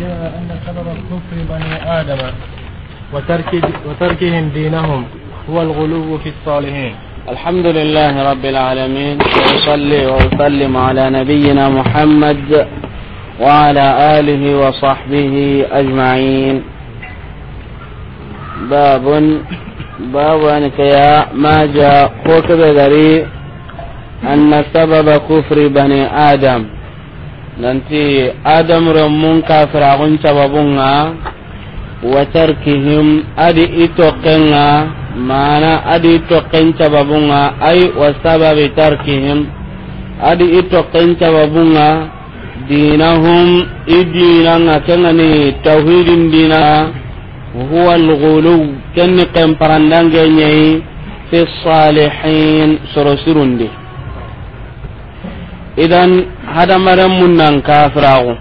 جاء أن سبب الكفر بني آدم وترك وتركهم دينهم هو الغلو في الصالحين الحمد لله رب العالمين وأصلي وأسلم على نبينا محمد وعلى آله وصحبه أجمعين باب باب أنك يا ما جاء قوك أن سبب كفر بني آدم nanti adamre kafra gun sababunga wa tarkihim adi itokenga mana adi ken sababunga ay wa sababi tarkihim adi ken sababunga dinahum idinanga ni tauhidin dina huwa alghulu kenni kemparandangenyei fi salihin sorosirundi idan hadamaren mun nan kafirago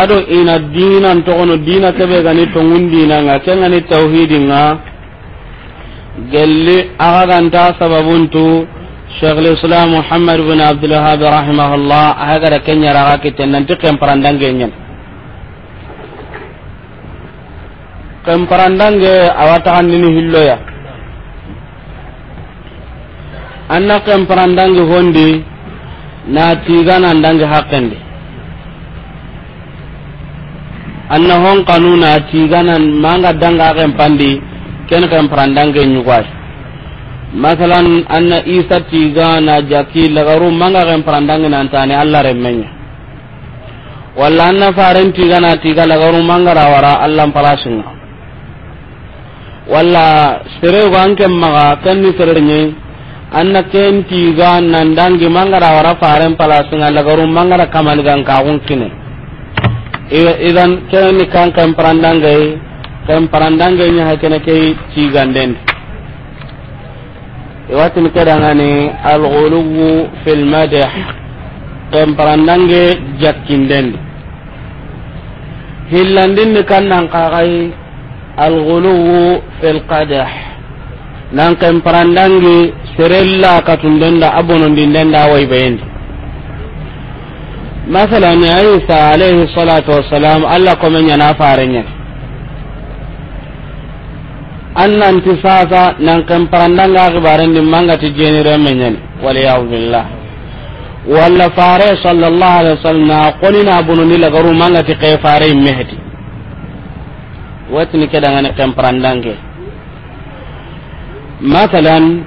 ado ina dinan togono dina kebe gani tongun dina nga tauhidin nga gelli agaganta sababuntu شيخ الاسلام محمد بن عبد الوهاب رحمه الله كم كم هلويا كم هوندي na tigana ndange haqqende anna hon kanuna tigana manga danga ken pandi ken kan prandange nyugwas masalan anna isa tigana jaki lagaru manga ken prandange nantane alla remenya walla anna faren tigana tiga lagaru manga rawara alla palasinga walla sere wanke maga kan ni sere nyi anna ken tiga nandangi mangara wara faren palasinga lagaru mangara kamanigan kagun kine idan kene kan kan parandangai kan parandangai nya hakene ke tiganden iwatin kadangani al-ghuluwu fil madah kan jakkin den hillandin kan nan kai al-ghuluwu fil qadah nan kan parandangi serella katundenda abonondindenda waybeyendi masalan isa alayhi salatu wassalam allah komenyana farenyani annanti sasa nan kan parandanga manga ti jenere menyen waliyau billah walla fare sallallahu alaihi wasallam na qonina bununi lagaru mangati kay fare mehti watni kedangane kan parandange masalan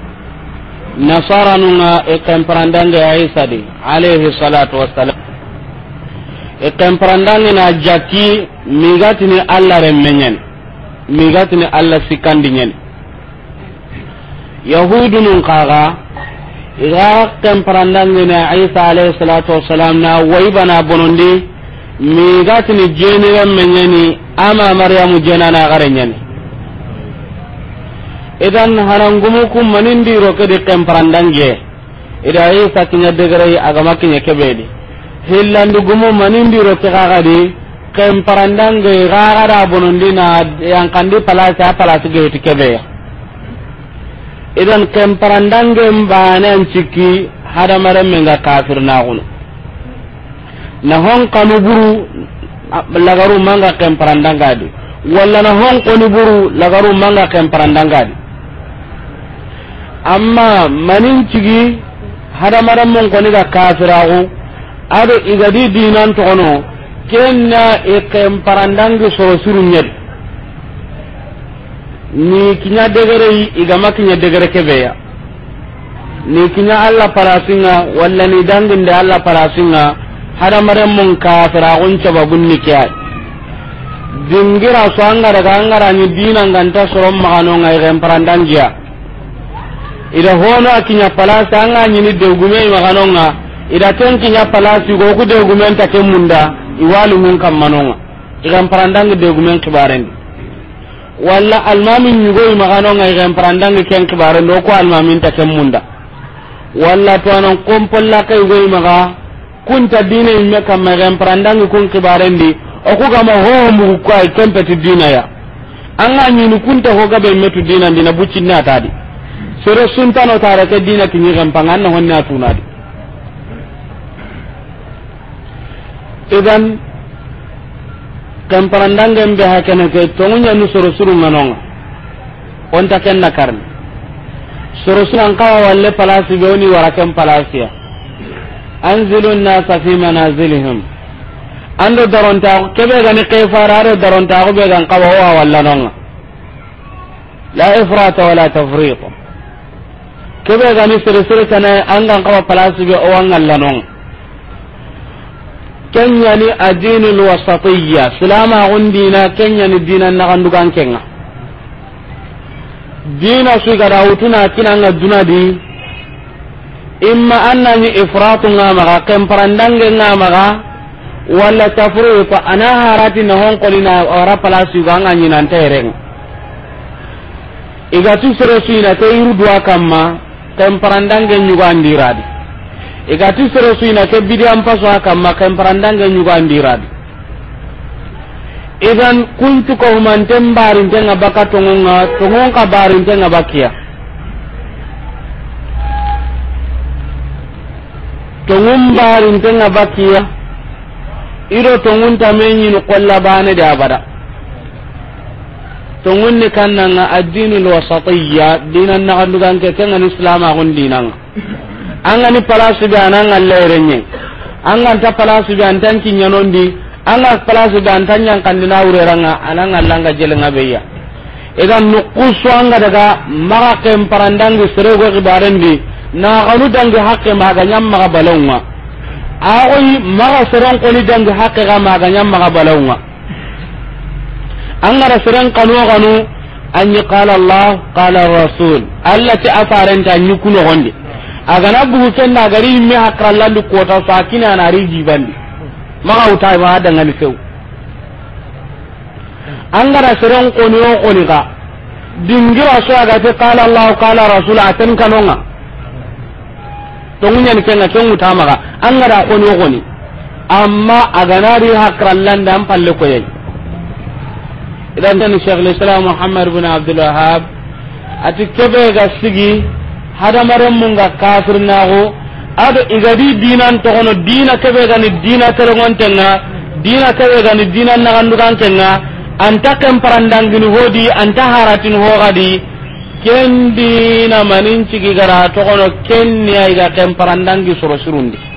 nasaranunga ikemperandange isa di alayhi salatu wassalam ikemperandange na jati migatini allah remmeñen migatini allah sikkandiñen yahudunun kaga iga kemperandange na isa alayhi salatu wassalam na waibana bonondi migatini jeni remmeñeni ama maryamu jenana gareñeni idan harangumu kum manin diro ke de kemprandange ida yi sakinya degere agama kinya kebedi hillandu gumu manin diro ke gagadi kemparandange gagada bonondina yang kandi palasa palasa geuti kebe idan kemparandange mbanen ciki hada mare menga kafir na gunu na hon kanu buru lagaru manga kemparandanga di wala na hon kanu buru lagaru manga kemparandanga di amma manin cigi hadamaren mun koni ga kafiragu ado di dinan togono kenna ikem e parandangi soro suru nyed ni kinya degere yi igama kinya degere kebeya ni kinya alla parasinga walla ni dangin danginde alla parasinga hadamaren mun kafiragun cabagun ni kiyai dingira so angara ga angara ni dinan ganta soro magano ngai gem e parandangiya ida hono akinya palasa an nyini de gume maganonga ida ten kinya palasi go ku de gume ta ke munda iwalu mun kam manonga igam parandang de gume kibaren walla almami nyugo maganonga igam parandang ken kibarendi do ko almamin ta ke munda walla to anan kompolla kay go maga kunta dine imme kam igam parandang kun kibarendi di o ku gama ho mu ko ay kempeti dinaya anga nyini kunta ho gabe tu dina dina bucinna tadi sere suntano tara ke dina kinyi gampanga anna honna tunadi idan kemparandangen be hakene ke tongunya nu soro suru nganonga onta kenna karni soro suru an kawa walle palasi be oni wara kem palasiya anzilu nasa fi manazilihim ando daronta kebe gani kefara ado daronta ko be gan kawa wa walla nonga la ifrata wala tafriqa kebe gani sere sere kana an gan kawa palasi be o an Allah non kenya ni adinul wasatiyya salama undina kenya ni dina na gandu gan kenga dina su ga dawutuna duna di imma annani ifratu ngama ga kemparandange ngama ga walla tafriqu ana harati na hon kolina ora palasi ga ngani nan tereng igatu sere sina te iru dua kamma kemparandange ñugandiradi igati sere suina ke bidian pasoa kamma kemparandange ñugandiradi idan ko kuncukohumanten barintenga baka tongonga tongonka barintenga bakkiya tongun barintenga bakkiya ido tongun tamenyini kolla bane de abada to ngunni kannanga addinul wasatiyya dinan na kandugan ke kengan islam agun dinanga angani palasi be ananga lerenye angan ta palasi be antan kinyanondi anga palasi be antan yang kandina ureranga ananga langa jelenga beya idan nukusu anga daga maka kemparandangi serego kibarendi na kanu dangi hakke maga nyam maga balonga agoyi maga seron koni dangi hakke ga maga nyam maga balonga gara siren kanu kanu an yi kala allah kala rasul allah ti afarenta anyi kuno gonde agana bugu kenna gari me hakrallandu kota sakina na riji bandi maka utai ma sau an gara siren kone o kone ka dingira so a gafi kala allah kala rasul aten kanonga tongunya ni kenga tongu tamaga angara koni o kone amma a aganari da an palle koyai idan tani shaykhul islam muhammad ibn abdul wahhab ati kebe ga sigi hadamaren mun ga kafir nago ado igadi dinan togono dina kebe ga ni dina terengontenga dina kebe ga ni dina nagandugantenga anta kemparandangini hodi anta haratin hogadi ken dina manin ci gara togono ken niya iga kemparandangi soro sirundi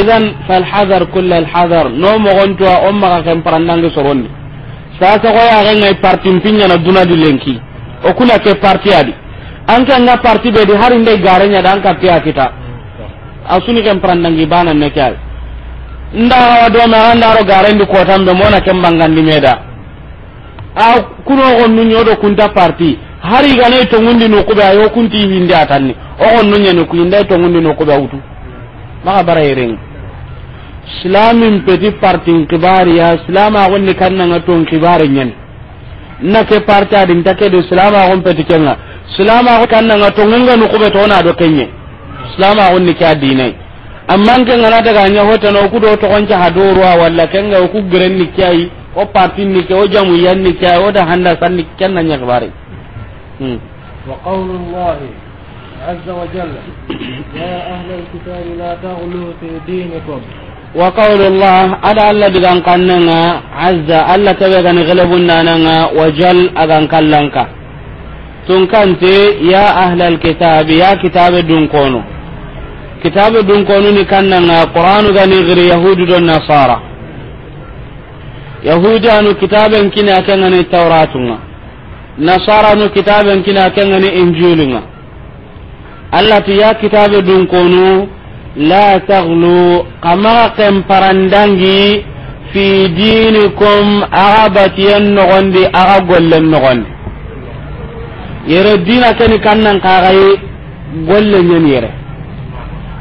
idan falhadar kulla alhadar no mo gonto mogontuwa on maga ken parandange soronni parti pinya na duna di lenki o kula ke parti adi an ka ga parti be di hari ndai garenya dan ka tiya kita asuni kan prandang ibana ne kyal nda wa do ma anda ro garen di kotam be mona kan bangan di meda a kuno on nu nyodo kunta parti hari ga ne to ngundi no kuba yo kunti hindi atanni o on nunyo ku inda to ngundi no kuba utu maka bara silamin peti partin kibariya silama gonni kannanga ton kibare nyen na ke parta din do silama peti kenga silama ton na do kenye silama ka dinai amman ke daga nya hota ku do to hadorwa walla kenga ku gren ni partin ni ke o jamu yan ni o da handa san عز وجل يا أهل الكتاب لا تغلوا في دينكم وقول الله على الذي كان قننا عز الله تبغى غلبنا ننا ya ahlal kitabi ya kitabe dunkono kitabe dunkono ni kannanga qur'anu gani giri yahudu don nasara yahudi anu kitaben kini akengani tawratunga nasara anu kitaben kini akengani injulunga allah tu ya kitabe dun konu la taghlu kama kem parandangi fi dinikum aga batiyen nogondi aga nogondi yere dina keni kannan kagaye golle nyen yere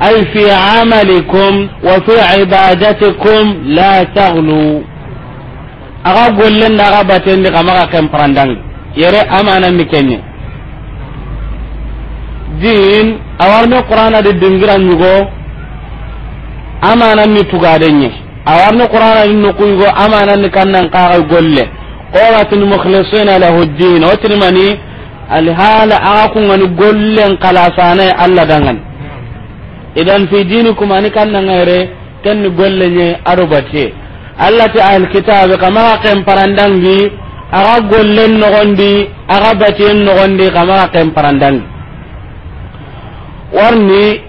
ay fi amalikum wa fi ibadatikum la taghlu da kama parandangi yere amana jin awarne qur'ana de dengira nyugo amana ni tugadenye awarne qur'ana ni nokuygo amana ni kannan qara golle qawatun mukhlisina lahu din otrimani alhala aga kungani gollen kalasane alla dangan idan fi dinikum ani kannan ngare kenni gollenye arubate alla ta kitab kama qem parandangi aga gollen nogondi aga baten nogondi kama qem parandangi warni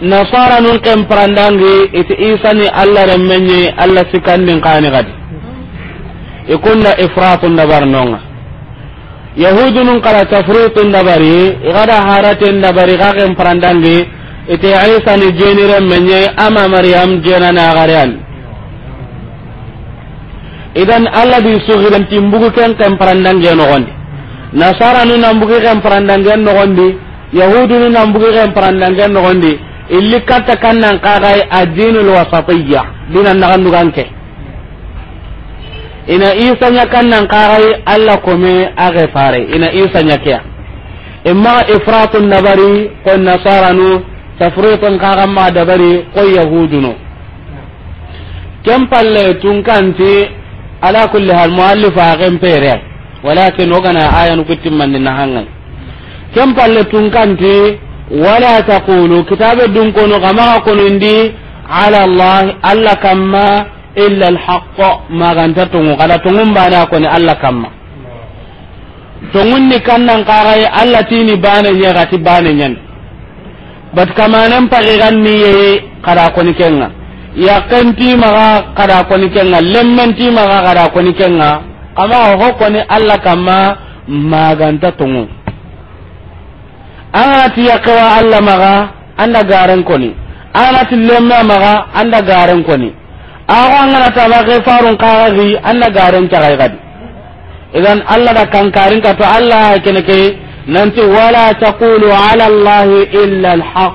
nasara nun ken prandangi iti isa ni allah remmenye allah sikandin kani gadi ikunna ifratun dabarnonga yahudu nun kala tafritun dabari igada haratin dabari ga ken parandange iti isa ni jeni remmenye ama maryam na agarian idan allah bi sugiranti mbugu ken ken parandange nogondi nasara nun ambugi ken parandange nogondi yahudunu nan bugu ken parandangen nogondi illi katta kannan kagai addinul wasatiyya dinan naganduganke ina isa nya kannan kagai alla kome age fare ina isa nya kya imma ifratun nabari ko nasaranu tafritun kagan ma dabari ko yahudunu kem palle tunkanti ala kulli hal muallif agen pere walakin ogana ayanu kittimman ni kem palle tunkanti wala taqulu kitabe dun kono kama kono ndi ala allah alla kama illa alhaqqa maganta tungu kala tungu bana koni alla kamma tongunni kannan kaxaye alla tini bane ñegati bana nyen bat kamanen paxiganni ye kada koni kenga yakentimaxa kada koni kenga lemmentimaxa kada kone kenga kama ho koni allah kama maganta tungu anati yakawa Allah maga anda garen koni anati lemma maga anda garen koni awa ngana taba farun kaagi anda garen tagai gadi idan allah da kankarin ka to allah kene ke nanti wala taqulu ala allah illa alhaq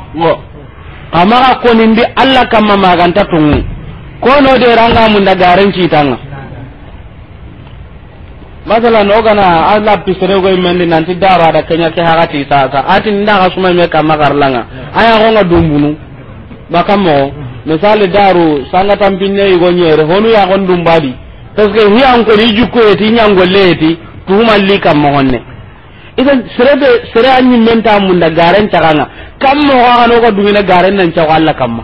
kama koni ndi alla kamma maganta tungu kono de ranga mun da garen citanga masalan ogana pisere go mendi nanti dara da kenya ke hagati sasa ati nda ga suma me kama garlanga aya go nga dumbunu mo misali daru sanga tampinne go nyere honu ya go ndumbadi parce que hiya an ko rijuko eti nyango leti tuma li kam mo honne idan de sere anyi menta mun da garen tagana kam mo ga no go dumina garen nan Allah kam ma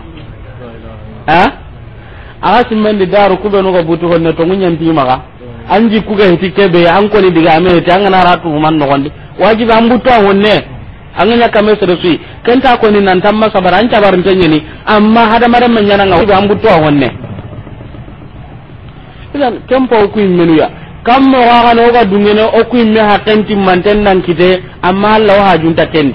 ha aga simmende daru kubenu go butu honne to ngunyam bi ga anji kuga hiti kebe an ko ni diga me heti an na ratu man no gonde wajibi an buta wonne an nya kame sere sui kenta ko ni nan tamma sabar an cabar ntenye ni amma hada mare men nyana nga wajibi an buta wonne idan kempo ku menu ya kam mo waga no ga dungene o ku me ha kenti manten nan kite amma Allah wa junta kendi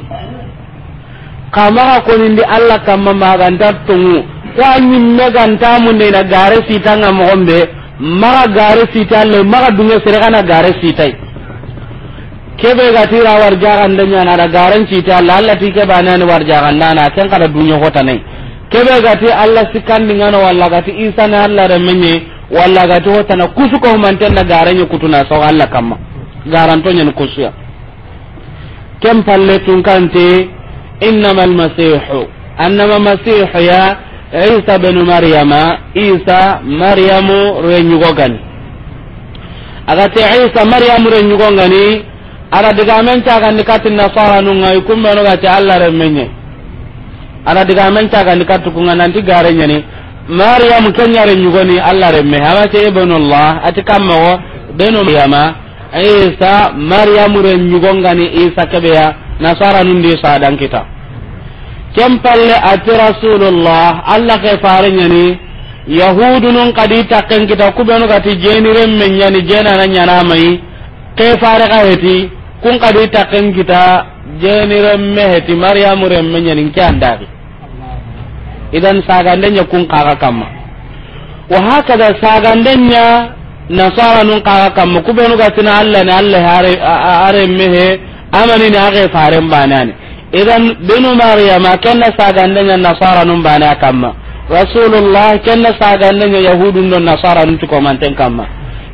kama ko ni ndi Allah kam ma ga tungu. ko anyi me ga ntamu ne na gare sitanga mo gombe maga gare sita alle maga dunya sere kana gare sita kebe ga tira warja kan danya na da garan sita alle alla ti ke bana ne warja kan na kan dunya hota ne kebe ga ti alla sikan walla ga isa na walla ga hotana kusu ko man tan na kutuna so allah kamma garan to nyen kusuya kem palle tun kante innamal masihu annama masihu ya isa benu maryama isa maryamu renyugogani agati isa maryamu renyugongani ada kati nasara allah kati kunga nanti maryamu allah remme ibnullah benu maryama isa maryamu renyugongani isa kebeya nasara nundi kita kem ati rasulullah allah ke farenyani yahudu nun kadi takken kita kubenu gati nyani ke fare ka heti kun kadi takken kita heti idan sagandenya kun wa hakada sagandenya nasara nun kubenu allah allah are mehe amani idan binu maryama kenna sagandenya nasara num bana kamma rasulullah kenna sagandenya yahudun don nasara num tukomanten kamma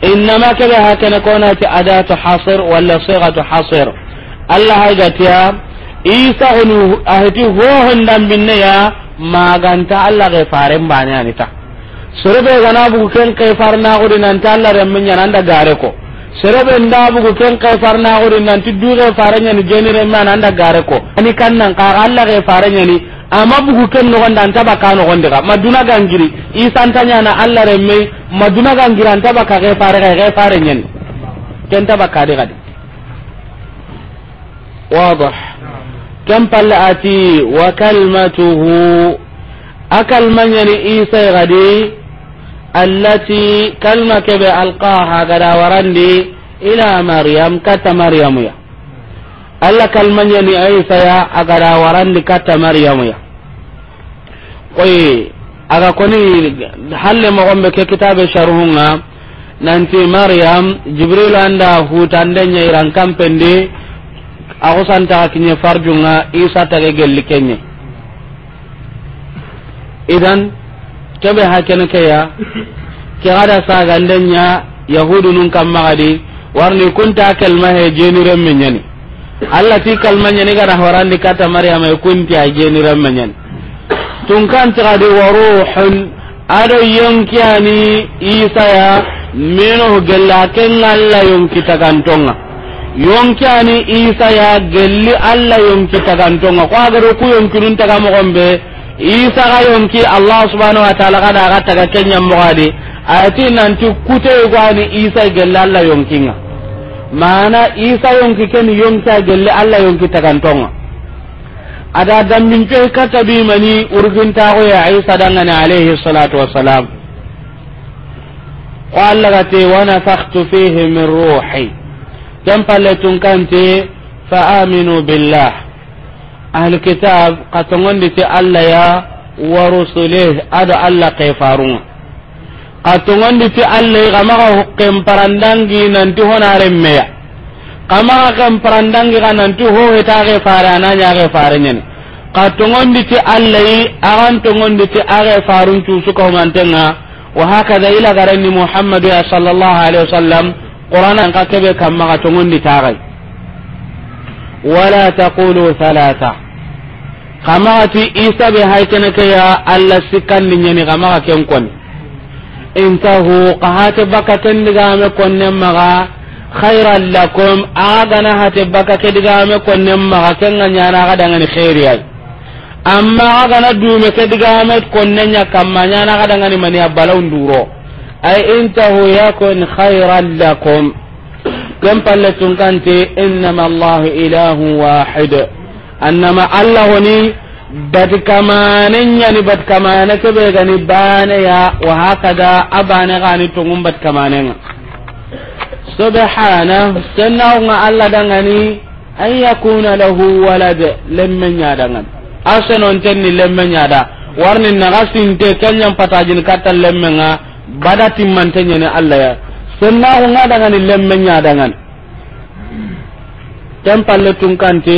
innama kebe hakene konati adatu hasir walla sigatu hasir allah haygatiya isa honi aheti hohondambinneya maganta allah ke faren baneanita sorebe gana bugu ken ke farnaxudi ta allah da gare ko serebe ndabugu ken kay farnaxuri nanti duxe fareñani jeniremme anda gare ko ani kan nan kaxa alla xe fareñani ama bugu ken noxonde antaba ka noxondixa maduna gangiri isantañana alla remmei maduna gangiri antaba ka xe fare xa xe fareñani ken taba kadi xadi wadah ken palle ati wa kalmatuhu a kalmañani isay xadi allati kalma kebe alqaha gada warandi ila mariam kata maryamu ya alla kalmanya ni isa ya agada warandi kata maryamu ya aga koni halle mo gombe ke kitabe sharhunga nanti maryam jibril anda hutande nya iran kampendi ako santa kinye farjunga isa tage gelli kenye idan kebe ha kene ke ya kirada saganden ya yahudu nun kam magadi warni kunta kalma he jeniren men yani allah ti kalma nyani gara horandi kata maryama e kunti a jeniren men yani tun kan tigadi wa ruhun ado yonkiyani isa ya minu gella ken allah yonki tagantonga yonkiyani isa ya gelli allah yonki tagantonga ko agaro ku yonkinun taga mogonɓe isa ga yonki allah subhanahu wa ta'ala da ga taga kenya mogadi ayati nanti kute ni isa gella allah nga mana isa yonki ken yonka gella allah yonki tonga ada dambin pe kata bi mani ta ko ya isa na alaihi salatu wassalam ko allah te wa nafakhtu fihi min ruhi kam palatun kan te fa aminu billah ahli kitab katongondi ti allah ya wa rusulih ada allah kefarunga katongondi ti allah kamaga hukken parandangi nanti honaremmeya kamaga ken parandangi ka nanti hohetage fare ananyage fare ñani katongondi ti allah agantongondi ti age farun cusukahumantenga wa hakada ila garani muhammad ya sallallahu alaihi wasallam qur'ana ka kebe kammaga tongondi tagai wala تقولوا thalatha kamarati isa be hay kene ke ya alla sikandi nyani kamaga ken kon intahu qahate bakaten diga me konne maga khairan lakum agana hate bakake diga me konne maga ken ga dangani khairi ay amma agana ke diga me konne nya ga dangani mani ay intahu yakun khairan lakum kam palle innama allah ilahu wahid annama allah honi batikamaneyani batikamane keɓe gani baneya wa hakada a bane gani tongum batikamanenga subhana sennaunga allah dangani an yakuna lahu walade lemme ñadangani a senontenni lemme ñada warni naga sinte kenñan patajini katta lemmenga bada timmanteñani allah ya sennaunga dangani lemme ñadangani ken palle tunkante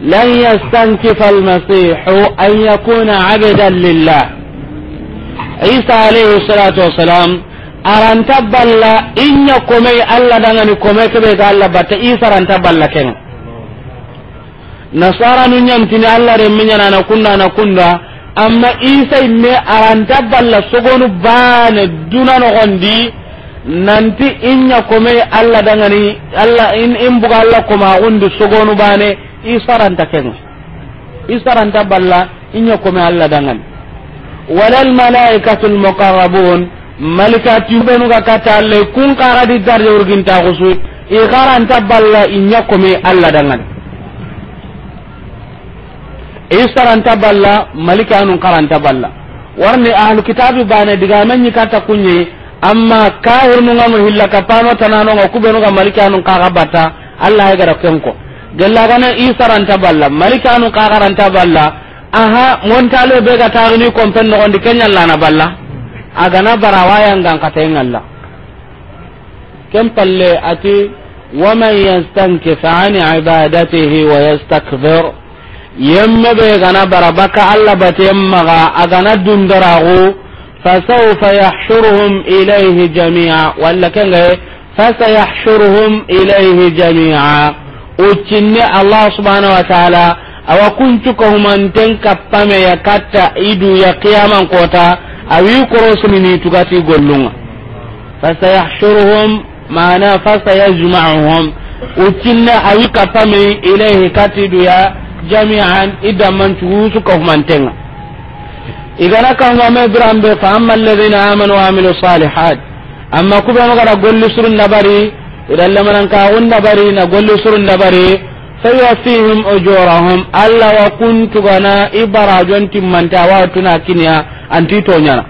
لن يستنكف المسيح أن يكون عبدا لله عيسى عليه الصلاة والسلام aranta balla inya kome alla dangani kome kebe ga alla batta isa ranta balla ken nasara nu nyamtini alla re minya na kunna na kunda amma isa imme aranta balla sogonu bane duna no nanti inya kome alla dangani alla in buga alla koma isaranta kenga isaranta balla inya kome alla dangan walal malaikatul muqarrabun malikati benu ga kata alle kun kara di darje urginta khusui i qaranta balla inya kome alla dangan isaranta balla malikanu ta balla warni ahlu kitabi bane diga menyi kata kunye amma kahir nu ngamu hilla kapano tanano ngaku benu ga malikanu qaga bata alla ga rakenko isa ranta balla malikanu kagaranta balla aha montale be ga tarini kompen nogondi kenyallana balla agana barawayangan katayngalla ken palle ati waman yastankif an ibadatihi wa yastakbir yemme be gana barabaka allah baten maga agana dundaragu fasaufa yahshuruhum ilayhi jamia walla kengaye fasayahshuruhum ilayhi jamia occinne allah subhanahu wa taala awa kuncukahumanten kappame ya katta idu ya qiyaman kota awi korosinini tugati gollunga fasayahshuruhum mana fasayajmauhum occinne awi kappame ilayhi ya jamian idammancugu sukahumantenga igana kangame biranbe fa amma alladina amanu wa amilu salihat amma kubenogara golli surun nabari idan lamaran ka wanda bari na golli surun da bari sayafihim ujurahum alla wa kuntu gana ibara jonti manta wa tuna kinya anti tonyana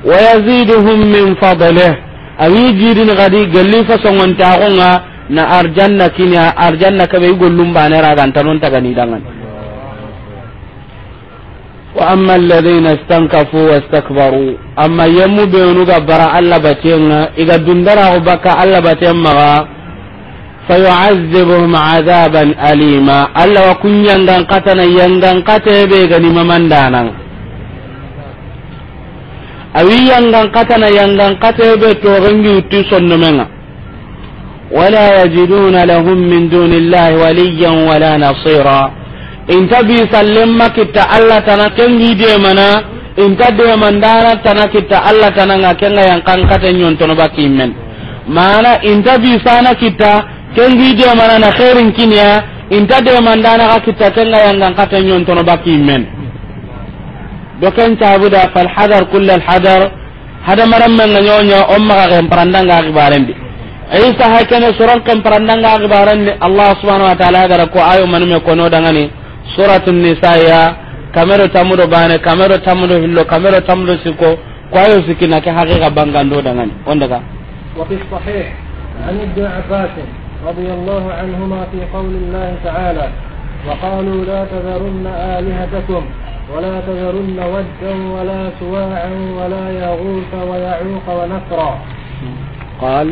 wa yaziduhum min fadlihi awi jidin gadi galli fa songon ta na arjanna kinya arjanna ka be gollum banera gantanon tagani dangan وأما الذين استنكفوا واستكبروا أما يمو بينوغا برا ألا باتين إذا دندرا بكا ألا باتين مغا فيعذبهم عذابا أليما ألا وكن يندن قتنا يندن قتنا بيغني ممن دانا أوي يندن قتنا يندن قتنا بيتوغنجي وتسن منا ولا يجدون لهم من دون الله وليا ولا نصيرا inta bi sallemma kita allah tana ken hide mana inta de mandara tana kita allah tana nga ken yang kan kata nyon tono bakimen mana inta bi sana kita ken hide mana na khairin kinya inta de mandana ka kita ken yang kan kata nyon tono bakimen dokan tabuda fal hadar kull al hadar hada men nga nyonya umma ka ken parandanga akibarendi isa hakene suran kan parandanga akibarendi allah subhanahu wa ta'ala gara ko ayo manume kono dangani سورة النساء كاميرو تامرو باني كاميرو تامرو هلو كاميرو تامرو سيكو كوايو سيكينا كي حقيقة بانغان دو دانان وندقى وفي الصحيح عن ابن عباس رضي الله عنهما في قول الله تعالى وقالوا لا تذرن آلهتكم ولا تذرن ودا ولا سواعا ولا يغوث ويعوق ونفرا قال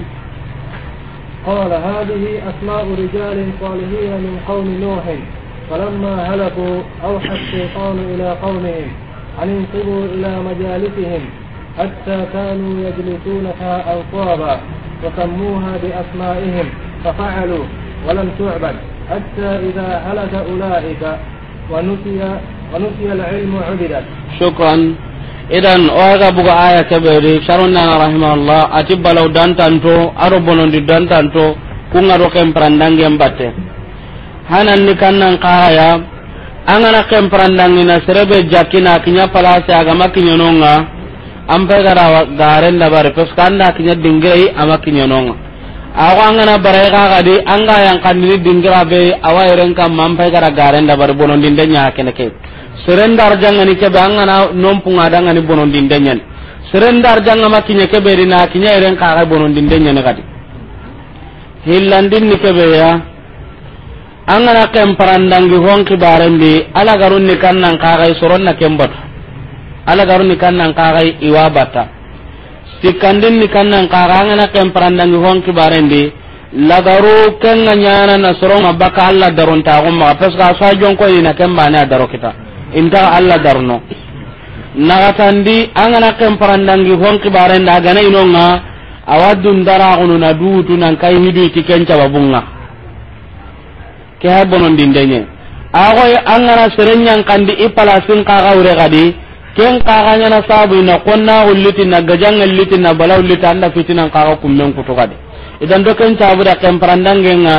قال هذه أسماء رجال صالحين من قوم نوح فلما هلكوا أوحى الشيطان إلى قومهم أن انصبوا إلى مجالسهم حتى كانوا يجلسونها أوطابا وسموها بأسمائهم ففعلوا ولم تعبد حتى إذا هلك أولئك ونسي ونسي العلم عبدت شكرا idan o aga buga aya keberi sharonana rahimahullah ati balaw dantanto aro dantanto kunga do batte hanan ni kannan qaya angana kemprandang ina serebe jakina kinya palase agama kinyanonga ampe gara garen da bare pes kanda kinya dingai ama nonga awa an gana bare kaga di an anga yang kanni dingira be awa iren kam mampe gara garen da bare bonon dindenya keneke serendar jangani kebe angana nompunga dangani bonon dindenyen serendar jangama kinya kebe rina kinya iren kaga bonon dindenyen kadi hillandin ni kebe ya angana kem parandangi hon kibaren bi ala garun ni kannan kagai soron na kembat ala garun ni kannan kagai iwa bata sikandin ni kan kannan kaga angana kem parandangi hon kibaren be lagaru kenga nyana na soron abaka alla daron ta gumma ga sa jon ko ina kemba na daro kita inta alla darno nagatandi angana kem parandangi hon kibaren da gana inonga awadun dara ununa du nan kai hidu tikenca babunga ke ha bonon dindenye ago angana serenyan kandi ipala sin kaga ure gadi ken kaga nyana sabu ina konna ulliti na gajang ulliti na bala ulliti anda fitina kaga kummen kutu gadi idan do ken tabu da parandang nga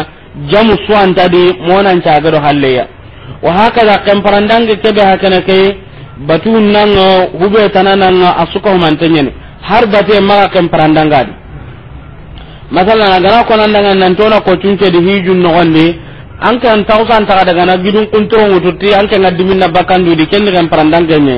jamu suwan tadi monan caga do ya wa hakada kemparandange kebe hakana ke batu nanga hube nga asuka ni har ken maga gadi masalan nan tona ko kocunce di hijun gonde anke an tausan ta daga na gidun kuntoro mututti anke na dimin na bakan du di kenni kan parandang kenye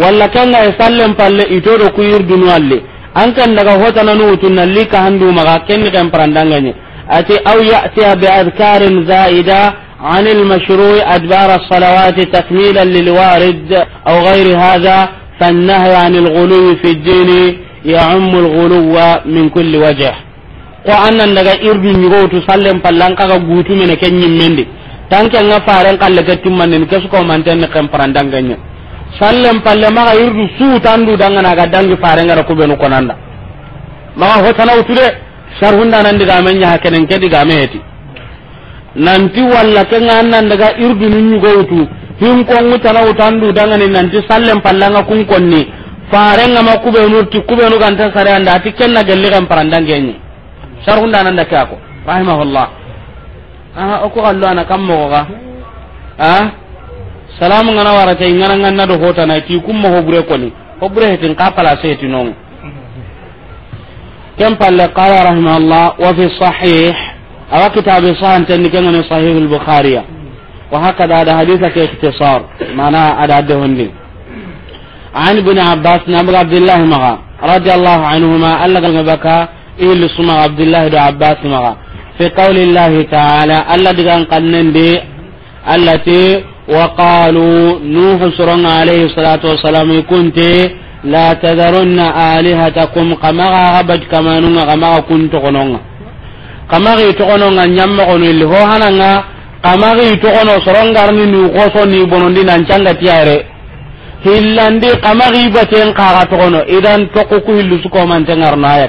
walla kan na sallem palle itodo kuyir alle anke an daga hota nanu utunna li ka handu maga kenni kan parandang kenye ati aw ya'tiya bi adkarin zaida عن المشروع أدبار الصلوات تكميلا للوارد أو غير هذا فالنهي عن الغلو في الدين يعم الغلو من كل وجه ko annan daga irdu nyugo tu sallen pallan kaga gutu mena ken nyimmendi tanke nga faren kalle gatti manen kesu ko manten ne kan parandanganya sallen palle ma irdu su tandu danga ga dangi faren ngara kubenu konanda ho tana utude sharhunda nan diga men nya kenen ke diga meti nanti walla kenga annan daga irdu nyugo tu hin ko tandu utandu dangani nanti sallen pallanga kun konni farenga ma kubenu ti kubenu ganta sare anda ti kenna gelle kan parandangenye sharhun da nan da ko rahimahullah aha ko allo ana kam mo ga ha salamu ngana wara tay ngana ngana do hota na ti kum mo hobure ko ni hobure hetin ka pala se ti non kam palle qala rahimahullah wa fi sahih awa kitab sahih tan ni kan sahih al bukhari wa hakada da hadisa ke ikhtisar mana ada ada hondi an ibn abbas na abdullah ma radiyallahu anhuma الله عنهما ألقى ilu suma abdullahi do abbas maga fi qawli allah ta'ala alla digan kannen de allati wa qalu nuhu suronga alayhi salatu wassalam kunte la tadarunna alihatakum kamaga abad kamanunga kamaga kunto kononga kamagi togononga ñammogono illi ho hananga kamagi togono sorongarni ni koso ni bonondi nancangatiare hillandi kamagi baten kaga togono idan toku ku hillu sukomantengarno aya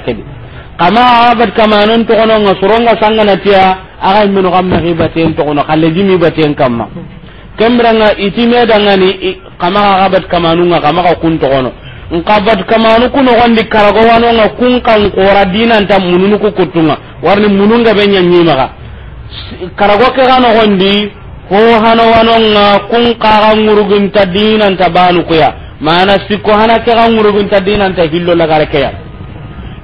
kama awabad kamanon togono nga sanga na soronga sanganatiya axay meno xam maxi baten togono xa legimi baten kamma kembiranga itimedangani kama xa xabat kamanunga kama ka kun togono nkabat kamanu ku nogondi karago wano nga kun kan kora ta mununu ku kuttunga warni mununga be ñañimaxa karago ke xa nogondi ho hano nga kun kaxa ŋurugunta ta banu kuya mana sikko hana ke ta ŋurugunta dinanta hillo lagara keya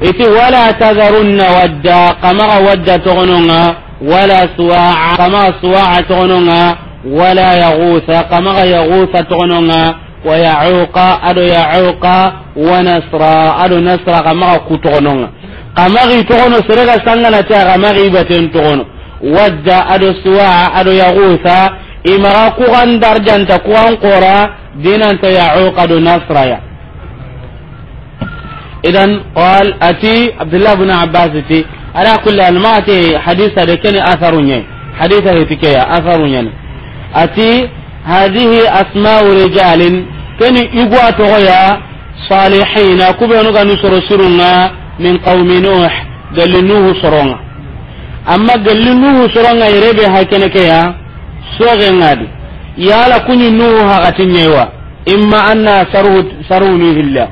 iti wala tazarunna wadda kamaga wadda togononga wala suwa'a kamaga suwa'a togononga wala yaghusa kamaga yaghusa togononga wa ya'uqa ado ya'uqa wa nasra ado nasra kamaga kutogononga kamagi togono serega sangana ta kamagi baten togono wadda ado suwa'a ado yaghusa imaga kugan darjanta kugan qora dinanta ya'uqa do nasra ya idan qal ati abdullah ibn abbas ti ala kulli al ma'ati haditha de ken atharunya haditha hitike ya atharunya ati hadhihi asma'u rijalin ken igwa to ya salihin kubenu ga nu soro surunga min qaumi nuh galli nuh soronga amma galli nuh soronga irebe hakene ke ya soge ngadi yala kunyi nuh hagatinya wa imma anna saru saru nuhillah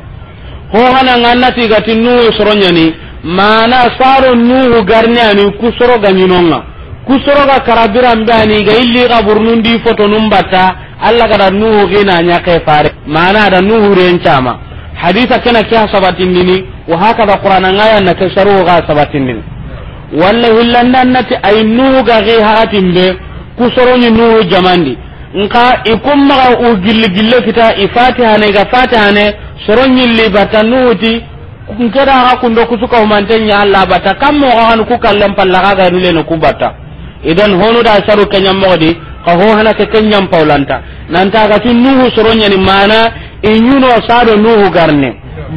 ko hana nganna ti gati nuhu nyani mana saro nuhu garni ani kusoro gaminonga kusoro ga karabiran bani ga illi kaburnun di foto numbata alla gada nuhu gina nya kai fare mana da nuhu rencama haditha kana kiya sabatin nini wa haka da qur'ana ngaya na ta sharu ga sabatin nini wallahi lannan nati ay nuhu ga ge haratin be kusoro ni nuhu jamandi nka maga u gilli gille kita i fatihane iga fatihane soro ñilli batta nuhuti nkedaxa kundo kusukaumante ña alla batta kam moxaxani ku kallen pallaxagarilene ku batta idan honuda saru keñammoxodi xa hohanake kenñam paulanta nantagati nuhu soroñani mana iñuno sado nuhu garne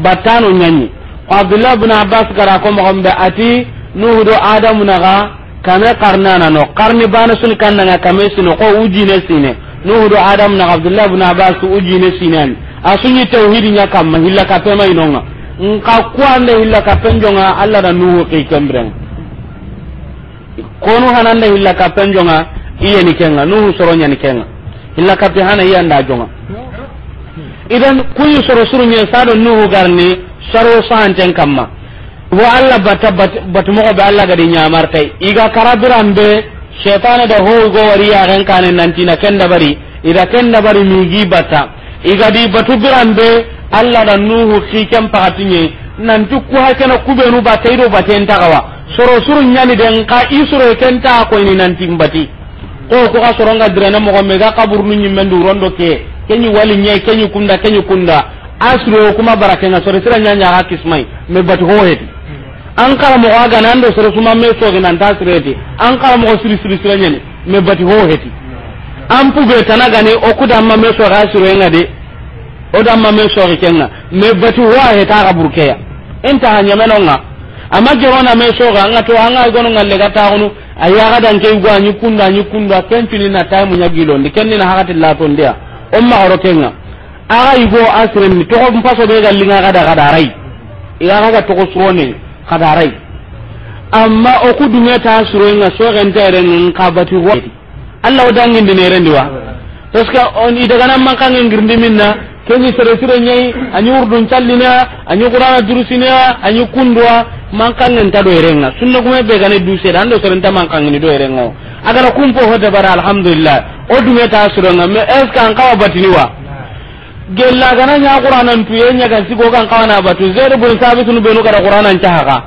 battano ñañi ko abdullah bne abbas gara ko moxonɓe ati nuhu do adamu naga kame karnanano karni bana sun kannanga kame sine ko ujine sine nuhu do adam na abdullah ibn abbas ujine sinan asunyi tauhidi nya kamma hilla ka pema inonga nka kuanda hilla ka penjonga alla da nuhu ke kembren konu hananda hilla ka penjonga iye ni kenga nuhu soronya ni kenga hilla ka pe hana iya nda jonga idan kuyi soro surunye sado nuhu garni saro santen kamma wa alla bata bat mo be alla ga di nyamartai iga karabiran be shaytana da ho go wari ya ran kanen nan tina ken da bari ida ken da bari mi gi bata iga di batu birambe alla da nuhu ki kem pakatinye nan tu ku ha kana kubenu bata ido baten tagawa soro suru nyani den ka isuro ken ta ko ni nan timbati ko ko ka soro nga dirana mo gombe ga kabur nu nyimme ndu rondo ke kenyi wali nye kenyi kunda kenyi kunda asro kuma barake nga soro sira nyanya hakismai me batu ho hedi an kala a gana an do sere suma me soginanta sireti an karamogo siri siri ɲani me bati ho heti an pube tana gani o ma me sogi a siroenga de o da ma me sogi kenga me bati ho a heta aga a ma ñamenonga ama a me an ka to an anga kunu ngalle ga taunu ayaga dan ke gwa ni kunda ni kunda tuni na taimu nya gilo ni kenni na hakati la to ndia umma horo kenga aga igo asrem ni to ko mpaso be galinga ga da ga darai iga ga to ko surone kadarai amma o ku dunya ta suro nga so gan ta ren nan ka batu wa Allah udan ngin dine ren diwa paska on ida ganan man kan ngin girndi minna ni sere sere nyai anyu urdun challina anyu qur'ana durusina anyu kundwa man kan ngin ta do erenga sunna kuma be ganan du se dan do sere ta man kan ngin do erenga agara kumpo ho hoda bara alhamdulillah o dunya ta suro nga me es kan ka batini wa gella gana nya tu ye nya ga go kan kawana batu zaid bin sabit nu benu kada qur'ana ta haka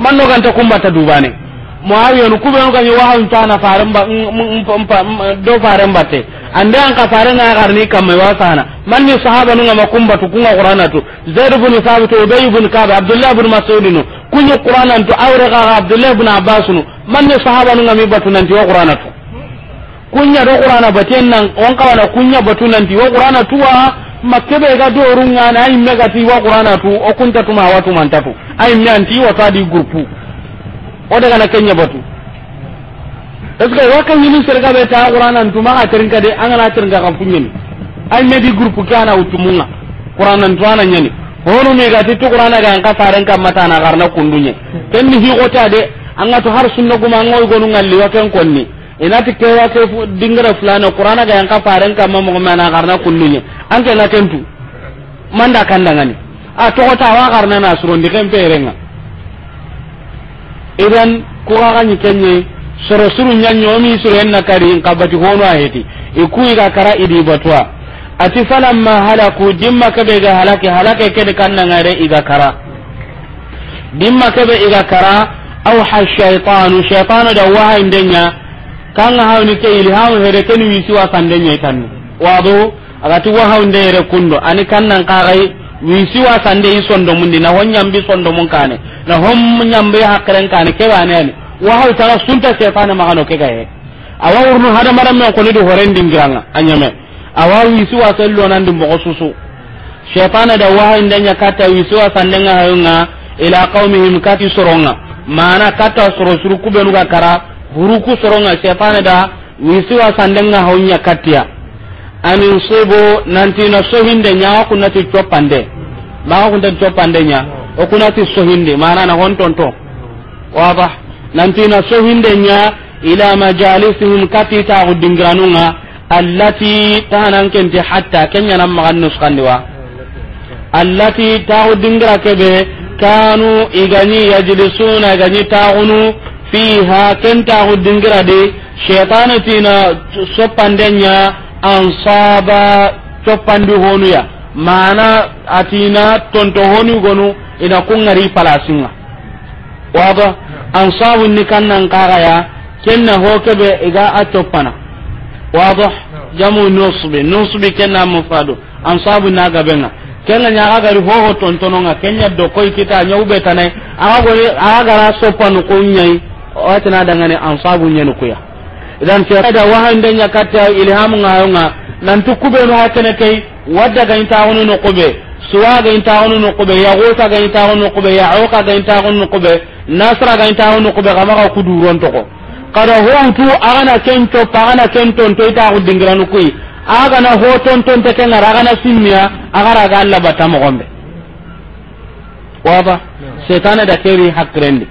man no kan ta kumba ta dubane muawiya nu no kan yo han ta na faran ba do faran te ande an ka faran ga garni kam mai wasana man ni sahaba nu ma kumba tu kunga qur'ana tu zaid bin sabit ubay bun kab abdullah bin mas'ud nu kunyo qur'ana tu awre ga abdullah bin abbas nu man ni sahaba nu mi batu nan ti qur'ana tu kunya do qur'ana batin nan on kawana kunya batu nan ti qur'ana tuwa makkebe ga dorunga na ay mega ti wa qur'ana tu o kunta tuma wa tu manta tu ay mi anti wa ta di groupe o daga na kenya batu eske wa kan yini serga be ta qur'ana tuma ka terinka de angana terinka kan punyen ay me di groupe kana utumunga qur'ana tu ana nyani honu me ga ti tu qur'ana ga an ka faran kan mata na garna kundunye ken ni hi gota de an ga to har sunna guma ngoy gonu ngalli wa ken konni inati kewa ke dingara fulana qur'ana ga yang kaparen kama mo mana karna kunnunya anke na tentu manda kandangani a to ta wa karna na suron de kempe renga idan ko ga ni kenye suru suru nyanyo mi suru en in kabati hono aheti ikui ga kara idi batwa ati ma halaku dimma be ga halake halake kandanga re iga kara dimma be iga kara auha shaitanu shaytanu da wahayin indenya kanga hawni ke ili haw here ken wisi wa sande nyai tan wado agati wa nde here kundo ani kannan kagai wisi wa sande yi sondo mundi na hon nyambi sondo mun kane na hon nyambi hakren kane ke wane ani wa haw tara sunta sefana magano ke gaye awa urnu hada maram men koni do horendi ngiranga anyame awa wisi wa sello nan dum ko susu shaytana da wa inda nya kata wisi wa sande nga nga ila qaumihim kati soronga mana kata soro suru kubenu ga buruku soronga shaytane da wisiwa sandenga hawnya kattiya anin sebo na sohinde nyawa kunati coppande maga kuntati coppande nya o ti sohinde manana hontonto waba na sohinde nya ila majalisihim kati taxu dingiranunga allati tanankenti hatta kenyanan magan nuskandiwa allati ta udingra kebe kanu igani yajlisuna igani taunu fiha kentaxu dingiradi shetane tina soppandenya ansaba coppandi honuya mana atina tonto gonu ina kungari palasinga waga ansabunni kannan kaxaya kenna hokebe iga a coppana wadah jamu nusbi nusbi kenna mufadu ansabunni agabenga nya ñaxa gari hoho tontononga kenya dokoy kita ñawɓetanay axa gara soppanu kun ñayi watina dangane ansabu nyenu kuya idan ke kada wahande nya nan kube no hakene kai wadda ga inta wono no kube suwa ga inta no kube ya gota ga inta no kube ya ga inta no kube nasra ga inta wono no kube to ko kada kento kento to ita kuyi hoton ton te simmiya Allah gombe waba da keri hakrendi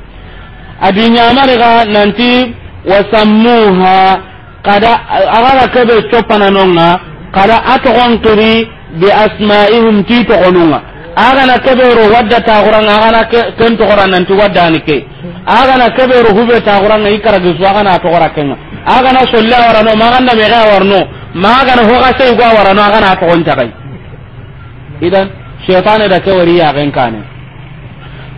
adi ñamariga nanti wasammuha kada agara keɓe coppananonga kada a togonkiri be asma'ihim ti togonunga agana keɓero wadda taxuranga agana ken toxora nanti waddani ke agana keɓero huɓe taxuranga i karagisu agana toxora kenga agana solle a warano maganda mexe a warno magana hoxa seygo a warano agana toxontaxay idan cheitane da ke wari yaxen kane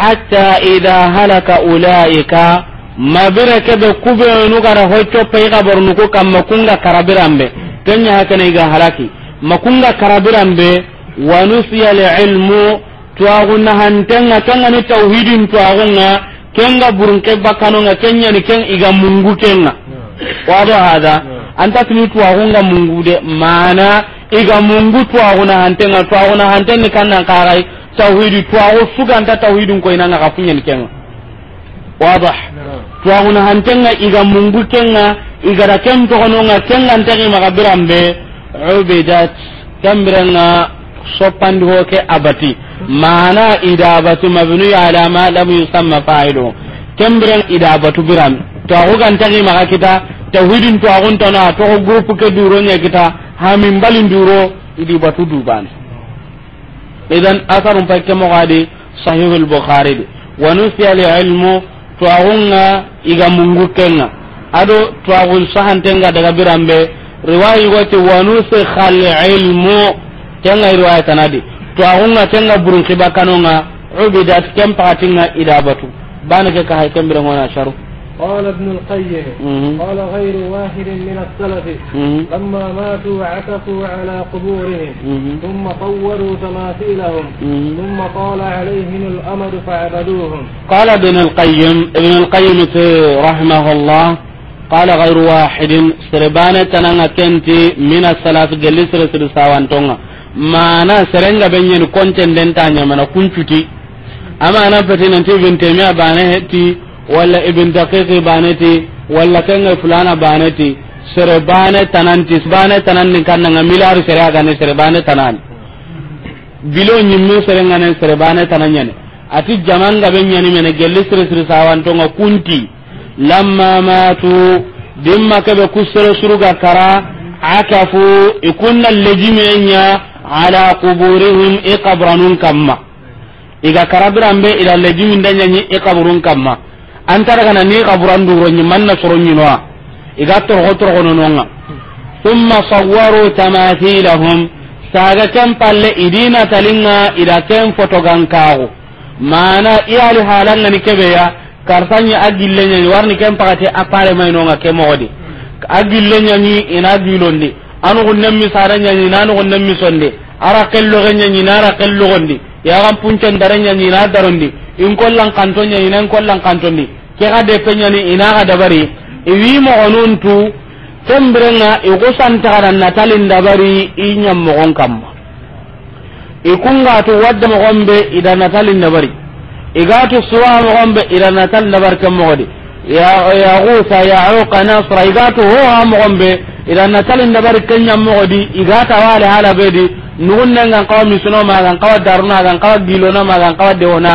hatta idha halaka ulaika mabira kebe kubenu gara hocco pay gabornu ko kamma kunga karabirambe kenya hakana iga halaki makunga karabirambe wa nusiya ilmu twagunna hantenga kenga ni tauhidin twagunga kenga burunke bakanonga kenya ni ken iga mungu kenga wado hada anta tuni twagunga mungu de mana iga mungu twaguna hantenga twaguna hantenni kannan karai tawhidi tuwaxu suganta tawhidin koyinanga xa fuñen kenga wadah tuwaxuna hantenga iga mungu kenga igara ken toxononga kengantexi biran be ubidat kambirenga soppandi ke abati mana idabatu mabnuy ala ma lam yusamma fa'ilu kembiren biran tuwaxu kita tawhidin tuwaxuntana toxo groupe ke kita hamin balin duro idi batu dubane idan asarun pakke mogadi sahih al-bukhari de wa nusiya al-ilmu tuwagunga iga mungu mungukenga ado sahan sahantenga daga birambe riwayi wati wa nusikha al-ilmu kenga riwaya tanadi tuwagunga kenga burun kibakanonga ubidat kempatinga idabatu banake ka hay kembira ngona sharu قال ابن القيم قال غير واحد من السلف لما ماتوا عكفوا على قبورهم ثم طوروا تماثيلهم ثم طال عليهم الامد فعبدوهم قال ابن القيم ابن القيم رحمه الله قال غير واحد سربانة تنانا من السلف جلسر رسل ما أنا سرنجا benyen konten dentanya mana kuncuti انا ana pete nanti ibn taymiya bana hetti wala ibn daqiqi baneti wala kenga fulana baneti sere bane tananti bane kan nga milar sere agane sere bane tanan bilo mu sere ngane sere bane tananyane ati ga ben nyani mena gelle sere sere nga kunti lamma matu dimma be kusere ga kara akafu ikunna lejimenya ala quburihim iqabranun kamma iga karabiran be ila lejimin danyanyi iqabrun kamma antara kana ni kaburan duro ni manna soro ni noa iga torgo torgo no nonga summa sawwaru tamathilahum saga kan palle idina talinga ida kem foto gankago mana halan na ni ya kartanya agille ni warni kem pakate apare mai nonga modi agille ni ina gilondi anu mi saranya ni nanu mi sonde ara kello genya ni ara kello gondi ya gam puncen daranya ni na darondi in kollan kanto nya ina kollan kanto ni ke ga de penya ni ina ga dabari i wi mo onuntu tembrenga i go santara na talin dabari i nyam mo gon kam i kunga to wadda mo gombe ida talin dabari i ga to suwa mo gombe ida tal dabar kam mo di ya ya gusa ya uqa nasra i ga to ho mo gombe ida talin dabari kan nyam mo di i ga ta wale hala be di nugun nanga kan kawa misuno ma kan kawa daruna kan kawa gilona ma kan kawa deona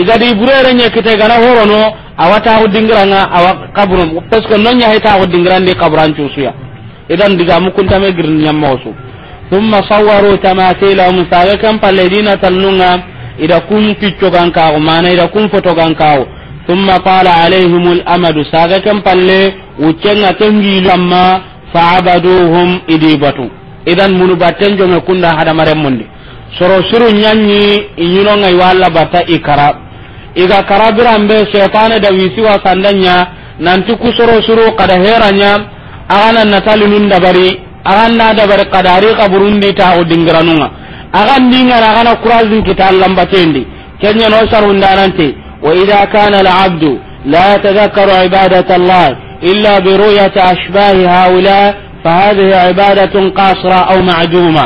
igadi ibrere ñekkite gana horono awa taxu dingiranga awa kaburo parce que no ñahi taxu dingirandi kaburan cuusuya idan diga mukuntame girin ñammoosu thumma sawaru tamathilahum sage ken palle dina talnunga ida kun kiccogan kaxu mana ida kun fotogan kaxu thumma qala alayhim lamadu sage ken palle wuccenga ken giluamma fa abaduhum idi batu idan munu batten jonge kunda hadamaren mundi soro suru ñanñi iñunongay walla batta i karab iga karabiran be shaytan da wisi wa sandanya nan ti kusoro suru kada heranya agana natali nun da bari aranna da bari kadari kaburun di ta udingranunga agan dinga agana kurazin kita lamba tendi kenya no sharun darante wa idha kana al abdu la tadhakkaru ibadata allah illa bi ru'yati ashbahi haula fa hadhihi ibadatun qasra aw ma'duma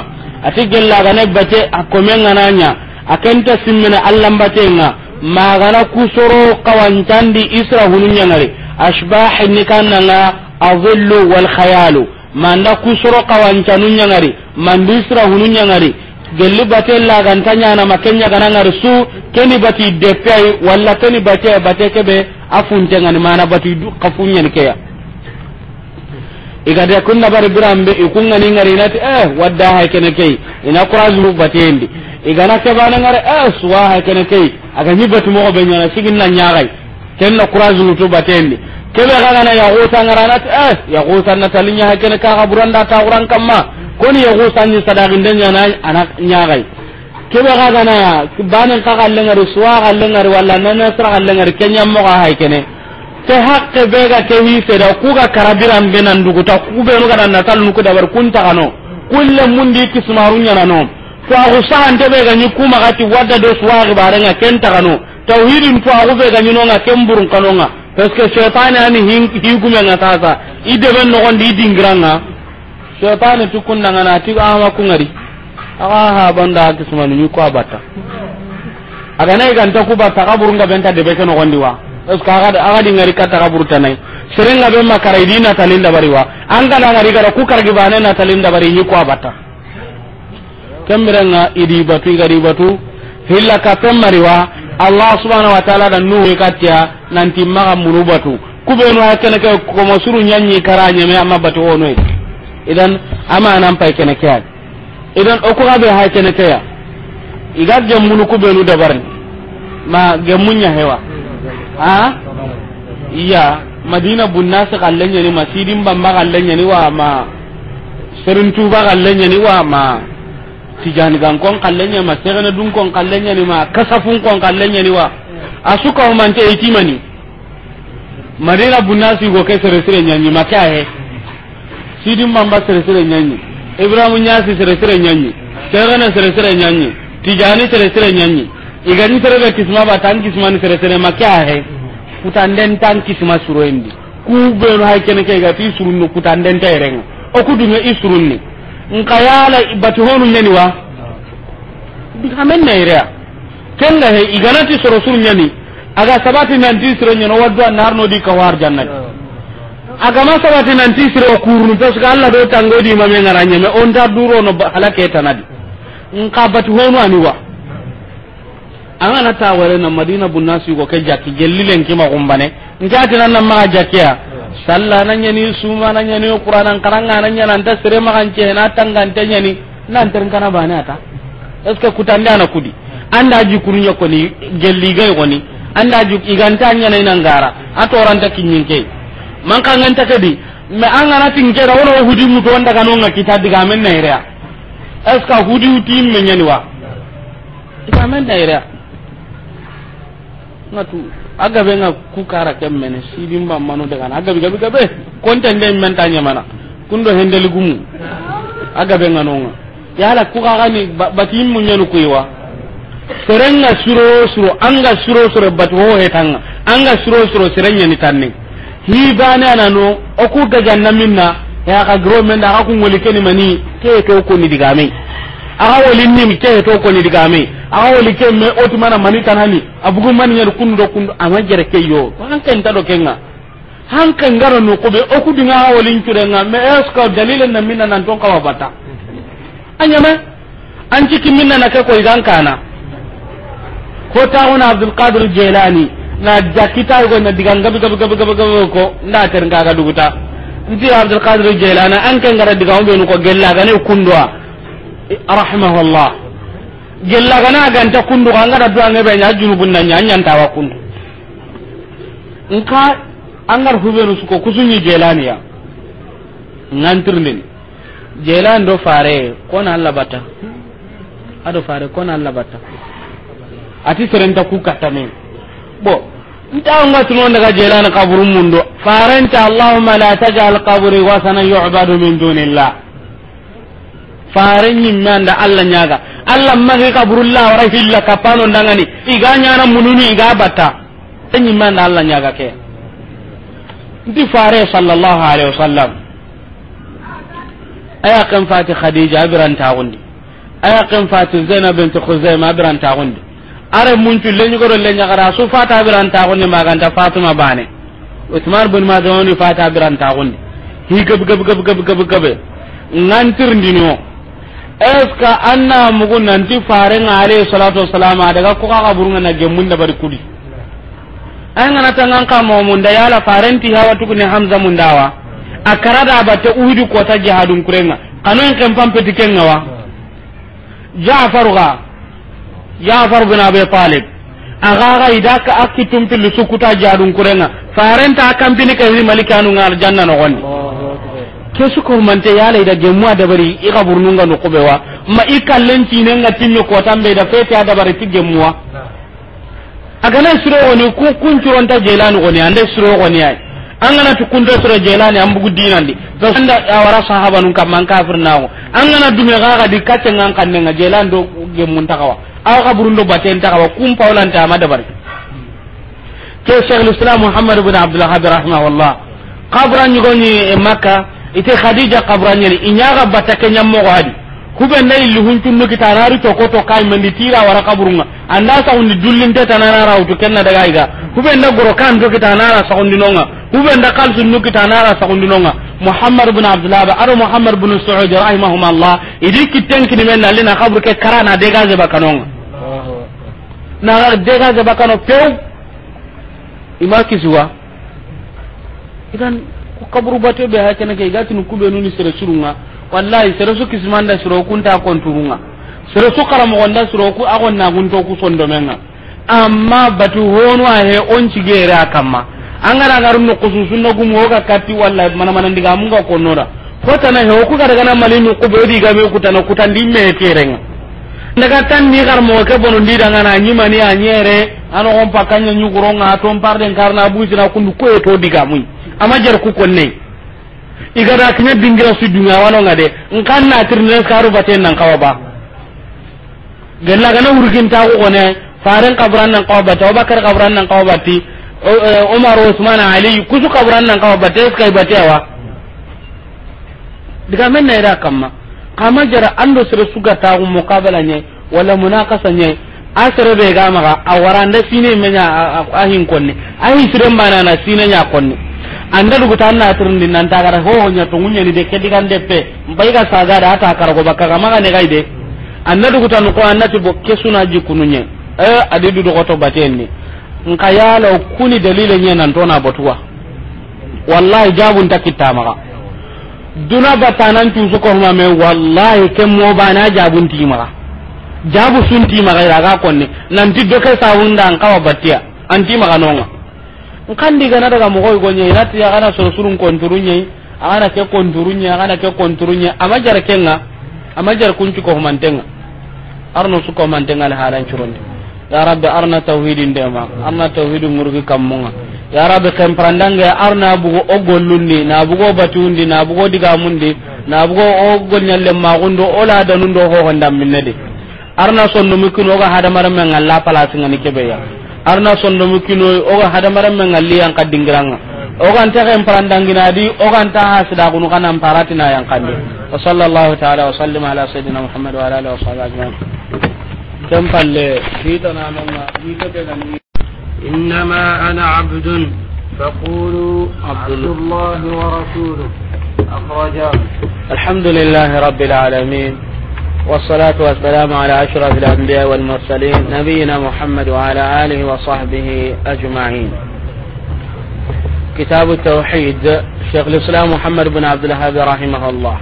atigilla ganabate akomenga nanya akenta simmina allamba tenga magana kusoro kawantandi isra hununyangari ashbah ni kannanga azillu wal khayalu manda kusoro kawancanunyangari mandi isra hununyangari gelli bate lagantanyana makenya ganangari su keni bati deppei walla keni bate bate kebe afuntengani mana bati kafunyani keya igade kunna bari birambe ikungani ngari nati eh wadda hay kene kei ina kurazuru batendi igana ke bana ngare eh suwa hay kene kai aga batu mo be nyana sigin na nyaagai ken na courage nutu batendi kebe gana na ya gota na eh ya gota na talinya hay kene ka ga da ta uran kamma ni ya gota ni sadaqin den nyana anak ke kebe gana na ya banen ka ga lengar suwa ga lengar wala na nasra ga ken kenya mo ga hay kene ke hakke be ga ke wi da ku ga karabiran be nan ta ku be no ga na tal nu ko dabar kun ta kano kullu mun di kismarunya no to aku sahante ɓe gañi kumagati wadda do suwaxibarenga ken taxano tawhidin to axu ɓe gañinonga ken burunkanonga parce que cheitane ani higumenga sasa i deɓen noxondi i dingiranga cheitane ti kunnanga nati ama kungari axa haɓanda kismanu ñi ko a batta aganayi ganta ku batta axa burunga ɓenta deɓe ke noxondi wa parce que axa ɗingari katta axa burtanayi serenga ɓe makara idi natalin dabari wa an gana ngari gara ku kargi bane natalin dabari ñi ko a batta kemrenga idi batu igadi batu hilla kapen mariwa allah subhanahu wa ta'ala da nuhu katya nanti maga munu batu kubenu hakene ke ko masuru nyanyi karanya me amma batu ono idan ama nan pai kene ke idan o ko ha kene ke ya igar jamunu kubenu dabarni ma gemunya hewa ha iya madina bunna su kallon yani masidin ban ba kallon yani wa ma serintu ba kallenya ni wa ma tijani gan kon kallenya ma segana dun kon kallenya ni ma kasafun kon kallenya ni wa asuka o mante itimani madina bunasi go ke sere sere nyanyi maka he sidim mamba sere sere nyanyi ibrahim nyasi sere sere nyanyi segana sere sere nyanyi tijani sere sere nyanyi igani sere be kisma ba tan kisma ni sere sere maka he kutanden tan kisma suroindi ku be no hay kene ke ga ti surunno kutanden ta erenga o kudunga isurunni nka yala batu honu nyani wa bikamen na irea kenga he iganati soro suru nyani aga sabati nanti siro nyano wadwa narno di kawar jannat aga ma sabati nanti siro kurnu to ska Allah do tango di mame ngaranya me onda duro no halake tanadi nka batu honu aniwa anga na tawale na madina bunnasi ko ke jaki jellilen kima kumbane njaati nan na ma jakiya salla na nyani suma na nyani qur'an karanga na nyana nda ma kan ce na tanga nda nyani nan tan kana bana ata est ce que kutanda na kudi anda ji kurunya ko ni gelli ga ko ni anda ji iganta nyana ina ngara atoranta kinyinke man kan nganta kadi me an tin tinke da wono hudi mutu wanda kanu nga kita diga men na ira es ka hudi uti men nyani wa diga men na ira tu aga be nga ku kara kem mene sidin ba manu daga na aga bi gabe gabe konten den men tanya mana kundo hendeli gumu aga be nga nonga yala ku kara ni batim mun nyanu kuiwa serenga suro suro anga suro suro bat ho hetanga anga suro suro serenya ni tanni hi o ku oku gajanna minna ya ka gro men da ka ku ngoli ni mani ke ke ko ni digame aga wali nim ke to ko koni digame aga woli ke me oti mana mani tanani abugu mani yar kundu do kundu ama jere ke yo ken ta do kenga ken garo no ko be o ku dinga aga nture nga me esko dalilen na minna nan ton kawa bata ma an ciki minna na ke ko idan kana ko ta wona abdul qadir jilani na jakita go na diga ngabi gabi gabi gabi gabi ko nda ter ga duguta nti abdul qadir jilani an ken garo diga o be no ko gella ga ne kunduwa rahimahullah gella gana ganta kundu duwa ne nya tawa kundu nka angar huberu suko kusunyi do fare Allah bata ado fare Allah bata ati serenta ku katame bo nta nga tuno daga jelan kaburun mundo faranta allahumma la taj'al qabri wa yu'badu min dunillah faren yin nan da allah ya ga allah magi kaburulla wara hilla kappano ndangani iga ñana mununu iga yin e da allah ya ga ke nti fare sallallahu alaihi wasallam aya kan fati khadija abran ta gundi aya ken fati khuzaimah abran ta gundi are mun muncu leñugoro gara su fata abirantaxundi maganta fatuma bane usman bin mazoni fata gundi hi gab gab gab gab gab gab gabe ngantirndinio eska anna mugu nanti fare alayhi salatu wassalamu daga ko ka burunga na da bari kudi an ngana tangan ka mo mun munda yala farenti hawa tukuni hamza mun dawa akarada bate ko ta jihadun kurenga kanu en kan pampeti kenga ngawa ja'far ga ja'far bin abi talib aga agaga idaka akitum pil sukuta jihadun kurenga farenta kan bini kai malikanu ngal janna no gondi ke su ya lai da gemu a dabari i ka ga no wa ma i ci ne nga tinni kotan be da fete a dabari ti gemuwa agana suro woni ku kuncuronta jelani woni ande suro woni ay an gana tu kunto suro jelani an bugu dinandi to ya wara sahaba nun kam man kafir nawo an gana dume ga ga di katce ngan kanne nga jelani do ta takawa aw ka burundo baten takawa kum paulan ta ma dabari ke Sheikh islam Muhammad ibn abdullah rahimahullah qabran yugoni e makka ite khadija qabranyani inyaga batake nyammo hadi kube na illi huncunnu kita to koto kai mandi tira wara qabrunga anda saundi dullinte tanana rawtu kenna daga iga kube na goro kan to kita nara saundi nonga kube na kal nu nukita nara saundi nonga muhammad ibn abdullah ba aro muhammad ibn suud rahimahum allah idi kitten kini men nalli na kabur ke karana daga ze bakanonga na daga ze bakano pew imaki zuwa idan kaburu bato be hakene ke gatin kube nuni sere surunga wallahi sere su kismanda sero kunta konturunga sere su karamo gonda sero ku agon na gunto ku sondomenga amma batu honu a he on cigere akamma angara garum no kususun no gum hoga katti wallahi mana mana diga munga kota na he ku kada kana malinu kubeu diga me kutana kutandi me terenga daga tan ni gar mo ke bono ndi daga na nyima ni anyere ano on pakanya nyuguronga ton parden karna buji na kundu ko to diga mun ama jar ku konne igara kinya dingira su dunga wano ngade nkan na tirne karu baten nan kawa ba gella gana urgin ta ko ne faran kabran nan kawa bata abubakar kabran nan kawa bati umar e, usman ali kusu kabran nan kawa bata kai batewa diga men na ira kamma kama jara ando sere suga ta ko mukabala ne wala munakasa ne asere be ga maga awara nda sine menya ahin konne ahin sire bana na sine nya konne anda dugu tan na tirin din nan gara ho ho nya tungunya ni de kan depe mbai ga saga da ata kar go bakka ma ne gaide anda dugu tan ko anna ti bokke suna jikununye eh ade du to baten ni nka yalo kuni dalile nya nan to na botuwa wallahi jabun ta kitama duna batanan tu su ko ma me wallahi ke mo bana jabun ti ma jabu sun ti ma ga ga konni nan ti do ke sawunda an kawa batia an ma ga nonga nkandi gana daga mogoy gonye irati ya gana sursurun konturunye agana ke konturunye agana ke konturunye amajar kenga amajar kunci ko nga arna su ko nga al halan curonde ya rabbi arna tauhidin de ma arna tauhidin murgi kammunga ya rabbi kemprandange arna bugu bugo ogollundi na bugo batundi na bugo di na bugo ogolnyalle ndo ola danundo ho honda ne de arna numu ka hadamaden ga nga la palasi nga ni ya. arna sondomu kinoy oga hadamarenme ngalli yanka dingiranga oganta ken parandanginadi oganta hasidagunu kanan paratina yankandi wa sall taala wa sallim ala sayidina muhammad wa ala alihi wa sahbihi ajmain ana abdun والصلاة والسلام على أشرف الأنبياء والمرسلين نبينا محمد وعلى آله وصحبه أجمعين كتاب التوحيد شيخ الإسلام محمد بن عبد الوهاب رحمه الله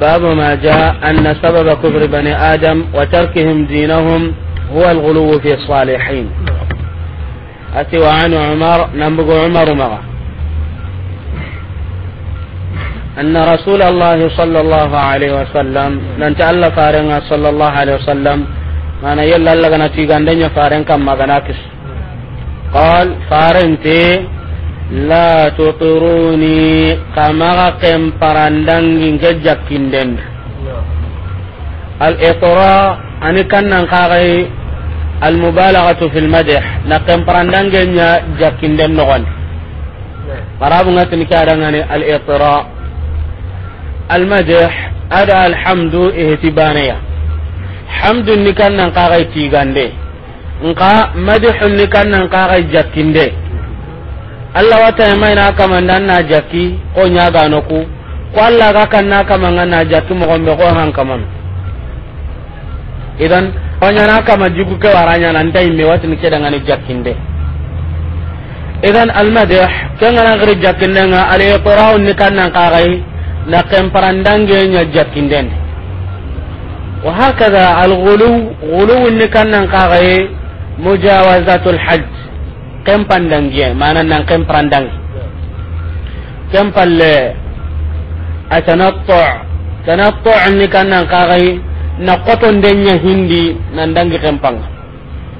باب ما جاء أن سبب كفر بني آدم وتركهم دينهم هو الغلو في الصالحين أتي وعن عمر نبغ عمر مرة أن رسول الله صلى الله عليه وسلم ننت الله فارنا صلى الله عليه وسلم ما نيل الله غنا تيجا ندنيا فارن كم ما قال فارن تي لا تطروني كما قم فرندن جنجك كندن الإطراء أني كان نخاغي المبالغة في المدح نقم فرندن جنجك كندن نغن Barabu نعم. ngati الإطراء almadih ada alhamdu ihtibanaya hamdu ni kannan kaga tigande nka madhu ni kannan kaga jakkinde Allah wata mai na kama dan na jaki ko nya gano ku ko Allah ga kan na kama na jakki mo gombe ko han kama idan wanya na kama jigu ke waranya nan dai me watin ke dangan jakkinde idan almadih kan na gari jakkinde nga al-iqra'u ni kannan kaga na kemparandange nya jakkinden wa hakaza alghulu ghulu ni kannan kagaye mujawazatul hajj nan kemparandang kempalle atanattu tanattu ni kannan kagaye na hindi nan dangi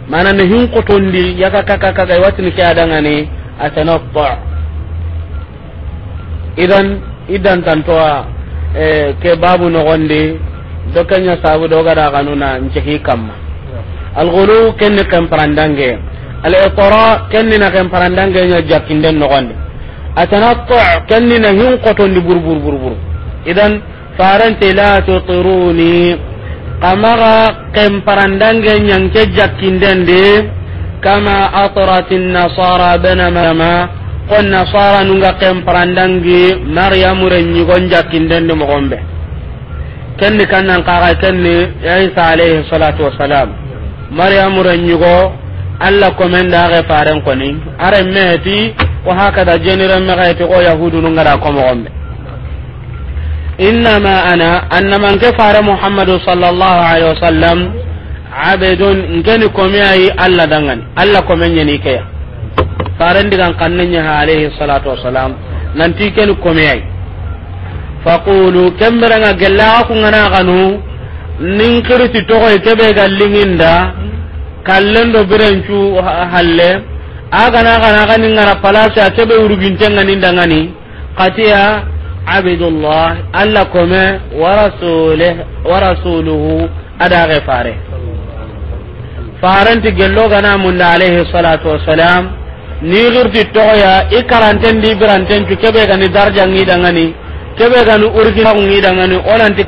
mana ne hin kotondi yaka kaka atanattu idan idan tantoa e eh, ke babu no gonde do kanya sabu do gara kanuna ncehi kamma al ghulu kenne kam parandange al itara kenne na kam parandange nya jakinden no gonde atanattu kenne na hin qoton di bur bur. idan farante la tutiruni kamaga kam parandange nya nke jakinden de kama atrat an-nasara bana mama kon nasara nunga kemparandangi maryamu ren ñigon jakkindendi mogonɓe kenni kannan kaxa kenni isa alayhi salatu wasalam maryamu ren ñigo allah komendaxe faren koni aren meheti ko da hakada jeniren mexeeti ko yahudu nungada ko mogonɓe innama ana annamanke fara muhammadu sallallahu alaihi wasallam abedun nkeni komi ayi alla dangan allah dangani allah komenyeni keya farendigan kannenyaha alayhi salatu wasalam nanti keni komeyai faqulu kemberenga gellaga kunganaganu nin kiriti togoy kebe gallinginda kallen do ngara a kebe urugintenga nindangani katiya abdullah alla kome wa rasuluhu fare alayhi salatu ni girti toya i karanten di biranten cu kebe gani darja ngi dangani kebe gani dangani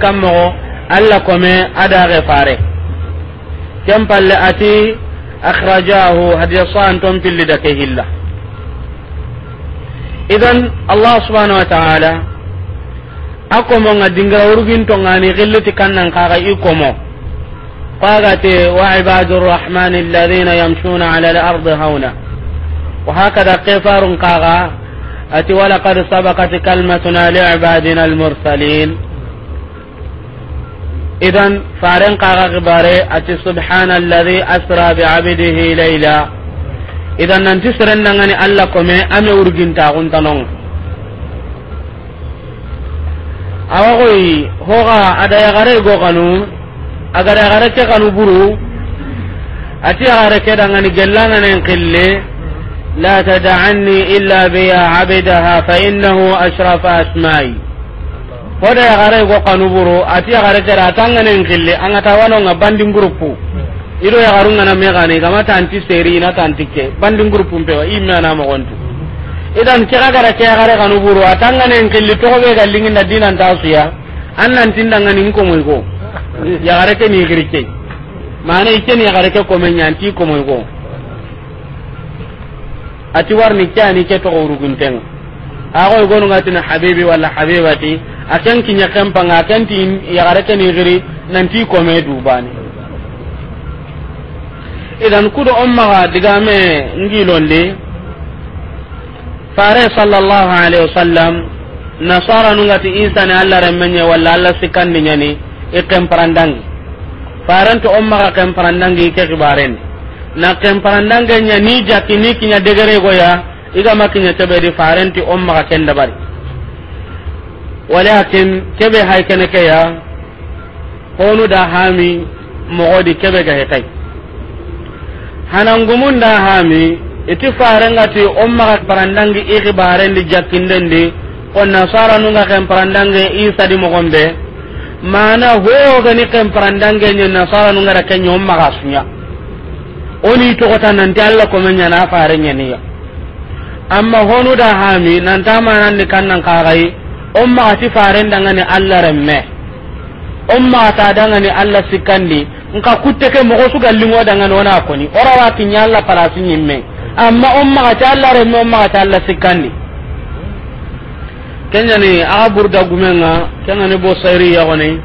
kome ada ge fare kem palle ati akhrajahu hadiya san ton da ke hilla idan allah subhanahu wa ta'ala akomo nga dingira urgin to ngani gilliti kannan kaga ikomo qaga te wa ibadur rahman alladhina yamshuna ala al hauna وهكذا قصار قاغا أتي ولقد سبقت كلمتنا لعبادنا المرسلين إذن فارن قاغا غباري أتي سبحان الذي أسرى بعبده ليلا إذن ننتي سرننغني ألا كومي أمي ورقين تاغون تنون awagoyi hoga ada yagare go kanu agara yagare ke kanu buru ati yagare ke dangani gellana nen kille لا تدعني إلا بها عبدها fa أشرف أسمائي hoda ya gare go kanuburu ati ya gare kera tanga nen kille anga tawano nga banding grupu ido ya garunga na megane kama tanti seri na tanti ke banding grupu in imya na mo gontu idan kira gara kya gare kanuburu atanga nen kille to be ga lingin na dinan tasuya annan tindanga nin ko moy go ya gare ke ni girke mane ikeni ya gare ke ko men yanti ko moy go ati warni kyani ke to urugunten ago gonu ngati na habibi wala habibati akan kinya kampa ngakan ti yagare ke ni giri nanti ko me dubani idan kudo umma ga diga me ngilonde fare sallallahu alaihi wasallam nasara isa faranto umma ga ke na kemparandange nya ni jati ni kinya degere goya iga makinya tebe di farenti on maka kenda bari walakin kebe hay kene ke ya honu da hami mogodi kebe ga hekai hanangumun da hami iti ti on maka parandangi igi barendi jakkindendi on nasara nunga kemparandange isa di mogombe mana hoogani kemparandange nya nasara nunga da kenya on maka sunya oni togota nanti allah komenya na fare ñaniya amma honu da hami nanta manandi kannan kaxayi on maxati farendangani allah remme on maxata dangani allah sikkandi nka kutteke mogo sugallingo dangani wona koni orawa kiña allah palasi ñimme amma umma maxati allah remme umma maxati allah sikkandi kenyani aga burda gumenga ni bo sayri yagoni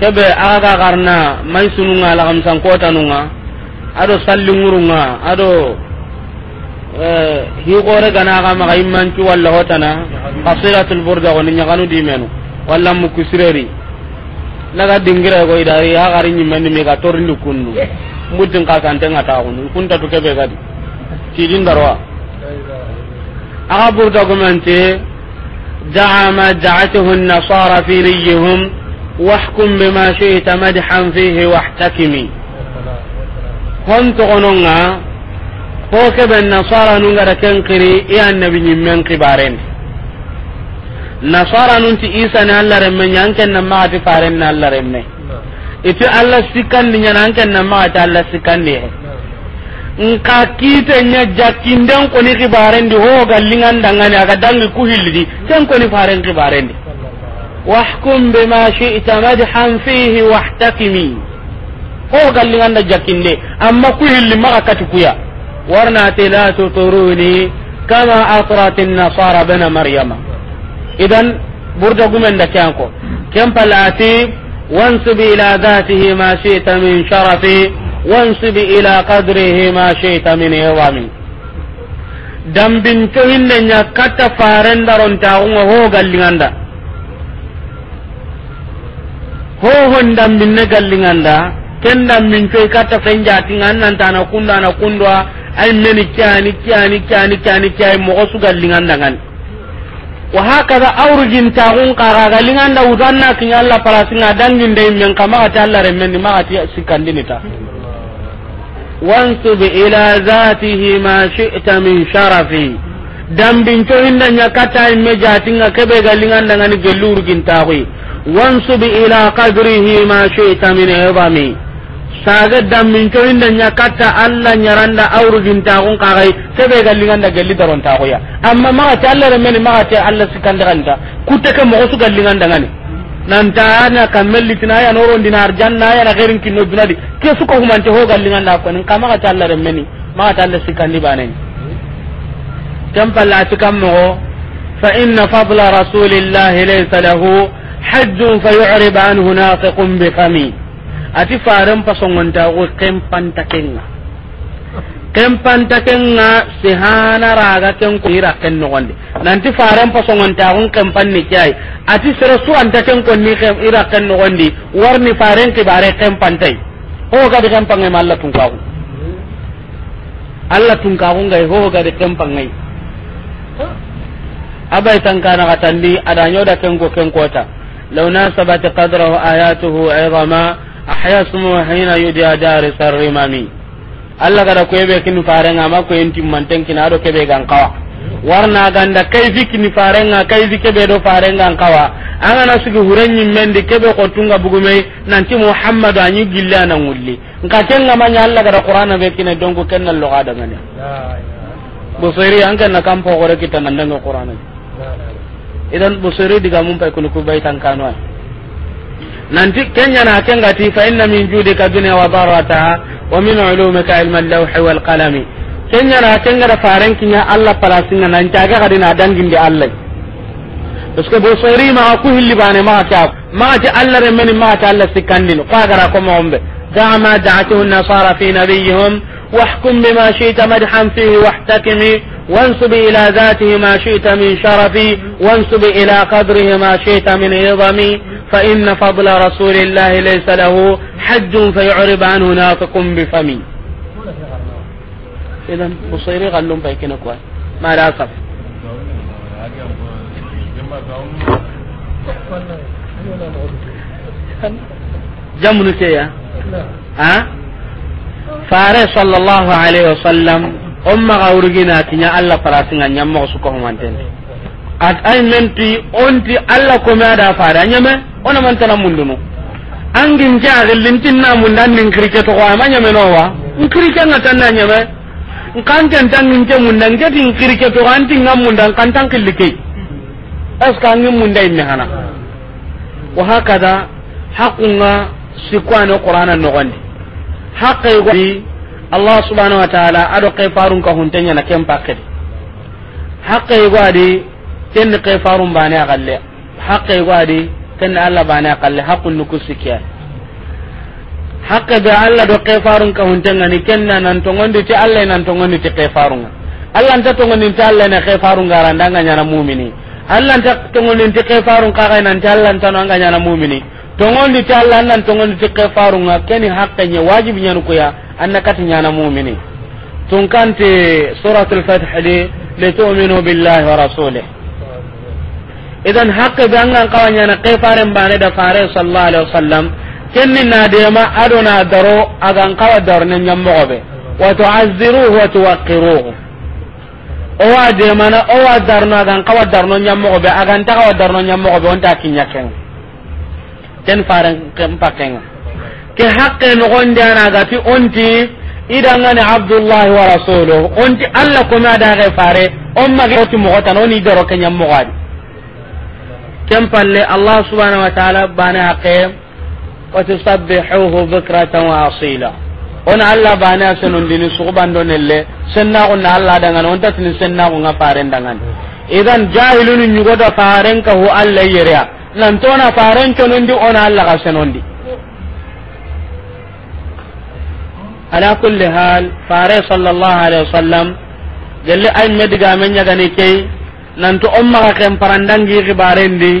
kebe aga gagarna mai sununga lagamsankotanunga ado sallingurunga ado eh, hikore gana ga maga immancu walla hotana qasiratul burda goni ñaganu dimenu walla mukkusireri laga dingira go idari ha gari mi ga torni kunnu ka kante ngata kunu kunta to kebe gadi tidin darwa aga burda go mante da'a da'atuhu an-nasara fi riyhum wahkum bima shi'ta madhan fihi wahtakimi hon togononga ho keɓen nasara nungada ken kiri iya nabi ñimmen kibarendi nasara nunti isa ne allah remme ñan ken na maxati farenni allah remme iti allah sikkandi ñana an ken na maxati allah sikan he nka kiite ña jakkinden koni kibarendi ho gallingandangani aga dangi ku hillidi ken koni faren kibarendi wahkum bima shi'ta madhan fihi wahtakimi ko gallinganda jakkinde amma ku hilli maga kati kuya warnate la tuturuni kama atrat nasara bena maryama idan burda gumenda da kanko kem palati wansib ila dhatihi ma shi'ta min sharafi wansib ila qadrihi ma shi'ta min hawami dambin to hinne nya kata faran daron taunga ho gallinganda ho hon dambin ne gallinganda kenda min to kata fenja tinga nan ta na kunda na kundwa ai meni kyani kyani kyani kyani kyani mo su gallingan dangan wa hakaza ta hun qara lingan da udanna kin Allah parasinga dangin dai men kama ta Allah remen ma ati dini ta bi ila zatihi ma shi'ta min sharafi bin to inda nya kata me jatinga kebe gallingan dangan gelurgin tawi bi ila qadrihi ma shi'ta min ibami saga dammin kawinda nya katta alla nyaranda awru ginta gon kagai sebe da galli daron ta koya amma ma ta alla remeni ma ta alla sikandanta kutte ke mo su gallinganda ngani nan ta na kamelli tinaya no ron dinar janna ya na gerin kinno binadi ke su ko man humante ho da ko nan ka ma ta alla remeni ma ta alla di banen su kam mo fa inna fadla rasulillahi laysa lahu hajjun yu'rib anhu nafiqun bi fami ati faren pasongontaxu kempanta kenga kempanta se sihana raga ken ira ken nogondi nanti faren pasongontaxun kempan ni ay ati su anta ken ke ira ken nogondi warni faren kibare kempantai ho malla tun ma allah tun allah ngai ho ngai abai abay tankana katandi ken ko ken kota law nasabat qadrahu ayatuhu idama ahya sumu hayna yudi adari sarrimami alla gara ko be kin farenga ma ko enti tanki na do kebe gan kawa warna ganda kai kaifi kin farenga fiki be do farenga kawa anga na sugi hurenyi mendi kebe ko tunga bugume nanti muhammadu anyi gilla na ngulli nka kenga manya alla gara qur'ana be kin dongo kenna loga da mane busiri an kenna kampo gore kita nandanga qur'ana idan busiri diga mun pay kunu kubai tankano nanti kenya na kenga ti fa inna min judika dunya wa darataha wa min ulumika ilma al-lawhi wal kenya na kenga da faran kinya Allah palasinga nan caga kadina dangindi Allah parce bo sori ma ku hilli bane ma ka ma ta Allah re men ma ta Allah sikandino ka gara ko mo ombe da'ama da'atuhu nasara fi nabiyhim واحكم بما شئت مدحا فيه واحتكمي وانسب إلى ذاته ما شئت من شرفي وانسب إلى قدره ما شئت من عظمي فإن فضل رسول الله ليس له حج فيعرب عنه ناطق بفمي إذا بصيري غلوم بيكنا كوي ما لا أصف جمن كيا ها فارس صلى الله عليه وسلم أم غورجنا تنيا الله فراسنا نيا مغسوكهم أنتن أت أين أنت أنت الله كم هذا فارس نيا ona man tana munduno angin jaagel lintin na mundan nin kirike to wa manya meno wa kirike na tanna nyame kan kan tan tan nin ke mundan ke tin kirike to an tin ngam mundan kan tan kilike as kan ngam mundan ne hana wa hakada haqunga sikwana qur'ana no gondi haqqi gondi allah subhanahu wa ta'ala ado kay farun ka huntenya na kem pakkedi haqqi gondi ken kay farun bane galle haqqi gondi ken Allah bana kalle hakun nukusikiya hakka be Allah do kefarun ka huntenga ni kenda nan to ngondi ti Allah nan to ngondi ti kefarun Allah nta to ngondi ti Allah na kefarun randa nga nyana mu'mini Allah nta to ngondi ti kefarun ka ga nan ti Allah nta no nga nyana mu'mini to ngondi ti Allah nan to ngondi ti kefarun ga keni hakka nya wajibi nyanu ko ya annakati nyana mu'mini tun kante suratul fath li li tu'minu billahi wa rasulihi idan bi an angan kawanya na kai faren bane da fare sallallahu alaihi wasallam kenni na dema adona daro agan kawa darne nyammo be wa tu'azziruhu wa tuwaqqiruhu o wa ma na o wa na agan kawa darno nyammo be agan ta kawa darno nyammo be on ta kinya ken ten faren ken paken ke hakke no na ga gati onti idan ngane abdullahi wa rasuluhu onti alla ko ma da ga fare on magi oti mo tan ni daro kenyam mo gadi kem palle allah subhanahu wa ta'ala bana haqe wa tusabbihuhu bukratan wa asila on allah bana sanon dini suban don elle senna on allah dangan on tatni senna on ngaparen dangan idan jahilun nyugo da faren ka ho allah yereya nan to na faren to non di on allah ka sanon di ala kulli hal fare sallallahu alaihi wasallam galle ay mediga men nyaga ne nanto on maga ken parandangi xibarendi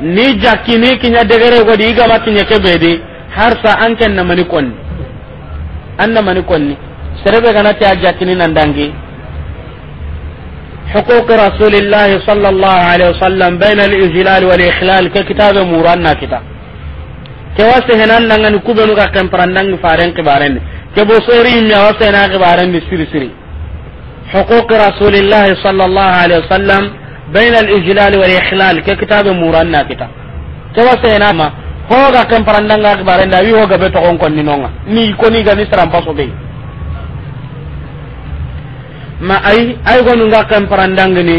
ni jakki ni kiña degere godi i gaba kiña keɓedi har sa an ken namani konni an namani konni serebe ganati a jakkini nandangi حقوق رسول الله صلى الله عليه وسلم بين الإجلال والإخلال ككتاب مورانا كتاب كواسه هنان نغن كوبنو كا كمبراندان فارن كبارن كبوسوري ميا واسه نا كبارن سيري سيري حقوق رسول الله صلى الله عليه وسلم bain al ijlal wal ikhlal ke kitabe muranna kita to wa sayna ma ho ga kan parandanga ga barenda wi ho ga be to kon ni ko ni ga ni saram paso be ma ai ai gonu ga kan parandanga ni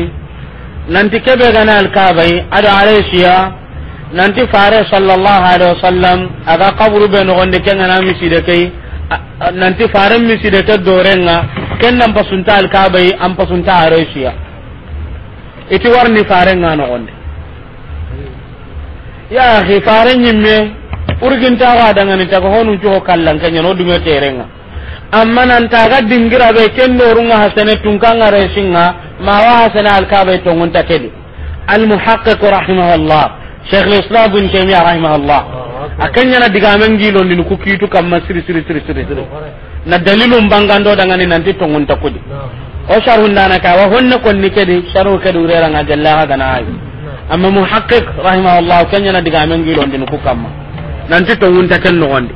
iti warni fare nga nogonde ya akhi fare nyimme urginta wa dangani tago honun cuho kallan kanya no dunga terenga amma nan taga dingira be kendo runga hasane tungkanga resinga mawa hasane alkabe tongunta kedi المحقق رحمه الله شيخ الاسلام بن تيميه رحمه الله akanyana diga men gilo ndin ku kitu kam masiri siri siri siri na dalilum bangando dangani nanti tongunta kudi o sharhu ndana ka wa honne konni kedi sharhu kedi ureranga jallaha gana ay amma muhaqqiq rahimahullah kanyana diga men gilo ndin ku kamma nanti to wunta ken no gondi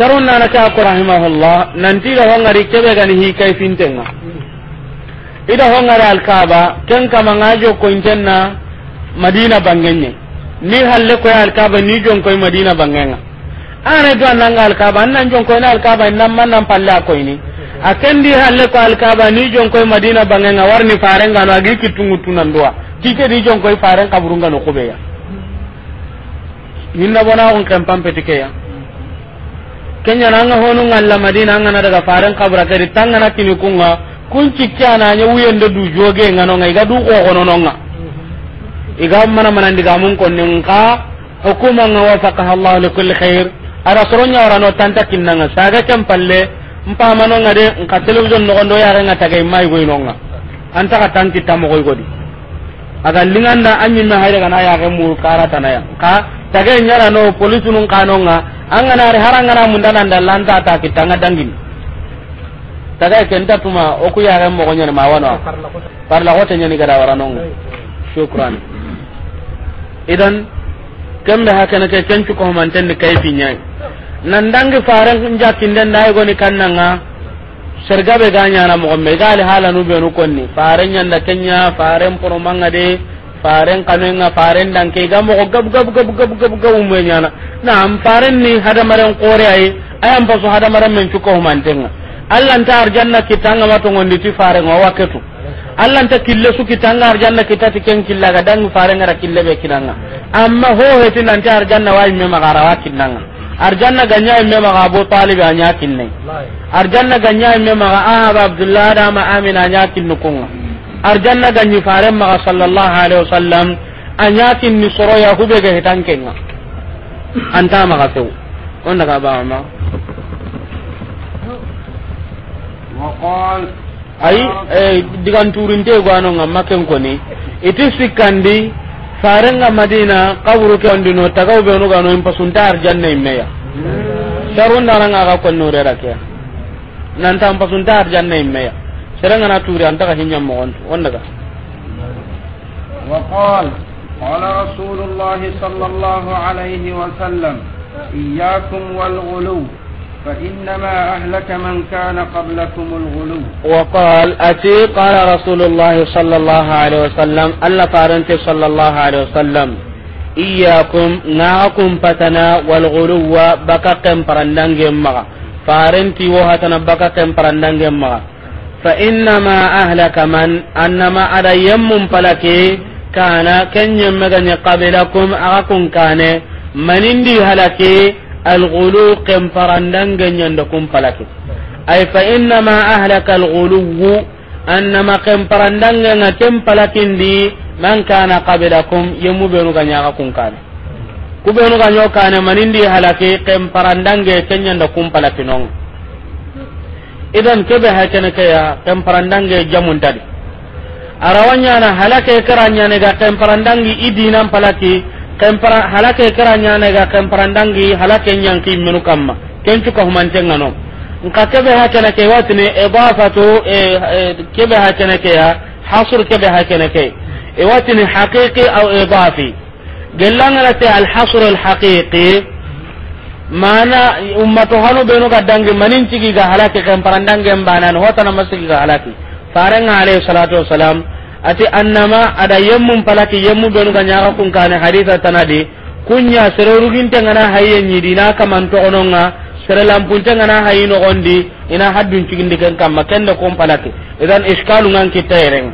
sharhu ndana ka ko rahimahullah nanti da hongari kebe gani hi kai fintenga ida hongari alkaba ken kama ngajo ko intenna madina bangenye ni halle ko alkaba ni jon ko madina bangenga ana do nan alkaba nan jon ko na alkaba nan man nan palla ko ini akendi halle ko alkaba ni jon koy madina bangenga warni farenga no agi kitungu tunandua kike di jon koy faren kaburunga no kubeya minna bona on kan pampetike ya kenya nanga honu ngalla madina ngana daga faren kabura kadi tangana kini kunga kunci kana nya wuyende du joge ngano ngai ga du ko kono nonga iga mana mana ndiga mun konne nka hukuma nga wafaqaha allah li kulli khair ara soronya warano tanta nga saga kan palle mpa manonga de nka television no gondo yare nga tagay mai go inonga anta ka tanki tamo go godi aga linganda anyi me hayre kana ya mu karata na tanaya ka tagay nyara no polisu nun kanonga angana re haranga na mundana ndalanta ta kitanga dangin tagay kenta tuma o ku yare mo go nyane ma wano parla ko tanya ni gara waranonga shukran idan kambe hakana ke kencu ko man tan kayfi nyai nan dangi faran jakinden da ay goni kannanga serga be ga na mo me ga le hala nu be nu konni faran nyanda kenya faran poromanga de faran kanenga faran danke ga mo gab gab gab gab gab gab mo nyana na am faran ni hada maran qore ay ay am paso hada maran men cuko humantenga allah nta arjanna kitanga mato ngondi ti faran o waketu allah nta kille su kitanga arjanna kitati ken killa ga dangi faran ngara kille be kinanga amma ho heti nan ta arjanna wa me magara wa kinanga arjanna ganya imme maga abu talib anya kinne arjanna ganya imme maga ahab abdullah da ma amina anya kinnu kunga arjanna ganyi faren maga sallallahu alaihi wasallam anya kinni soro ya hube ga hitankenga anta maga tew onda ka ba ma ay eh, digan turinte gwanon amma ken koni iti sikandi farenga madina kaburu ke ondino tagaw be onuga no impa sunta arjanna immeya sharun daranga ga konno rera ke nan ta impa sunta arjanna immeya seranga na turi anta ga hinya mo on onda ga wa qal qala rasulullah sallallahu alaihi wa sallam iyyakum wal ghuluw فإنما أهلك من كان قبلكم الغلو وقال أتي قال رسول الله صلى الله عليه وسلم ألا فارنت صلى الله عليه وسلم إياكم ناكم فتنا والغلو بكاكم فرندان مغا فارنتي وهتنا بكاكم فرندان مغا فإنما أهلك من أنما على يم فلكي كان كن يمغني قبلكم أغاكم كان من اندي هلكي الغلو قم فرندن جنند كم فلكي أي فإنما أهلك الغلو أنما قم فرندن كم فلكين دي من كان قبلكم يمو بينو غنياكم كان kubenu ganyo kane manindi halake kem parandange kenyanda kum nong. idan be hakene kaya kem parandange jamun tadi arawanya na halake karanya ne ga kem parandangi idinan palaki kempara halake kara nyana ga kempara ndangi halake nyanki menu kamma kencu ka humante ngano nka kebe ha kana ke watne idafatu e e, e, kebe ha kana ke ya hasr kebe ha kana ke e watne haqiqi aw idafi gelangana te al hasr al haqiqi mana ummato hanu benu ga dangi manin cigi ga halake kempara ndangi mbana no hotana masigi ga halake farenga alayhi salatu wassalam ati annama ada yemmun palaki yemmu benu ga nyaga kun kane haditha tanadi kunya seroruginte ngana haye nyidi na kaman to ononga sere lampunte ngana hayi no gondi ina haddun cigindi ken kamma kende kon palaki idan iskalu ngan kitayren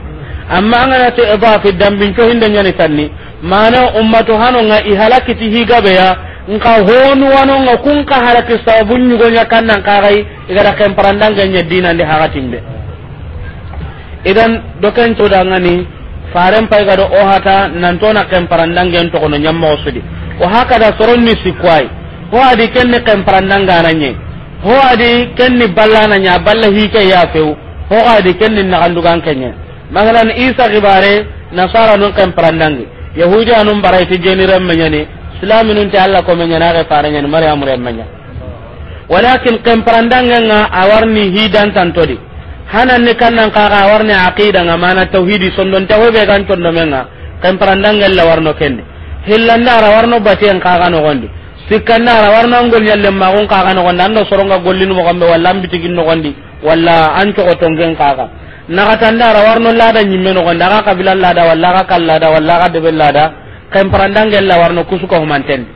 amma ngana te idafi dambin to hinde nyani tanni mana ummato hanonga ihalakiti higabeya nka honu nga kun ka halaki sabun nyugo nya kannan kagai igara kemparandange nyedina ndi hagatimbe idan doken codangani faren pay ga o hata nantona kemparandangen togono ñammoxo sudi o soron ni sikwai ho adi kenni kemparandangananye ho adi kenni ballananya balla ke ya few ho adi kenni gan kenye magalan isa xibare nasara nun kemparandangi yahudi barai ti jeni menyani islam nun te allah komeñanaxe fareñani mariamu remmeña walakin nga awarni hidantantodi hanan ni kannan kaga warne aqida nga mana tauhidi sondon tawo be kan tondo menga kan parandang la warno kende hillanda ara warno baten kaga no gondi sikanna ara warno ngol yalle ma gon kaga no gondi ando soronga gollin mo gambe walla ambitigin no gondi walla anco otongen kaga kata ndara warno lada nyimme no gondi aga kabila lada walla aga lada walla aga debel lada kan parandang la warno kusuko humanten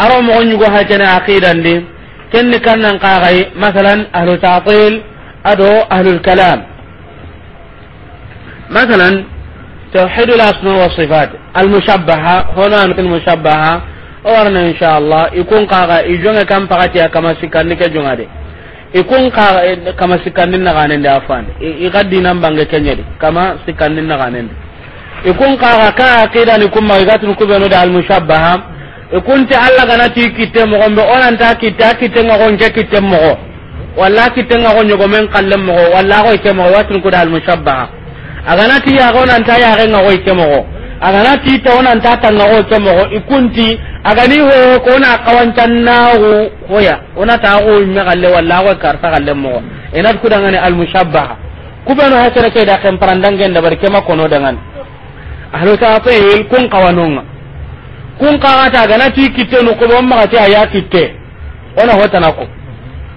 aro mo nyugo hajana aqidandi kenni kannan kaga masalan ahlu ta'til ado ahlul kalam مثلا توحيد الاسماء والصفات المشبهه هنا المشبهه warna insha Allah ikun kaga ijonga kam pakati kama sikandi ke jongade ikun kaga kama sikandi na ganen da afan bange kenyedi kama sikandi ikun kaga ka aqida ni kitte mo gombe onan kitte ngo walla kitenga ko nyogomen kallem mo walla ko ikemo watun ko dal mushabbaha agana ti ya gona nta ya renga ko ikemo agana ti ta ona nta ta na ko ikemo ikunti agani ho ko na kawancan na ho hoya ona ta ko me galle walla ko karta kallem mo enat ku dangane al mushabbaha kubeno hasere ke da kan parandangen da barke ma kono dangan ahlo ta fa yel kun kawanonga kun kawata agana ti kitenu ko bomma ta ya kitte ona na ko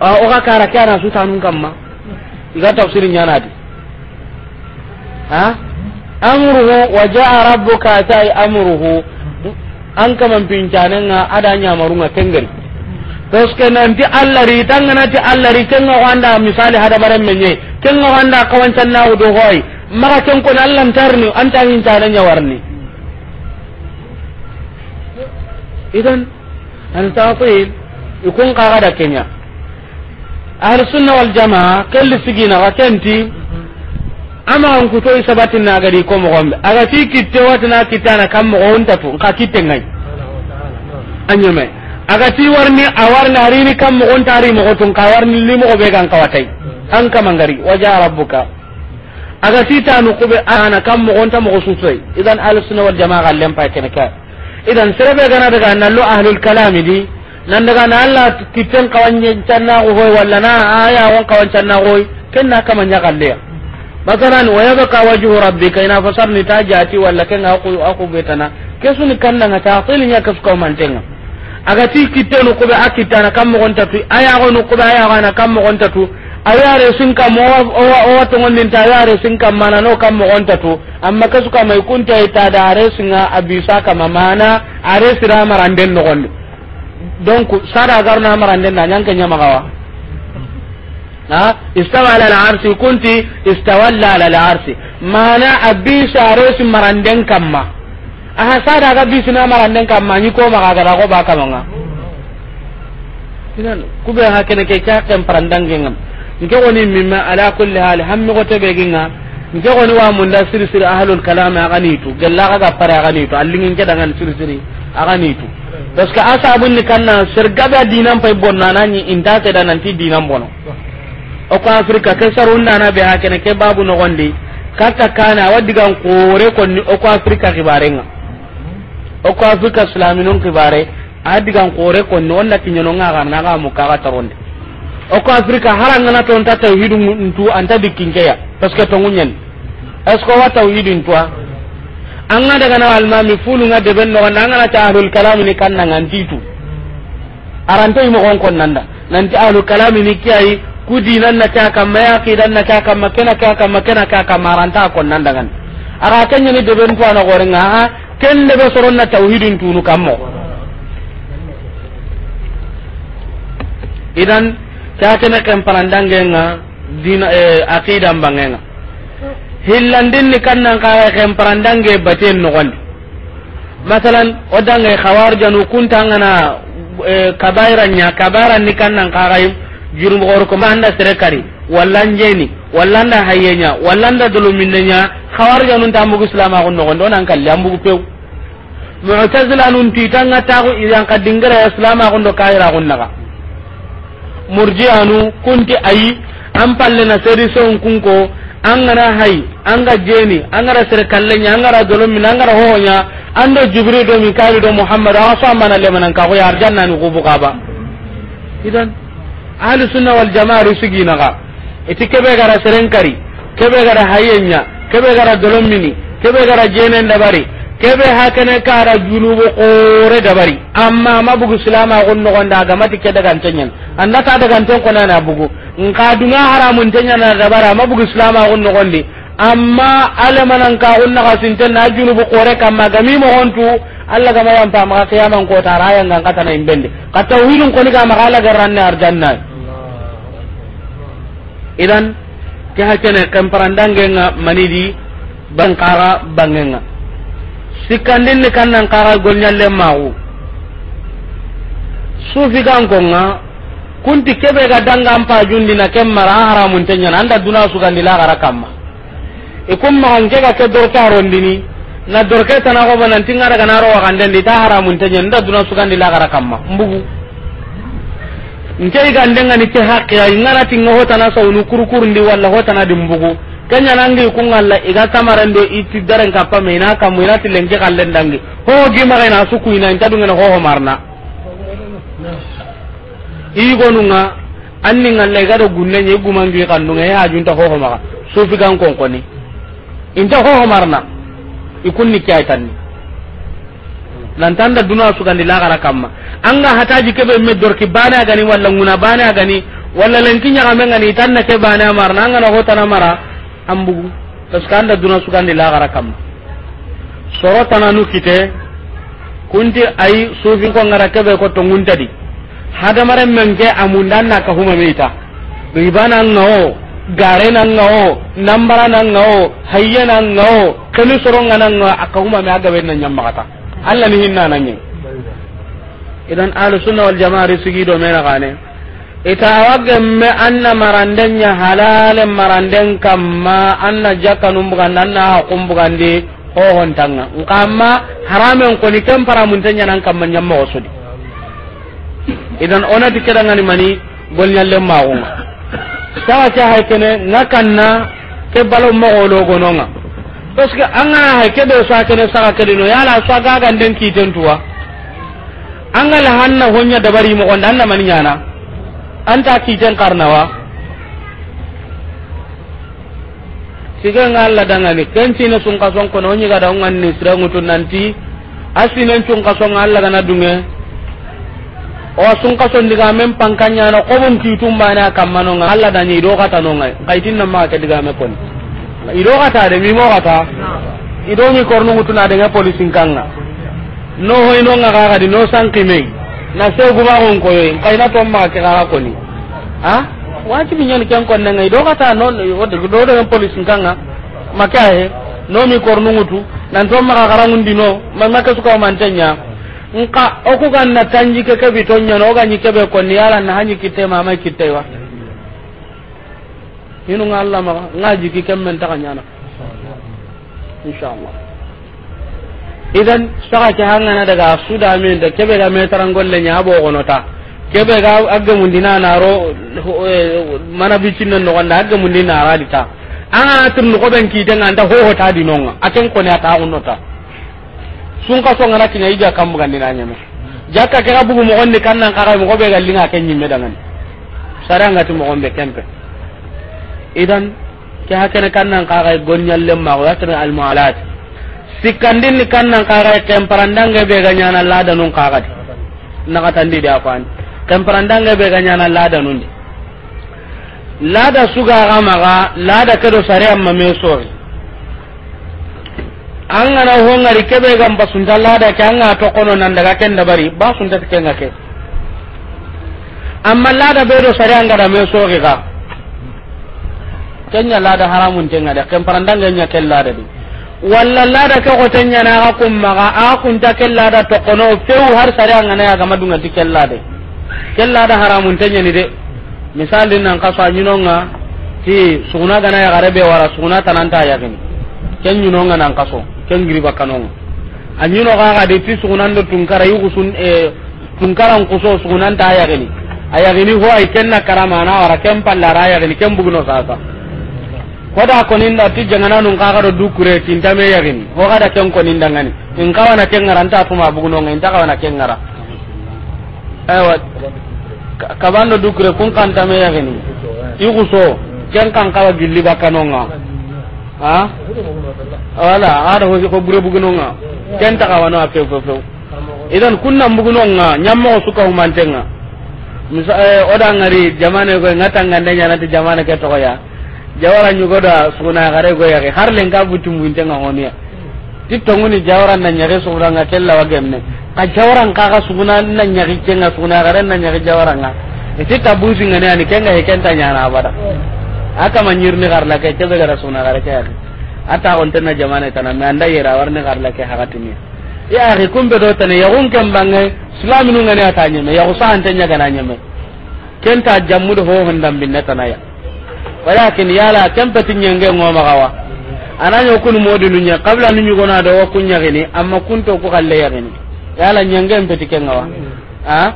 Ah, o ga kara kana su tanun kamma iga tafsirin yana di ha amruhu wa jaa rabbuka ta'i amruhu an kaman pincanen nga ada nyamarunga kengeri tos kenanti allah ri ti allah ri kenga wanda misali hada bare menye kenga wanda kawancan na hudu hoy maka ken ko allah ntarni anta hincanen warni idan an tafil ikun kaga da kenya ahli sunna wal jamaa kelli sigina kenti ama an kuto isabati na gari ko mo gombe aga ti kitte wata na kam mo on tatu ka kitte ngai anyame aga ti warni awarna harini kam mo on tari mo tun ka warni limo be gan kawatai an kam ngari waja rabbuka aga ti tanu ana kam mo on ta mo susai idan ahli sunna wal jamaa gallem pa kenaka idan sirabe gana daga nallo ahlul kalami di nan daga na Allah kitten kawanye canna ko hoy walla na aya won kawan canna hoy ken na kama nya galle masalan wa yabqa wajhu rabbika ina fasarni tajati walla ken aku aku betana kesuni kanna kasu tilnya tenga aga ti kitten ko be akitana kam mo gontatu aya ko no ko be aya na kam mo aya re sin kam o o wato ngonin ta re sin kam mana no kam mo tatu amma kasu kamai kunta ita da are singa abisa kama mana are sira maranden no gondi donc sada garna marande na nyanka nyamagawa ha istawa ala al kunti istawalla ala mana sare su maranden kamma aha sada ga bi maranden kamma ni ko maga ga ko ba kamanga inan kube ha kene ke ka kan parandange ngam nke woni mimma ala kulli hal hammi ko tebe ginga nke woni wa mun da sir ahlul kalam aganitu galla ga ga aganitu allingin ke dangan sir aganitu parce que asa ni kanna sergaga dinan pay bonna nani inta ke da nanti dinan bono o ko afrika ke sarunda na be kene ke babu no gondi kata kana wadigan kore konni o ko afrika kibarenga o ko afrika islaminun kibare adigan kore konni onna tinyono ngaga naga mukaga taronde o ko afrika haranga na ton tata hidu ntu anta dikinkeya parce que tongunyen est ce que wa tawhidin toi an ga daga na almami fulu nga de ben no an ga ta ahlul kalam ni kan nan titu arante mo gon kon nanda nan ta ahlul kalam ni kiyai kudi nan na ta kam ma yaqidan na ta kam makena ka kam makena ka kam maranta kon nanda kan ara kan ni de ben ko na gore nga ha ken de be soron na tauhidin tunu kammo idan ta kana kan parandangenga dina eh, aqidan bangenga hillandin ni kannan kare kem ge baten no gondi masalan ge odange khawarjanu kuntangana e, kabaira nya kabaran ni kannan kare jurum gor ko manda serekari wallan da hayenya wallan da nya wallanda duluminnenya ta mugu islama no gonno gondi onan kalli ambugu pew mu'tazila nun ti tanga titanga tagu idan kadingara islama do kaira gonnaga murji'anu kunti ayi an na seri so kunko an angana an anga jeni an angara sere kallenya angara dolommi angara honya ando jibril do mi kari da muhammad awa so amana le manan ka ko yar janna ni kubu kaba idan ahli sunna wal jamaa risgina ga itikabe gara seren kari kebe gara hayenya kebe gara dolommini kebe gara jenen dabari kebe hakane kara junubu kore dabari amma ma bugu silama gon no gonda ga mati ke daga tanyen anda ta daga tan ko na bugu nka dunga haramun tanya na dabara bugu silama gon no gonde amma alamanan ka gon na sinten na junubu kore kamma ga mi mo hontu alla ga mayan pa ma kiyaman ko ta raya ngan kata na imbende kata wirun ko ni ga magala garanne arjanna idan ke hakane kan parandangenga manidi bankara bangenga sikandin ni kannan kaga golnyalle magu sufi kan konga kunti kebe ga danga ampa jundi na kem mara haramun tenya anda duna sugandi la gara kamma ikum ma hanke ga ke dorta rondini na dorke tana ko banan tingara kana ro wakande ndi ta haramun tenya anda duna sugandi la gara kamma mbugu nke ga ndenga ni ke hakya ngana tinga hotana saunu kurkur ndi wala hotana dimbugu kanya nangi di kun iga samaran do itti daren kappa me na kamu ina tilen kallen dangi ho gi ma na su ku ina inta dungena ho ho marna i gonunga anni ngalle ga do gunne nyi gumangi kannunga ya junta ho ho maka su fi gan kon koni inta ho ho marna ikunni kya tanni nan tanda duna su gandi lagara kamma anga hataji kebe me dorki bana gani wala nguna bana gani wala lenkinya kamenga ni tanna ke bana marna anga na hotana mara ambugu parce que anda duna di lagara kam soro tananu kite kunti ayi sufin ko ngara kebe ko to di hada mare ke amundan na ka huma meita ribana ngao gare na ngao nambara na ngao hayya na ngao kani soro ngana ngao aka huma me aga wenna kata alla ni hinna ni idan ahlus sunna wal jamaa do mena gane itawa gemme anna marandenya halale maranden kamma anna jaka numbugan anna hakumbugan di hohon tanga kamma harame ko ni kempara muntenya nan kamma nyamma osodi idan ona dikeda ngani mani golnya lemma ko ta cha hay kene ngakanna ke balo mo holo gononga parce que anga hay ke do sa kene sa kene no yala sa gaga den ki tentuwa anga la hanna honya dabari mo ko nan mani nyana anta kiten karnawa sigenga alla dangani kencine sunka sonkono onyiga nanti alla o men alla dani de polisin kanga no no na seguma gon koyo in kayna to ma ke kaka koni ha wajibi nyani ken kon nan ngai do kata non o de do de police kanga maka he no mi kornu ngutu nan to ma garangun dino ma maka suka mantenya o ku kan na tanji ke ke bitonya no ga nyike be kon yala na hanyi kite mama kite wa inu ngalla ma ngaji ki kem men ta kanyana inshallah idan saka ke na daga da men da kebe ga metaran golle nya bo gonota kebe ga agga na ro eh, mana bicin no wanda agga di radita an tun no goben ki dan anda ho ta di nonga aten ko ne ata unnota sun ka songa na kinya kam kambu kan nya me jakka ke abugo mo gonni nan kara mo be ga linga ken nyimme dangan saranga tu mo be kempe idan ke hakene nan kara gonnyal lemma wa tan al mualat sikkandin ni kannan kaga kemparandange be ga na lada nun kaga di na naka tandi di akwani kemparandange be ga na lada nun di lada suga ga maga lada kedo sare amma me sori an gana hongari kebe gam basunta lada ke an ga to kono nan daga ken da bari ba sunta ke nga ke amma lada be do sare an ga da me sori ga kenya lada haramun tenga da kemparandange nya ken lada di walla lada ke xotengana a kun ta kella da to kono feu har sare an ga angana kella de kella da haramun lada haramunteñani de misal di nan kaso a ñinonga ti suguna gana yagare be wara suguna tananta gani ken ñinonga nan kaso ken giri giribakkanonga ga de ti ndo sugunando tunkara i xusun e, tunkaran kuso ya gani aya yagini ho ay ken na karama karamana wara ken pallara ya gani ken bugno sasa koda konin da ti jangana nun ka do dukure tin tame yagini ho kada ken konin dangani in ka wana ken ngara nta tuma buguno ngai nta ka wana ken ngara aywa kabando dukure kun kan tame yagini iguso ken kan kawa gilli bakanonga ha wala ada ho ko bure buguno nga ken ta ka wana fe fe fe idan kunna buguno nga nyammo suka humantenga misa eh oda ngari jamane ko ngata ngandanya nanti jamane ke to ya jawara gare sugunagare goyake har lenka nga honiya e ti tonguni jawara ya na nga tella kellawa gemme ka nga kaga suna na ñagi suna gare na ñagi jawaranga iti tabusingani ani kenga hekenta ñana abada manyir ni gar la ke keɓe gara gare ke yaki a taxontenna jamane tana me anda yera gar la ke hagatiniya i ya, axi kumɓe do tane islam ya ken bange silaminungani ata ñeme yaxu saxante me kenta jammude hohon dambinne ya walakin yala kempeti nyenge ngoma kawa ananyo kun modi nunya qabla nu nyugona do wa kunya gini amma kunto ko kalle ya gini yala nyenge mpeti kengawa ha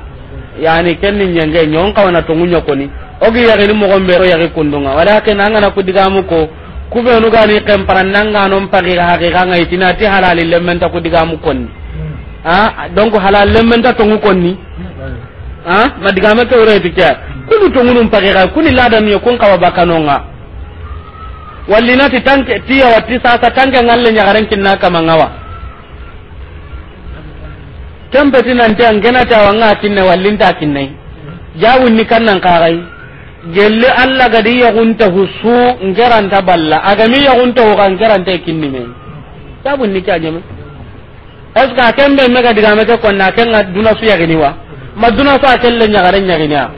yani kenni nyenge nyon kawana to ngunya koni ogi ya gini mo gombe ro ya gi kundunga walakin angana ku digamu ko kubenu gani kemparan nanga non pagi ha gi ganga itinati halali lementa ku digamu konni ha donc halal lementa to ngukonni ha madigame ke wure tikia kudu tongunum pake ka kuni ladamiye kun kawa bakanonga ti tanke tiya watti sasa tanke ngalle garen kinna kama ngawa tan gena ta wanga tinne wallinta jawun ni kannan kagai gelle alla gadi gunta husu ngeranta balla agami yagunta hoga ngeranta kinnime jawunni kajeme est ce que a kembe diga me ko konna kenga duna su yagini wa ma sa su a kelle nyagaren yagini a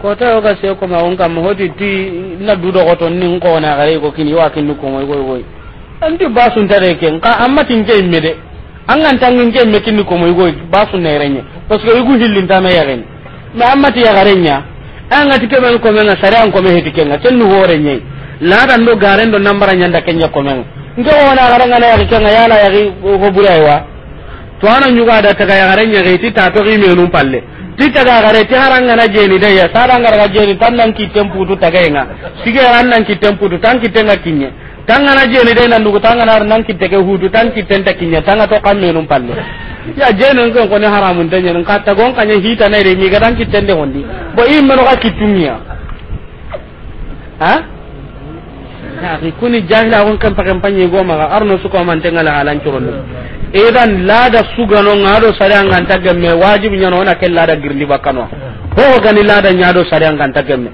kota ga se ko ma on kam hoti ti na dudo ko ton nin ko na gare ko kini wa kini ko moy goy goy anti basun tare ken ka amma tin je de. an an tangin je me kin ko moy goy basun ne renye parce que igu hillin ta na yaren ma amma ti ya nya an ati ke men ko men na sare an ko me heti ken ten nu hore nye la dan do garen do nambara nyanda kenya ko men ndo wona garanga na yari ken ya la yari ko wa to ana nyuga da ta ga nya ga ti ta to gi me num palle ti taga gare ti haranga na jeni de ya saranga ga jeni tan nan ki temputu taga nga sige ran nan ki tan ki tenga kinye na jeni de nan dugu tanga na nan ki tege hudu tan ki tenta kinye tanga to kamme num palle ya jeni ngon ko ne haramun de nyen ka ta gon kanya hita na re mi ga tan ki tende hondi bo i ka ha ya ri kuni kan go ma arno su ko man tenga la halan idan lada do sare an ganta gemme wajibi nyano na ke lada girni bakano ho gani lada nyado ganta gemme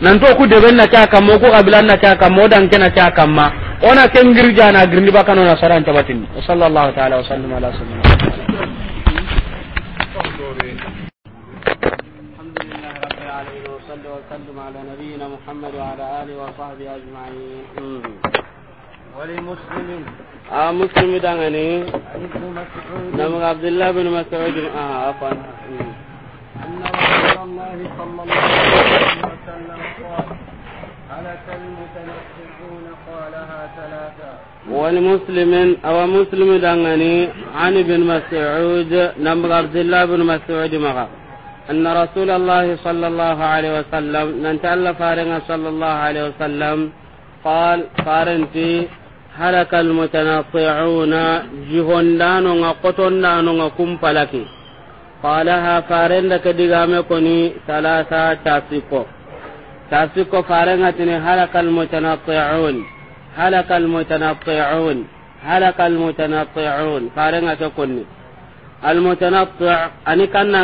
nan to ku benna na kaka mo ko abilan na kaka mo dan kena kaka ma ona ken girja na girni bakano na an tabatin sallallahu ta'ala wa sallam ala sayyidina وسلم على نبينا محمد وعلى اله وصحبه اجمعين ولمسلم آه مسلم دعني نعم عبد الله بن مسعود آه عفوا أن رسول الله صلى الله عليه وسلم قال هلك المتنفعون قالها ثلاثة ولمسلم أو مسلم دعني عن ابن مسعود نعم عبد الله بن مسعود مغا أن رسول الله صلى الله عليه وسلم ننتهى فارنا صلى الله عليه وسلم قال قارنتي halaka almutanati'una jihondano nga qotondano nga kumpalaki qalaha farenda ke digame koni salasa tasiko tasiko farenga tini halaka almutanati'un halaka almutanati'un halaka almutanati'un farenga ke koni المتنطع أني كان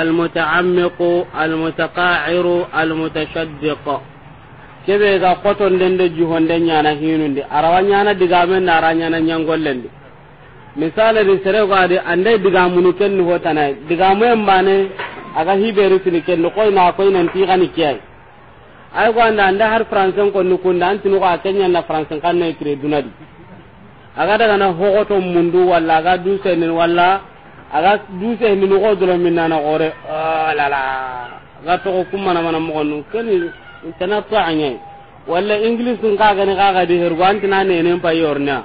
المتعمق المتقاعر المتشدق kebe ga koton den de juhon den nyana hinundi arawa nyana diga men na ara nyana nyangollendi misale ni sere ko ade ande diga munu ken ni hotana diga men bane aga hiberi tini ken ko na ko ina ti gani kiyai ay ko anda anda har fransen ko nukunda antinu ko kenya na fransen kan ne kire dunadi aga daga na hogoto mundu walla aga duse ni walla aga duse ni ko dolo min na gore oh la la ga to ko kuma na mana mo konni kana tsanya walla english sun kaga ne kaga di hirgo an tana ne ne pa yornya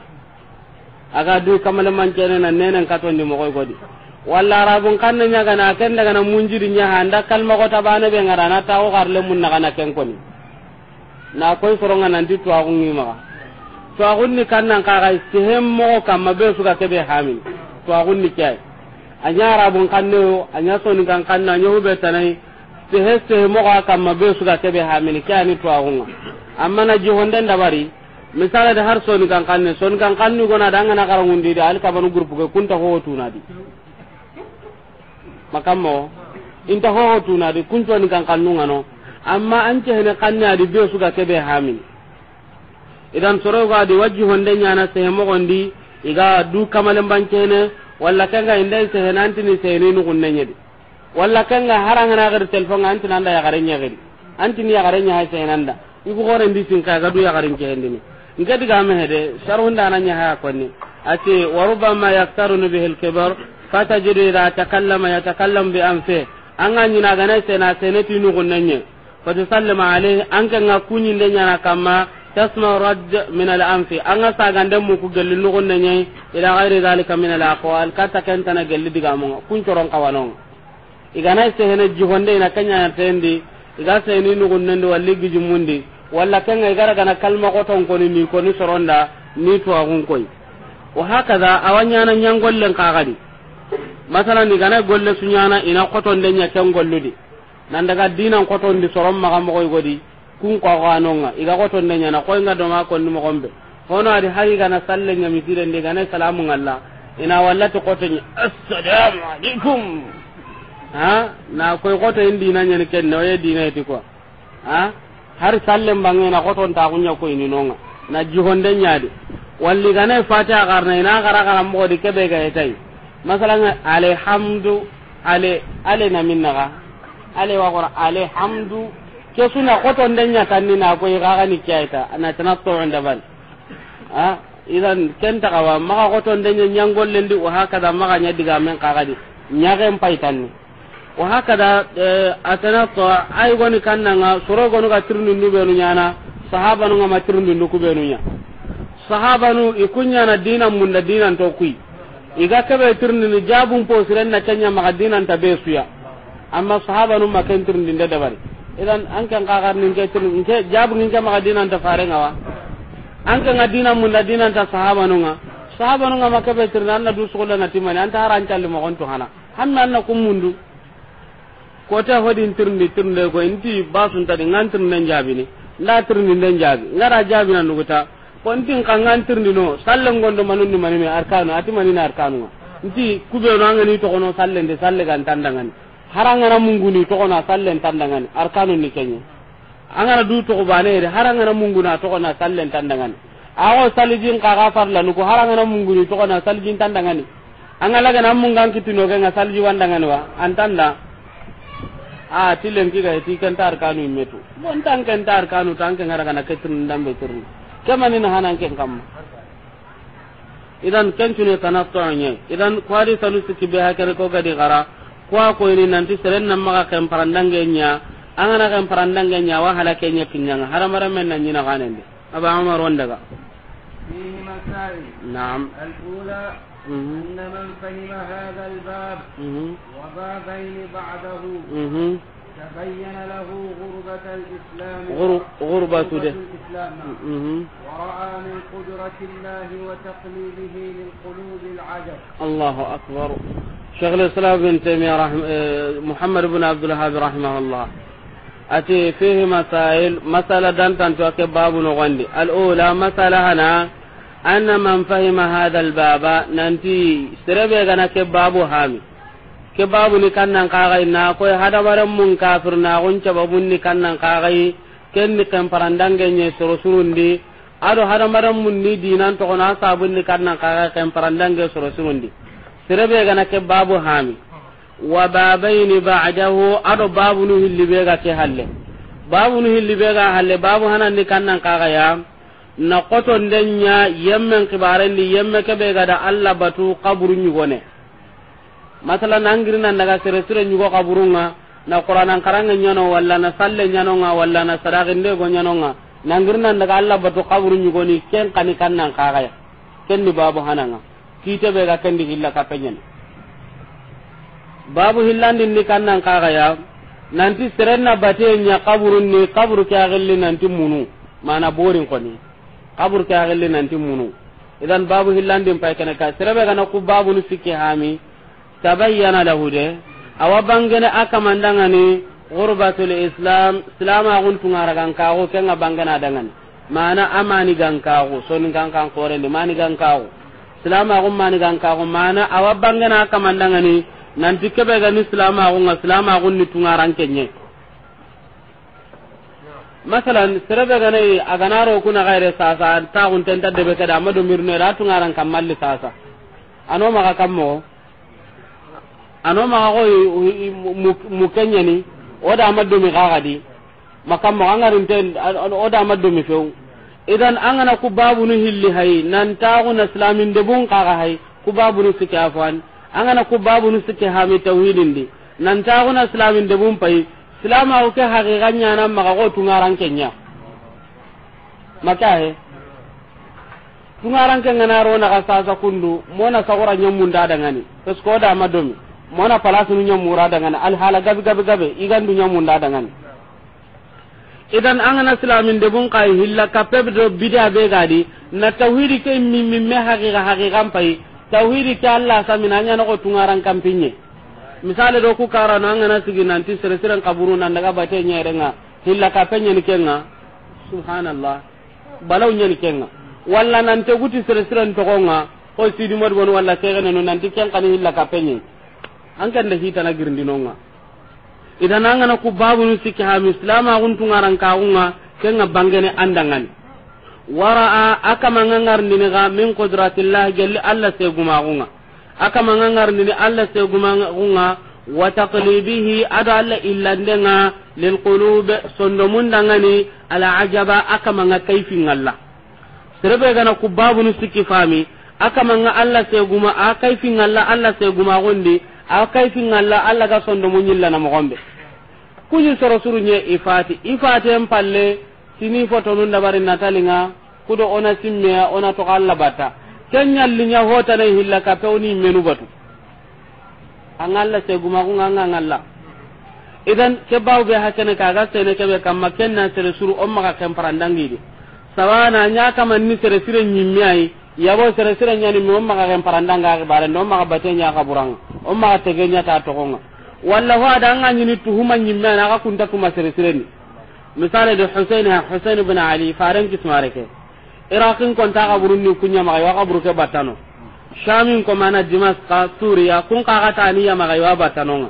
aga du kamal man cene na ne nan katon di mokoy godi walla arabun kan ne nyaga na ken daga na munjiri nya handa kalma ko tabane be ngara na tawo garle mun na kana ken koni na koy soronga nan di tuwa ngi ma tuwa ni kan nan kaga sihem mo kamma be suka ke be hamin tuwa ni kai anya arabun kan ne anya sonin kan kan na nyu be tanai sehe sehe kam ma be suga kebe hamini kani to ahunga amma na jihonden dabari misala da har soni kan kanne soni kan kanni gona da ngana karangundi da al banu grupu ko kunta ho tunadi makammo inta ho tunadi kunto ni kan kannu ngano amma an ce hene kanni adi be suga kebe hamini idan soro ga di wajihonde nyana sehe mogondi iga du kamalen ne walla kanga se sehe nantini se ni nugunne nyedi walla kanga na gari telefon tin anda ya garen ya gari an tin ya garen ya nan da ibu gore ndi tin ka du ya garen ke ndini nge diga me hede sharhun da nan ya ha konni ati wa rubama yaktarunu bihi al-kibar fatajidu idha takallama yatakallamu bi anfi an ga nyina ga na sena ne tinu gunnanye sallama alayhi an kan ga ne nya na kama tasma rad min al anfi an ga sagan da mu ku galli nu gunnanye ila ghairi zalika min al aqwal ta kan na gelli diga mun kun toron kawanon igana sehene jihonde ina kanya tendi iga sehene nugunnendi walli gijumundi walla kenga igara gana kalma koton koni ni koni soronda ni tuwagun koi wa hakaza awanyana nyangollen kagadi masalan igana golle sunyana ina de nya ken golludi nan daga dinan di soron maga mogoy godi kun kwaganonga iga de nya na koynga doma konni gombe hono adi hari gana salle nya misire ndi gana salamu ngalla ina wallati kotonya assalamu alaikum ha na koy goto en dina nyen ken no ye dina eti ko ha har sallem bangi na goto ta kunya ko ini nonga na jihonde nyaade walli ganay fatiha garna ina gara gara mo di kebe ga etay masalan alhamdu ale ale na minna ga ale wa qara alhamdu ke suna goto ndenya ni na koy gaga ni kayta na tanatto inda bal ha idan ken ta kawa maka goto ndenya nyangolle ndi wa hakada maka ga men kagadi nyage ni wa hakada atana to ay goni kannanga soro gonu ka tirnu ndu benu nyana sahaba nu ngama tirnu ndu ku benu nya sahaba nu ikunya na dina munda dina to kui iga kebe tirnu ni jabu po siren na tanya ma dina ta besuya amma sahaba nu maken tirnu nda dabari idan an kan ka nin ke tirnu ke jabu nin ke ma dina ta fare wa an kan dina munda dina ta sahaba nu nga sahaba nu ngama kebe tirnu na du sukulla na timani anta haran calli mo gontu hana hamna na kum mundu kota hodin tirndi tirnde ko inti basuntadi ngan tirnden jaabini nda tirndi nden jaabi ngara jaabina nuguta ko kontin ka ngan tirndi no sallen gondo manunni manime arkanu ati manini arkanuga nti kuɓeno angani togono sallende salle gan tandangani harangana munguni togona sallen tandangani arkanu ni kenye angana du togo baneyede harangana munguna togona sallen ka ago salijin kaga farlanuku harangana munguni togona salijin tandangani anga lagana mungan kitinogenga salji wandangani wa antanda a ah, tilen ga ti kan tar kanu metu bon tan kan tar kanu tan kan ngara kana dan be turu kemani na hanan ken kam idan kancune tanattu'nye idan kwari tanu siki be hakare ko di gara kwa ko ini nanti seren namma ka kan parandange nya angana kan parandange nya wa halake nya kinyanga haramara men nan kanen de aba umar wondaga نعم الأولى أن من فهم هذا الباب وبابين بعده تبين له غربة الإسلام غربة, الإسلام ورأى من قدرة الله وتقليده للقلوب العجب الله أكبر شيخ الإسلام بن تيمية آه، محمد بن عبد الوهاب رحمه الله أتي فيه مسائل مسألة دانتان توكي باب نغندي الأولى مسألة هنا anna man fahima hadha albaba nanti serebe gana ke babu hami ke babu ni kannan kagai na ko hada baran mun kafir na gunca babun ni kannan kagai ken ni kan parandange nye soro surundi ado hada maran mun ni dinan to kona sabun ni kannan kagai kan parandange soro surundi serebe gana ke babu hami wa babaini ba'dahu ado babu nu hillibe ga ke halle babu nu hillibe ga halle babu hanan ni kannan kagai ya na koton den nya yemmen kibaren ni yemme ke be gada alla batu qabru nyu gone masala nangir nan daga sere sere nyu go qabru nga na qur'an karang nya no walla na salle nya no nga walla na sadaqin de go nya no nga nangir nan daga alla batu qabru nyu goni ken kani kan nan ka gaya ken ni babu hananga kite be ga ken di hilla ka penyen babu hillan din ni kan nan ka gaya nanti serenna batenya qabru ni qabru ke agelli nanti munu mana boring koni kabur ke agelle nanti munu idan babu hillandin pay kana ka sirabe kana ku babu nu sikki hami tabayyana lahu de awa bangene mandanga ni ghurbatul islam silama gun tungara kan ka ko kenga bangana dangan mana amani gan ka ko sonin kan kan kore ni mani gan ka ko silama gun mani gan ka ko mana awa bangena mandanga ni nanti kebe ga ni silama gun silama gun ni tungaran kenye masalan serebe gane agana ro kuna gaire sasa ta gunten ta debe kada amadu mirno ra tu ngaran kamalli sasa ano maka kammo ano maka ko mukenya ni oda amadu mi gagadi makam mo angarin ten oda amadu mi feu idan angana ku babu nu hilli hay nan ta gun islamin de bun kaga hay ku babu nu sikafan angana ku babu nu sikha mi tauhidin di nan ta gun islamin de bun pai silama ko ke haqiqa nyana maka ko tungaran kenya maka he tungaran kenya na rona ka sasa kundu mona sagora nyamun da daga ni to ko da madomi mona palasu nyamura daga ni al hala gabi gabi gabi igan du nyamun da daga ni idan an gana silamin da bun kai hilla ka pebdo bid'a be gadi na tauhidi ke mimmi me haqiqa haqiqan pai tauhidi ke Allah sa minanya na ko tungaran kampinye misali do ku kara an ngana sigi nanti sere sere kaburu nan daga bate nyerenga hilla ka penye ni kenga subhanallah balaw nyen kenga walla nan te guti sere sere to nga o sidi mod won walla tegene no nanti ken kan hilla ka penye an kan da hita na girndi nonga idan an ngana ku babu ni sikki ha muslima tu ngaran ka unga kenga bangene andangan wara'a akama ngangar ga min qudratillah gelli alla segumagunga akama nga ngarndini allah seguma wa taqlibihi ado allah illande nga lilqulube sondomundangani alajaba akama nga kayfi ngalla serebe gana kubabunu sikki fami akama nga allah seguma a kayfi ngalla allah seguma gondi a kayfi ngalla allah ga sondomuñilla na mogombe kuñi soro surunye ifati ifaten palle sini fotonunda barin natalinga kudo ona simmeya ona toko allah batta hota hotana hilla kapewni menu batu angalla seguma kunga ngalla idan ke baw be hakene kaga ne ke be kamma kenna sere suru on maga kemparandangi di sawana nya kama manni sere sire nyimmi ai bo sere sire nyani mi on maga kemparandanga ga bare no bate nya ka burang ka tege nya ta tokonga walla ho ada nga nyini tuhuma nyimmi na ka kunta kuma sere sire ni misale de husaini ha husaini ibn ali faran kismareke ke iraqin ta kaburu ni kunya ma wa kaburu ke batano shamin ko mana dimas ka suriya kun ka kata ni ya maga batano nga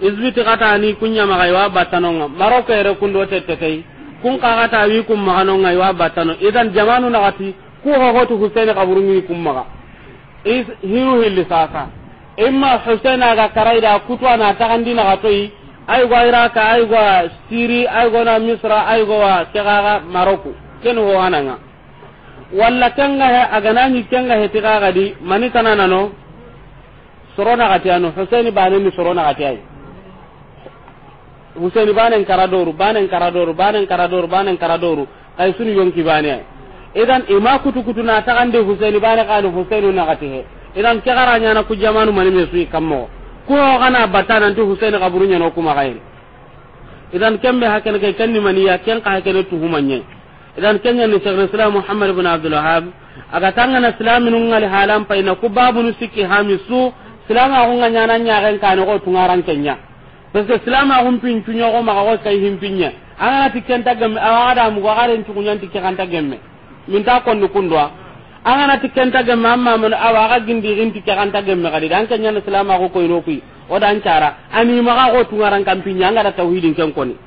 izbiti kata ni kunya ma ayo batano nga maroko ere kun do tetetei kun ka kata wi kun ma no nga wa batano idan jamanu na gati ku ho ho tu husaini kaburu ni kun ma is hiru hilli sasa imma husaina ga karaida kutwa na takandi na gatoi ay gwa iraka ay go siri ay go na misra ay wa kegaga maroko ken ho hananga walla kenga he agana ni kenga he tiga gadi mani tana nano sorona gati ano husaini bane ni sorona gati ay husaini bane karadoru bane karadoru bane karadoru bane karadoru kay sunu yonki bane ay idan ima kutu kutu na ta ande husaini bane kanu husaini na gati he idan ke garanya na ku jamanu mani me sui kammo ko gana batana ndu husaini kaburu no kuma kay idan kembe hakene kay kanni mani ya ken ka hakene tuhumanye idan kenya ni shaykhul islam muhammad ibn abdul wahhab aga tangana islamin ngal halam pa ina ku babu nu sikki hamisu silama ko nganya nyana nya kan kan ko tungaran kenya parce que silama ko pin tunyo ko ma ko kai himpinya ana tikken tagam awada mu ko aren tukunya tikkan tagamme min ta kon nu kundwa ana tikken tagam amma mun ga gindi gindi tikkan tagamme kali dan kenya na silama ko ko ino ku o dan cara ani ma ko tungaran kampinya ngada tauhidin ken koni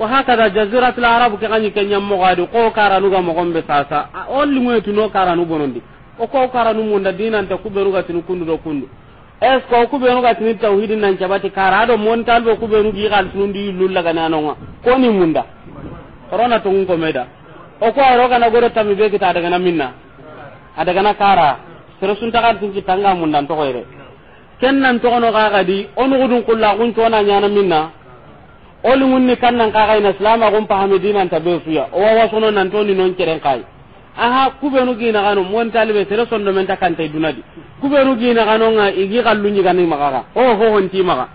ko hakada jaziratul arab ke kanyi kenya gadi ko karanu ga gombe sasa olli ngwetu no karanu bonondi ko ko karanu munda dinan ta kuberu ga tinu kundu do kundu es ko kuberu ga tinu tauhidin nan jabati karado tan do kuberu gi gal tinu di lulla ga wa ko ni munda corona to ko meda o ko roga na goro tammi be kita daga nan minna adaga na kara sere sun ta gartin ki tanga nan to koyre kennan to ono ga gadi onu gudun kullu kun to na nyana minna oli munni kannan ka kai na islama gon pahami dinan ta be suya o wa sono nan to ni non keren kai aha kubenu gina kanu mon talibe tere sondo men ta kan tay dunadi kubenu gina kanu nga igi kallu ni kanai makaka o ho hon ti maka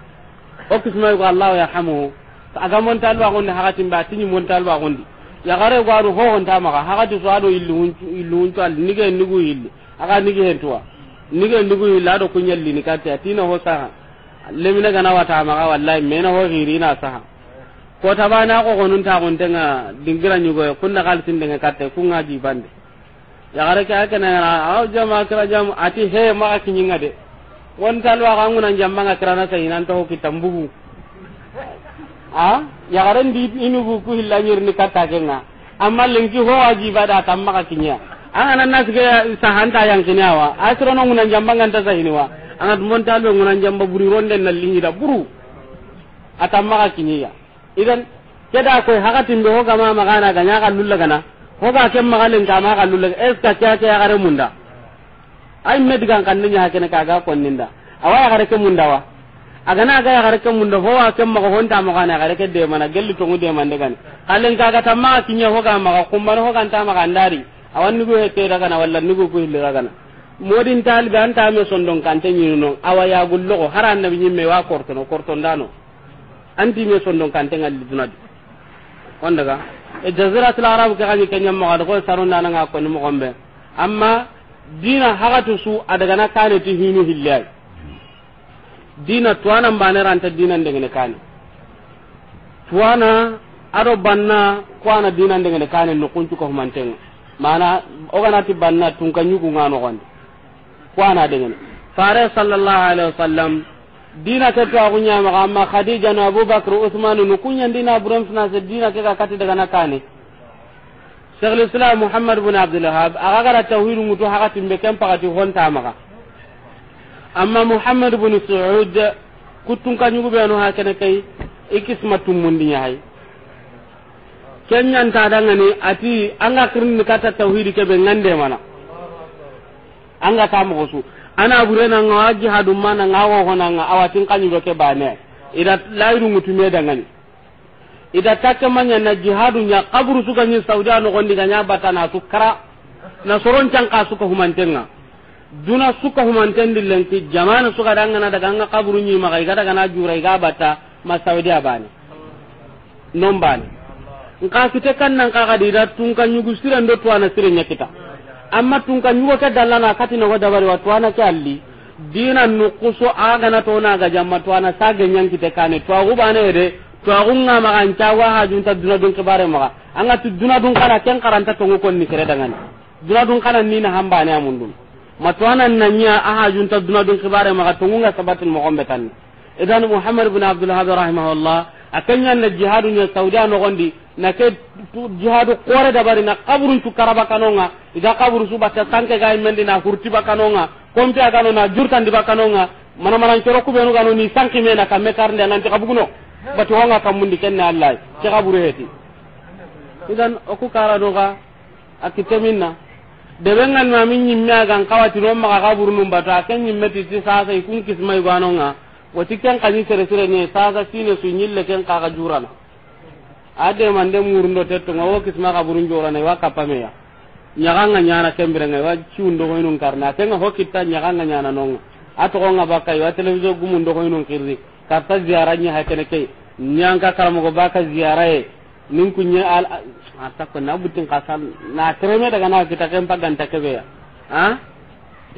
o kisma ko allah ya hamu aga mon talwa gon ha katin ba tini mon talwa gon di ya gare gwaru ho hon ta maka ha kati so ado illu illu untu al nige nigu illi aga nige hentuwa nige nigu illi ado kunyalli ni kati tina ho saha lemina gana wata maka wallahi mena ho girina saha ko na ko gonun ta gon tenga dingira nyugo kunna kalsin denga katte ngaji bande ya gare ka na aw jama kra jam ati he ma nyinga de won talwa kangu nan jamma nga kra na sai nan to kitambu a ya gare ndi inu ku hilla ni katta kenga amma lengi ho wajiba da ma ka kinya an anan nas ga sahanta yang a tro no ngunan jam nga ta sai niwa anat mon talwa ngunan jamba buri ronde na linyi da buru ma ka kinya idan keda ko hakatin do hoga ma magana ganya kallulla kana hoga kem magalen ta ma kallulla es ka kya kya gare munda ay medigan kannin ya hakene kaga konninda awa ya gare ke munda wa agana ga ya gare ke munda ho wa kem maga honta magana gare ke de mana gelli to ngude man de gan kallen ka ta ma kinya hoga maga kumman hoga ta maga ndari awan nugo he te daga na walla nugo ko hilla daga na modin talbi ta me sondon kante nyino awa ya gullo haran nabi nyimme wa kortono ndano an me sondon kante ngal dunad on daga e jaziratul arab ka kanyi kenya ma ko nana nga ko mo gombe amma dina hagatu su adaga na kane ti hinu dina mbane ranta dina ndengene kane banna kwana dina ndengene kane no ko mana banna ngano kwana dengene fare sallallahu alaihi wasallam dina ke to agunya ma amma khadija na abubakar usman nu kunya dina buram sna se dina ke ka kati daga nakane shaykhul islam muhammad ibn abdul wahhab aga gara tawhid mutu haga be kan pakati honta ma amma muhammad ibn suud kutun kan yugo beno ha kene kai ikismatum mundinya hay kenyan ta ni ati anga kirin kata tawhid ke be ngande mana anga ta mo su ana na nga waji hadumma mana nga wa hona nga awatin kanyu doke bane ida lairu mutume da ngani ida takka manya na jihadu nya qabru suka nyi saudi anu gondi ganya na su kara na soron can ka suka humantenga duna suka humantendi ti jamana suka danga na daga nga qabru nyi maka iga daga na jura ga bata ma saudi abane non bane nka kite kan nan ka ga dira tun kan yugu ndo do tuana sirin nya kita amma tun kan yugo ke dallana kati na dabari dina nukuso aga na tona ga jamma tuana sage nyang kite kane tuwa gubane de duna dun anga tu duna dun kana ken karanta kere dangan duna dun kana ni na hamba ne amundun nanya aha duna dun nga sabatin mo idan muhammad ibn abdul rahimahullah akanya na jihadu nya saudi ano gondi na ke jihadu kore da bari na kaburun tu karaba kanonga iga kaburu su batta tanke gay mendi na hurti ba bakanonga kompe agano na jurtan di kanonga mana mana choro ku benu gano ni sanki me na kamme karnde nan ta kabuguno batu kam mundi kenna allah ke kaburu heti idan oku karano ga de debengan ma min nyimme agan kawati no maga kaburu num bata ken nyimme ti sasa ikun kismay gwanonga wati ken kani sere sere ne sasa sine su nyille ken kaga jurana ade mande murundo tetto nga wo kisma ka burun jorana wa kapame ya nyaganga nyana kembere nga wa ciundo ko inun karna kenga hokita nyaganga nyana nonga ato ko nga kai wa televizo gumundo ko inun kirri karta ziaranya hakene kay nyanka karamo go baka ziaraye nin kunye al ata ko na butin kasal na treme daga na kita kempa ganta kebe ya ha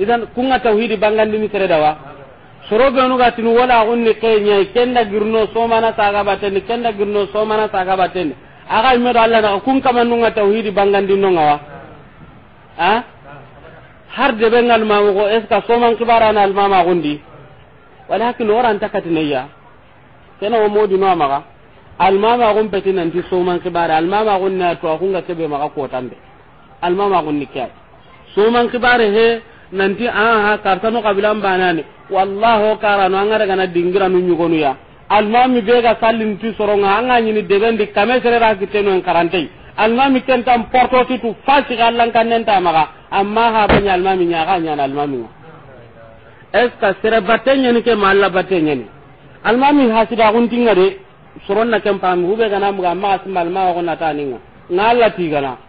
idan kunga tauhidi bangan dini sere dawa sorobenu gatini wala gunni kenya kenda girno somana saga kenda girno somana saga batendi aga imedo alla na kun kamannu nga tauhidi bangandi no ngawa ha har de bengal ma ce eska soman kibara na alma ma gundi walakin oran takatiniya kana o modi no amaga alma ma gun petin anti soman kibara alma ma gun na to akunga kebe maga ko tambe alma ma gun soman kibara he nanti aha karta no kabilan banani wallahu karano anga daga na dingira nu nyugonu ya almami be ga sallin tu soronga anga nyini degen di kamesere ra kiteno en karante almami ken tam porto ti tu fasi gallan kan nen tamaga amma ha banya almami nya ga nya almami est ce sere batenya ni ke malla batenya ni almami hasida guntinga de soronna ken pam hube ga namuga amma asmal ma ko nataninga ngalla tigana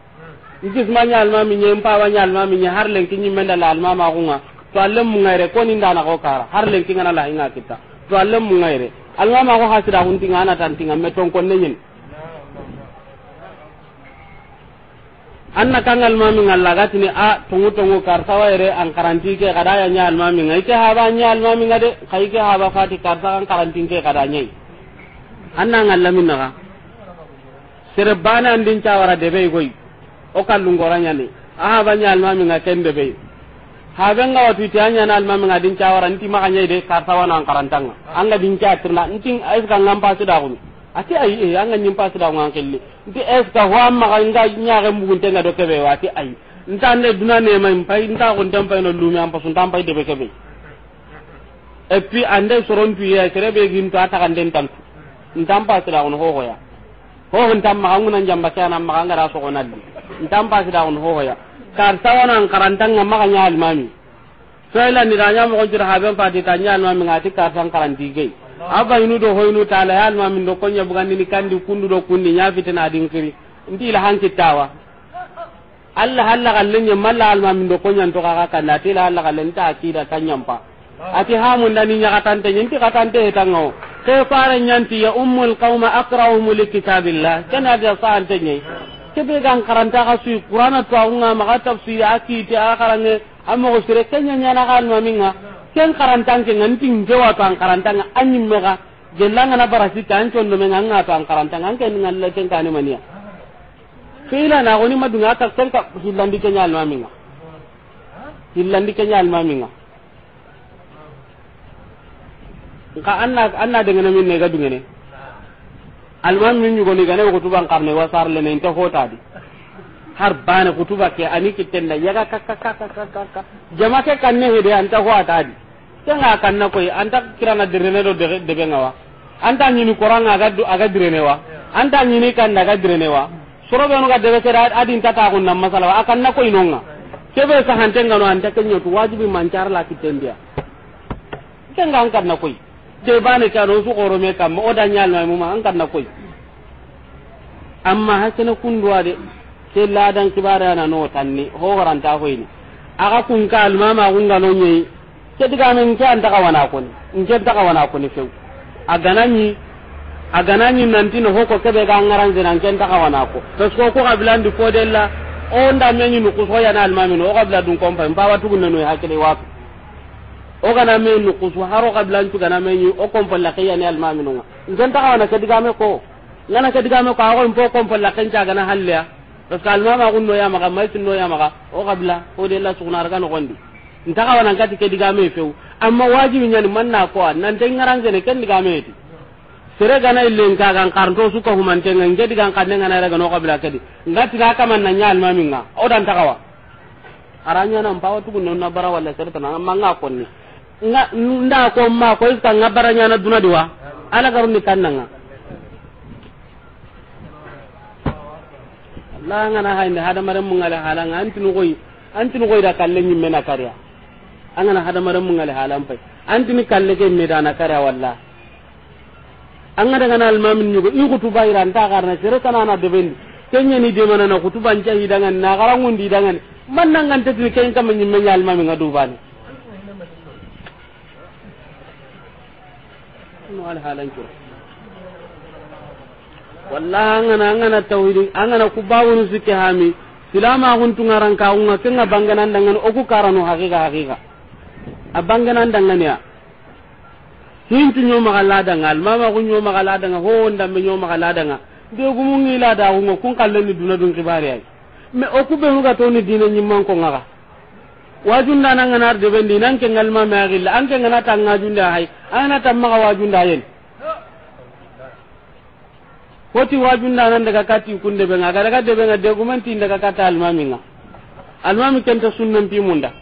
ma ikisma ñalmami ñe mpawa ñalmami ñe har lenki ñimmenda la almamaxunga to allem mungayre ko ni ko kara har lenki ngana lahinga kita to allem mungayre almamaxo xa tan tinga me tonkonne ñin anna kan almami ngalla gatini a tungu tungu karsa waire an karanti ke kada ya nya almami ngai ke haba nya almami ngade kai ke ba fati karsa an karanti ke kada nyai anna ngalla minna ga sere bana andin cawara debe goi o kallungoranyani ahabanya almami nga kende be habenga watu tianya na almami nga din cawara nti makanya ide kartawana an karantanga anga din catirna nti aiska ngampa sida gumi ati ayi e eh, anga nyimpa sida ngan kelli nti eska wa maka nga nyaare mbugun nga do kebe wati ayi nta ne duna ne mai mpai nta ko ndampa no lumi am pasun tampai de be kebe et puis ande soron tu ya kerebe gin ta ta kan den tan ntampa sida ngan ho ho ya ho ntamma nguna jamba kana maka ngara so ko ntan pasi da gono hoya kar tawana an karantan ngamma kanya almami soila ni ranya mo gonjira haben pati tanya almami ngati kar san karanti dige aba inu do hoynu tala ya almami do konya bugandi ni kandi kundu do kundi nya fitina dinkiri ndi la hanki tawa alla halla gallenye malla almami do konya to kaka na ti la halla gallen ta akida tanyampa ati hamun dani nya katante nyinti katante hetango ke fara nyanti ya ummul qauma aqra'uhum kitabillah kana da sa'an tanyai kebe gan karanta ka sui qur'ana to unga maka tafsir aki ti akarange amma ko sire kenya nyana kan minga ken karanta ke nganti wa to karanta nga anyi mega gelanga na barasi tan to no menga nga to karanta nga ken le ken kan mania kila na goni madunga ta ken ka hilandi kenya al maminga hilandi kenya no minga ka anna anna dengan min ne ga dungene alman min nyugoni gane tuban karne wasar le hota di har bane kutuba ke ani da yaga kakakakakaka jama ke kanne de anta ho di tanga kanna koy anta kirana direne do de be ngawa anta ni qur'an aga aga direne wa anta kan daga aga direne wa soro be no ga ke sera adin tata ko nam masala wa na koy nonga be sa hanten ngano anta ke nyotu wajibi mancar la kitendia kenga kanna koy de bane ka no su goro me kam o da nyal e mu ma an kan na koy amma hakana kundu ade ke ladan kibara na no tanni ho ta hoyni aga kun ka almama kun ga no nyi ke diga men ke an ka wana kun in ke ka wana kun fe aganani aganani ho ko ke be ga ngaran zina ke ka wana ko to ko ko bilan di o on da men ni ku so ya na almami no bilan dun kompa mbawa tugun no e hakile wapi o gana me no kusu haro ka blanchu gana me ni o kom palla kayani al maminu nga ngan ta wana kadiga me ko ngana kadiga me ko a ko mpo kom palla kan ta gana halya parce que al mama gunno ya maka mai no ya maka o kabla o de la sugna raga no gondi nta ka wana ngati kadiga me e feu amma wajibi man na ko nan den ngaran gene kan diga me ti sere gana ilen ka gan to su ko human ngan jadi diga kan ngana raga no kabla kadi ngati ga na nan ya al nga o dan ta kawa aranya nan bawa tugun non na bara wala sere tan amma nga konni nga nda ko ma ko iska ngabara nyana duna diwa ala garu ni kannanga Allah ngana hainde hada mare mun ngale halanga antinu koy antinu koy da kalle nyi mena kariya angana hada mare mun ngale halam pai antinu kalle ke medana karya walla anga daga na almamin nyugo i kutu bayira nta karna sere kana na debendi kenya ni de mana na kutu banja hidangan na garangundi dangan man nan ngante tin ken kam nyi menya almamin ngadubani no al halan kiro walla ngana ngana tawhid angana ku bawunu sikke hami silama unga kenga oku hakika hakika ya hintu danga ku danga ho danga de la da unga kun kallani duna dun kibari ay me oku be dina nyimman ko wajunda nan ngana arde bendi nan ke ngalma ma gilla an ke ngana ta ngajunda hay ana tamma ga wajunda yen hoti wajunda nan daga kati kunde be nga daga de be nga de gumanti daga kata almami nga almami ta sunnan pi munda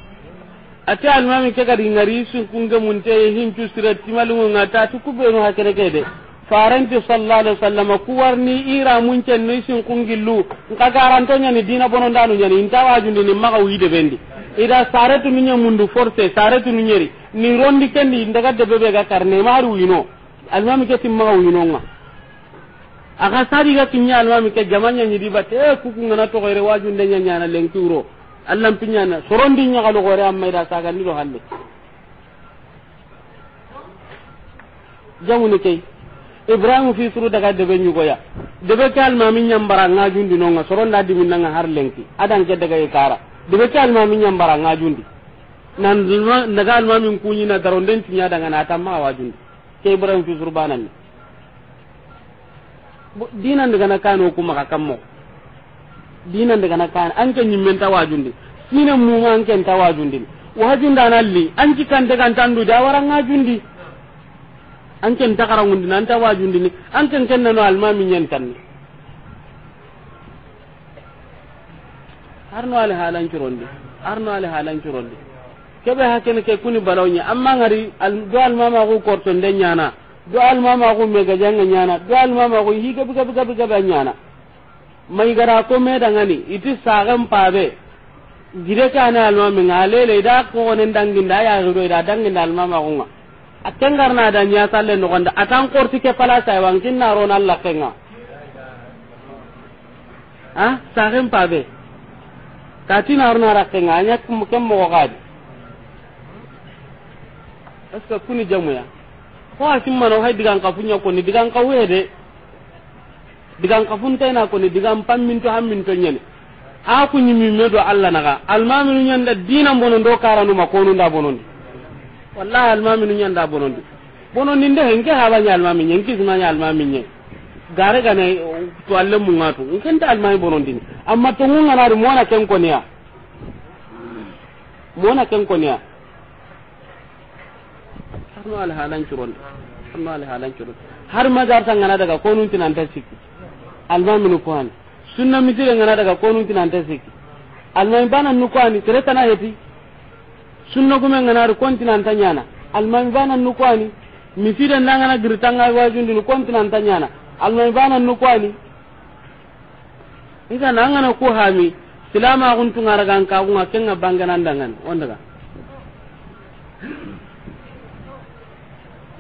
ate almami ke gari ngari sun kunga munte hin tu sirat timalu nga ta tu kubbe no hakere de farenti sallallahu alaihi wasallam warni ira ken ni sun kungillu nka garantonya ni dina bonon danu nyani inta wajundi ni maga de bendi ida saretu nunya mundu force saretu nunyeri ni rondi kendi ndaga debe be ga karne maru yino almami ke timma yino nga aga sari ga kinya almami ke jamanya ni bate e kuku ngana to gore waju ndenya nyana lenki uro allam pinyana sorondi nya galu gore amma ida saga ni do halle jamu ni kay ibrahim fi suru daga debe nyugoya debe ke almami nyambara ngaju ndinonga soronda diminanga har lenki adan ke daga ikara dibe ke almami nyambara ngajundi nan daga almami kunyi na daron den tinya daga na tamma wajundi ke ibrahim fi zurbanan dinan daga na kano kuma ka kammo dinan daga na kano an kan nyimmen ta wajundi sine mu ma an kan ta wajundi wajunda nalli an ci kan daga tandu da waran ngajundi an kan ta karangundi nan ta wajundi ni an kan kan nanu almami nyentan tanni. arno ali halan kirondi arno ali halan kirondi kebe hakene ke kuni balawnya amma ngari al dual mama ko korto de nyana dual mama ko mega janga nyana dual mama ko higa biga biga biga nyana mai gara ko me dangani iti sagam pabe gire kana al mama le da ko nen dangin da ya do da dangin da al mama ko nga atengar na da nya talle no gonda atan korti ke pala sai wangin na ron Allah kenga ha sagam pabe kati na arna rakenga anya kum kem mo gadi aska kuni jamuya ko asim mano hay digan ka funya ko ni digan ka wede digan ka funta na ko ni digan pam min to ham min to nyene a ku nyimi medo alla naga almaminu nyanda dina bonon do karanu ma ko nunda bonon wallahi almaminu nyanda bonon bonon ninde henge halanya almaminu nyengi sumanya almaminu nyengi gare gane eh, to alle mun ngatu kan ta almai bonon din amma to ngun ngana ri mona ken konya mona ken konya sanu al halan kiron sanu al halan kiron har ma jar tan tangana daga konun nun tinan ta sikki almai mun ko an sunna mi tire ngana daga konun nun tinan ta sikki almai bana nu ko an tere tana heti sunna kuma ngana kon kontinan ta nyana almai bana nu ko an mi tire ngana girtanga kon kontinan ta nyana allah bana nu kwani iga na ngana ko hami silama kun tunga ragan ka kun akenga banganan dangan ondaga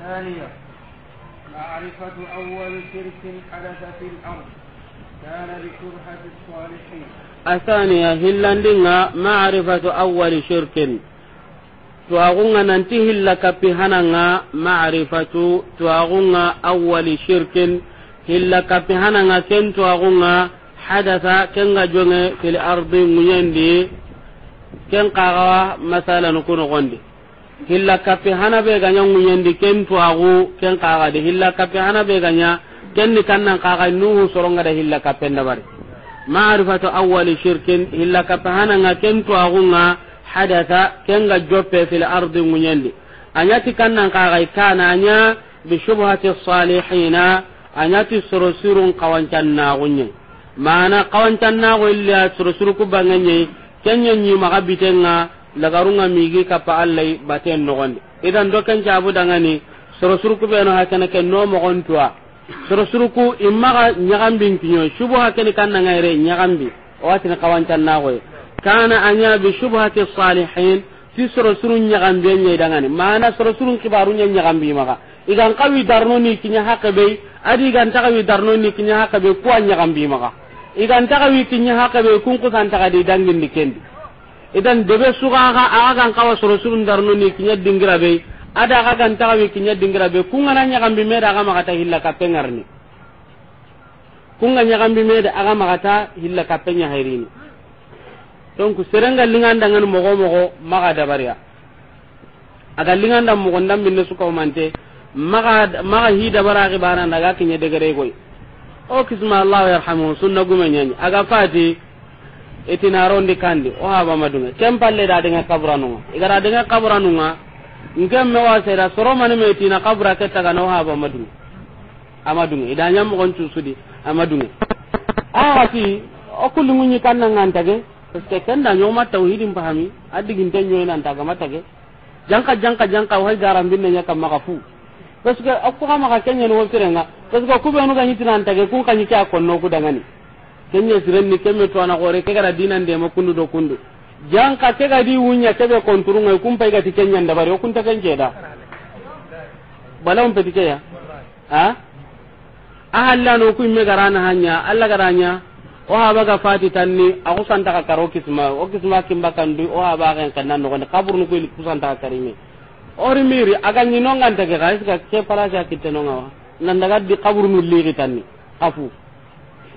ثانية معرفة أول شرك حدث في الأرض كان بشبهة الصالحين الثانية هلاندنا معرفة أول شرك tuwagunga nanti hilla kappi hananga ma'rifatu tuwagunga awwali shirkin hilla kapi hananga kento agunga hadasa kenga jonge fil ardi munyandi ken masala masalan kuno gondi hilla kapi hana be ganya munyandi kento agu ken qara de hilla kapi hana be ganya kan nan qara nuhu soronga de hilla kapi bari. ma'rifatu awwali shirkin hilla kapi hananga kento agunga hadasa kenga jope fil ardi munyandi anyati kannan qara kana anya bi shubhati salihina anyati soro sirun kawancan gunye mana kawancan nago illa soro suru ku bangenye kenya nyi maga bitenga lagarunga migi kapa allai baten nogonde idan do kan jabu dangani soro suru ku beno hakana ken no mo gontua soro suru ku imaga bin tinyo shubu hakani kan nangaire nyagambi watin kawancan nago kana anya bi shubhati salihin ti soro surun nyagambe nya dangane mana soro surun kibaru nya nyagambi maka igan kawi darno ni kinya hakabe adi igan takawi darno ni kinya hakabe kuwa nyagambi maka igan takawi kinya hakabe kun kusan takadi dangin dikendi idan debe suga ga aga kawa soro surun darno ni kinya dingira be ada aga gan takawi kinya dingira be kun ngana bi me da daga maka ta hilla kapengarni kun ngana bi me da daga maka ta hilla kapenya hairini donc serenga linganda dangan mogo mogo maga dabariya aga linganda dan mogo ndam minne suka mante maga maga hi dabara ga bana daga kinye degere koy o kisma allah yarhamu sunna gumenyen aga fati etina rondi kandi o haba madunga kempalle da dinga iga da dinga denga kabranunga ngam me wasera soro mani me etina kabra ketta ga no haba madunga amadunga idanya mo gontu tusudi amadunga a wati o kulungunyi kanna ngantage parce que ken da nyoma tauhidin pahami adigin tan nyoy nan taga tage janka janka janka wai garan binne nya kam magafu parce que akko kama ka kenya no tirenga parce que ku benu ganyi tinan tage kun kanyi ka konno ku dangani kenya siren ni kemme to na gore ke gara dinan de ma kundu do kundu janka ke ga di wunya ke be konturu ngai kun pai ga ti kenya nda bare kun ta kenje da balawon petike ya ha ahalla no ku me garana hanya alla garanya o haba fati tanni aku santa ka karo kisma o kisma kimba kandu o haba ga kan no ne kabur no ko ku santa ka karimi ori miri aga ni no ga ke ga ka ke pala ja kitte non wa nan daga di kabur no li tanni afu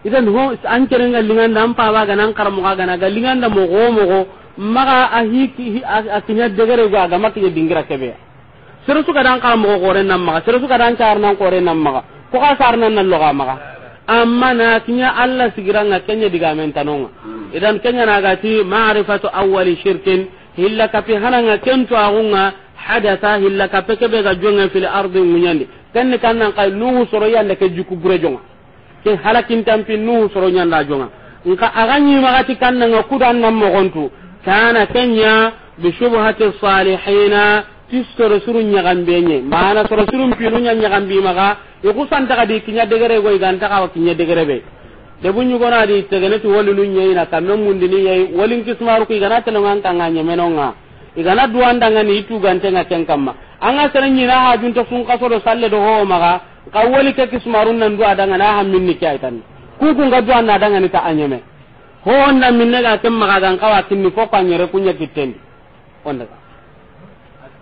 idan ho an kere nga lingan dan pa ba ga kar karmo ga na ga lingan da mo go mo go maga ahiki akinya degere ga ga makinya dingira kebe seru suka dan mo go re nan maga seru suka dan car nan kore nan maga ko ka sar nan nan lo ga maga amma na kinya Allah nga kenya diga men tanonga hmm. idan kenya na gati ma'rifatu awwali shirkin hilla fi hananga kentu agunga hadatha hilla pe kebe ga jonga fil ardi munyandi kanni kanna kai nuhu soro yanda ke juku gure jonga ke halakin tampi nuhu soro nyanda jonga nka aganyi magati nga kudan nan mo gontu kana kenya bi shubhati salihina ti soro suru ñagambe ñe mana soro suru mpinu ña ñagambimaxa iku santagadi kiña degere goy kawa kiña degere be ɓe debu ñugonadi tegeneti wolinu ñeyina kamme mundini yey wolin kismaruku igana telongan kanga ñemenonga igana duwandangani i tugantenga ken kamma anga sere ñina hajunta sunkasoɗo salle do ho maga ka woli ke kismarun nan duwa dangani a hamminni ke nga kukunga duwanna dangani ta a ho hoon na minne ga ken maxa gan kawa kinni fo ka ñere kuña kittendi ondaga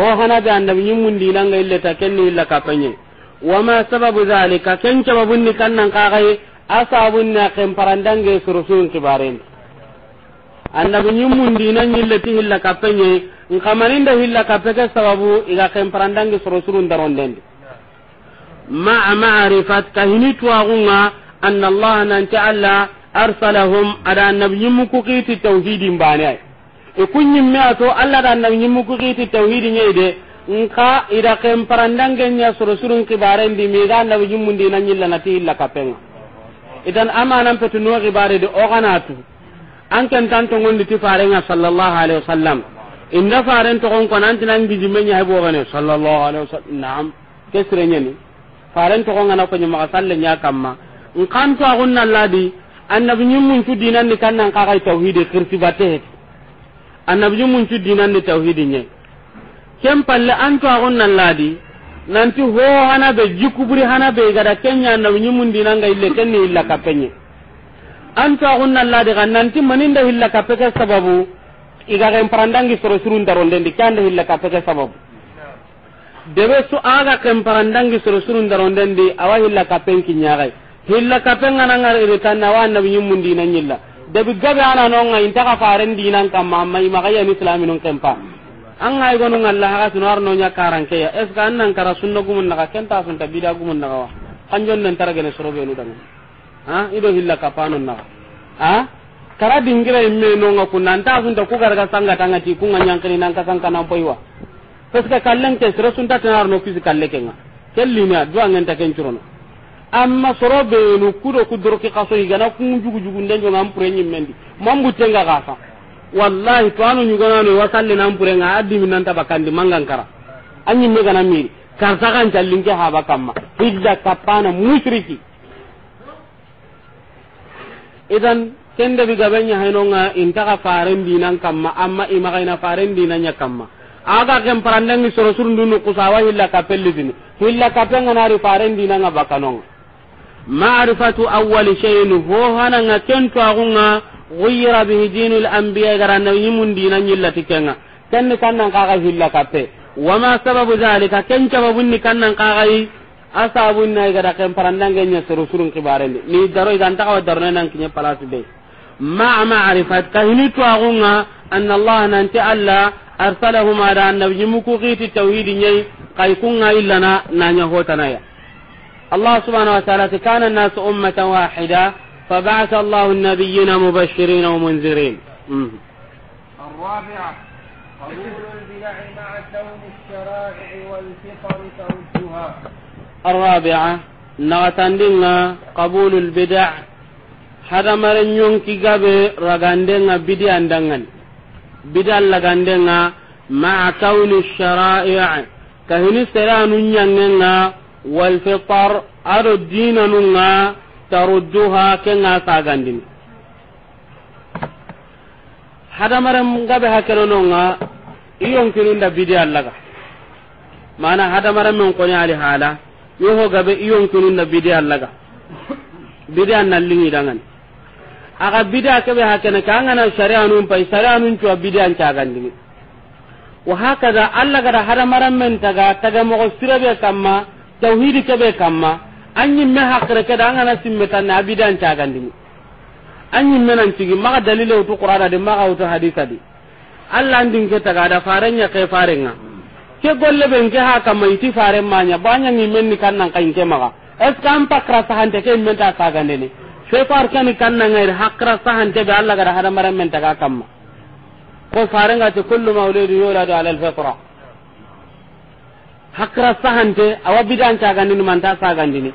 ho hana be annabi nyimmun dinanga ille ta kenni illa kapanye wama sababu zalika ken sababun ni kannan kagai asabun na kem parandange surusun kibaren annabi nyimmun dinan ille ti illa kapanye nkamaninda illa kapeke sababu iga kem parandange surusun darondendi ma'a ma'rifat kahini tuwagunga anna allah nan ta'ala arsalahum ada annabi nyimmu ku qiti tauhidin banai ikunyin me ato Allah da nan yimmu ku kiti tauhid nye de nka ida kem parandangen nya suru surun kibaren di me ga na yimmu ndi nan yilla nati illa kapenga idan ama amanan petu no kibare de o ganatu an kan tanto ngondi ti nga sallallahu alaihi wasallam inda faren to kon kon antinan bijime nya hebo gane sallallahu alaihi wasallam na'am kesre nyeni faren to kon ngana ko nyama salle nya kamma nkan to agunna ladi annabi nyimmun tu dinan ni kannan ka kai tauhid kirti bate mun annabiju muncu dinandi tawhidi nye ken palle antu agon nan ladi nanti ho hana be jikuburi hana be gada kenya annabi nyumun dinanga ille kenni illa kapenye antu agon nan ladi kan nanti maninda illa kapeke sababu iga ken parandangi soro surun daronde ndi kanda illa kapeke sababu debe su aga ken parandangi soro surun daronde ndi awa illa kapen kinyagai illa kapen ngana ngare tan awa annabi nyumun dinanyilla debi gabe ana nonga inta ka faren dinan kam amma mai magaya ni islami non kempa an ngai gonu ngalla ha sunu arno nya karan ke ya es kan nan kara sunno gumun naga kenta sun ta bida gumun naga wa kanjon nan tara gene sorobe lu dangu ha ido hilla panon naga ha kara dingira imme nonga kunan ta sun ta ku garga sanga tanga ti kunga nyankini nan ka sanga nan poiwa peska kallen ke sura sun ta tanar no fisikal lekenga kelli na duangen ta kencurono amma soro benu kudo ku doroki kaso higana kun jugu jugu nden jonga ampure nyimmendi mambu tenga kasa wallahi to anu nyugana ne wasalle na ampure nga addi minan tabakandi mangan kara anyi me kana miri karta kan jallinge ha bakamma hidda kapana mushriki idan kende bi gabanya hainonga intaka faren dinan kamma amma imagaina faren dinanya kamma aga kem parandangi soro surundu nu kusawa hilla kapelli dini hilla kapenga nari faren dinanga bakanonga ma'rifatu awwali shay'in ho hananga kentu agunga ghayra bihi dinul anbiya garanna yimun dinan yillati kenga kenni kannan kaga hilla wa wama sababu zalika ken sababunni kannan kagai asabun nay gada ken parandange nya suru surun kibarende ni daro idan ta wa daro nan kinya palasu de ma ma'rifat kahini to agunga anna allah nan ta alla arsalahu ma da annabi muku qiti tauhidin yai kai kunga illana nanya ya. الله سبحانه وتعالى كان الناس أمة واحدة فبعث الله النبيين مبشرين ومنذرين الرابعة قبول البدع مع كون الشرائع والفطر تردها الرابعة نغتندنا قبول البدع هذا مرن nyonki gabe ragandenga bidi andangan bidal lagandenga مع كون الشرائع kahini seranu nyangenga wal fitar ado dina nunga tarudduha kenga sagandini hadamaren gabe hakenononga iyonkininda bidi allaga mana hadamaren men koni ali hala yoho gabe iyonkininda bidi allaga bidi annallingidangani aga bida kebe hakene ka angana sharia nun pai sharia nun cuwa bidi an cagandini wa hakada allah gada hadamaren men taga taga mogo sirabe kamma tauhidi kebe kamma anyi me hakre ke an na simme tan na bidan ta gandi anyi me nan tigi maka dalile utu qur'ana de maka utu hadisa di alla ndin ke taga da farenya ke farenga ke golle ben ke ha kamma iti faren ma manya banya ni men ni kan nan kan ke ma ga es kan pakra sahan te ke men ta ta gandi ni fe far kan ni kan nan ngai hakra sahan te be allah gara haram maran men ga kamma ko farenga te kullu mawlidu yuladu ala al-fitra hakra sahante awa bidan ta cagandini manta sagandini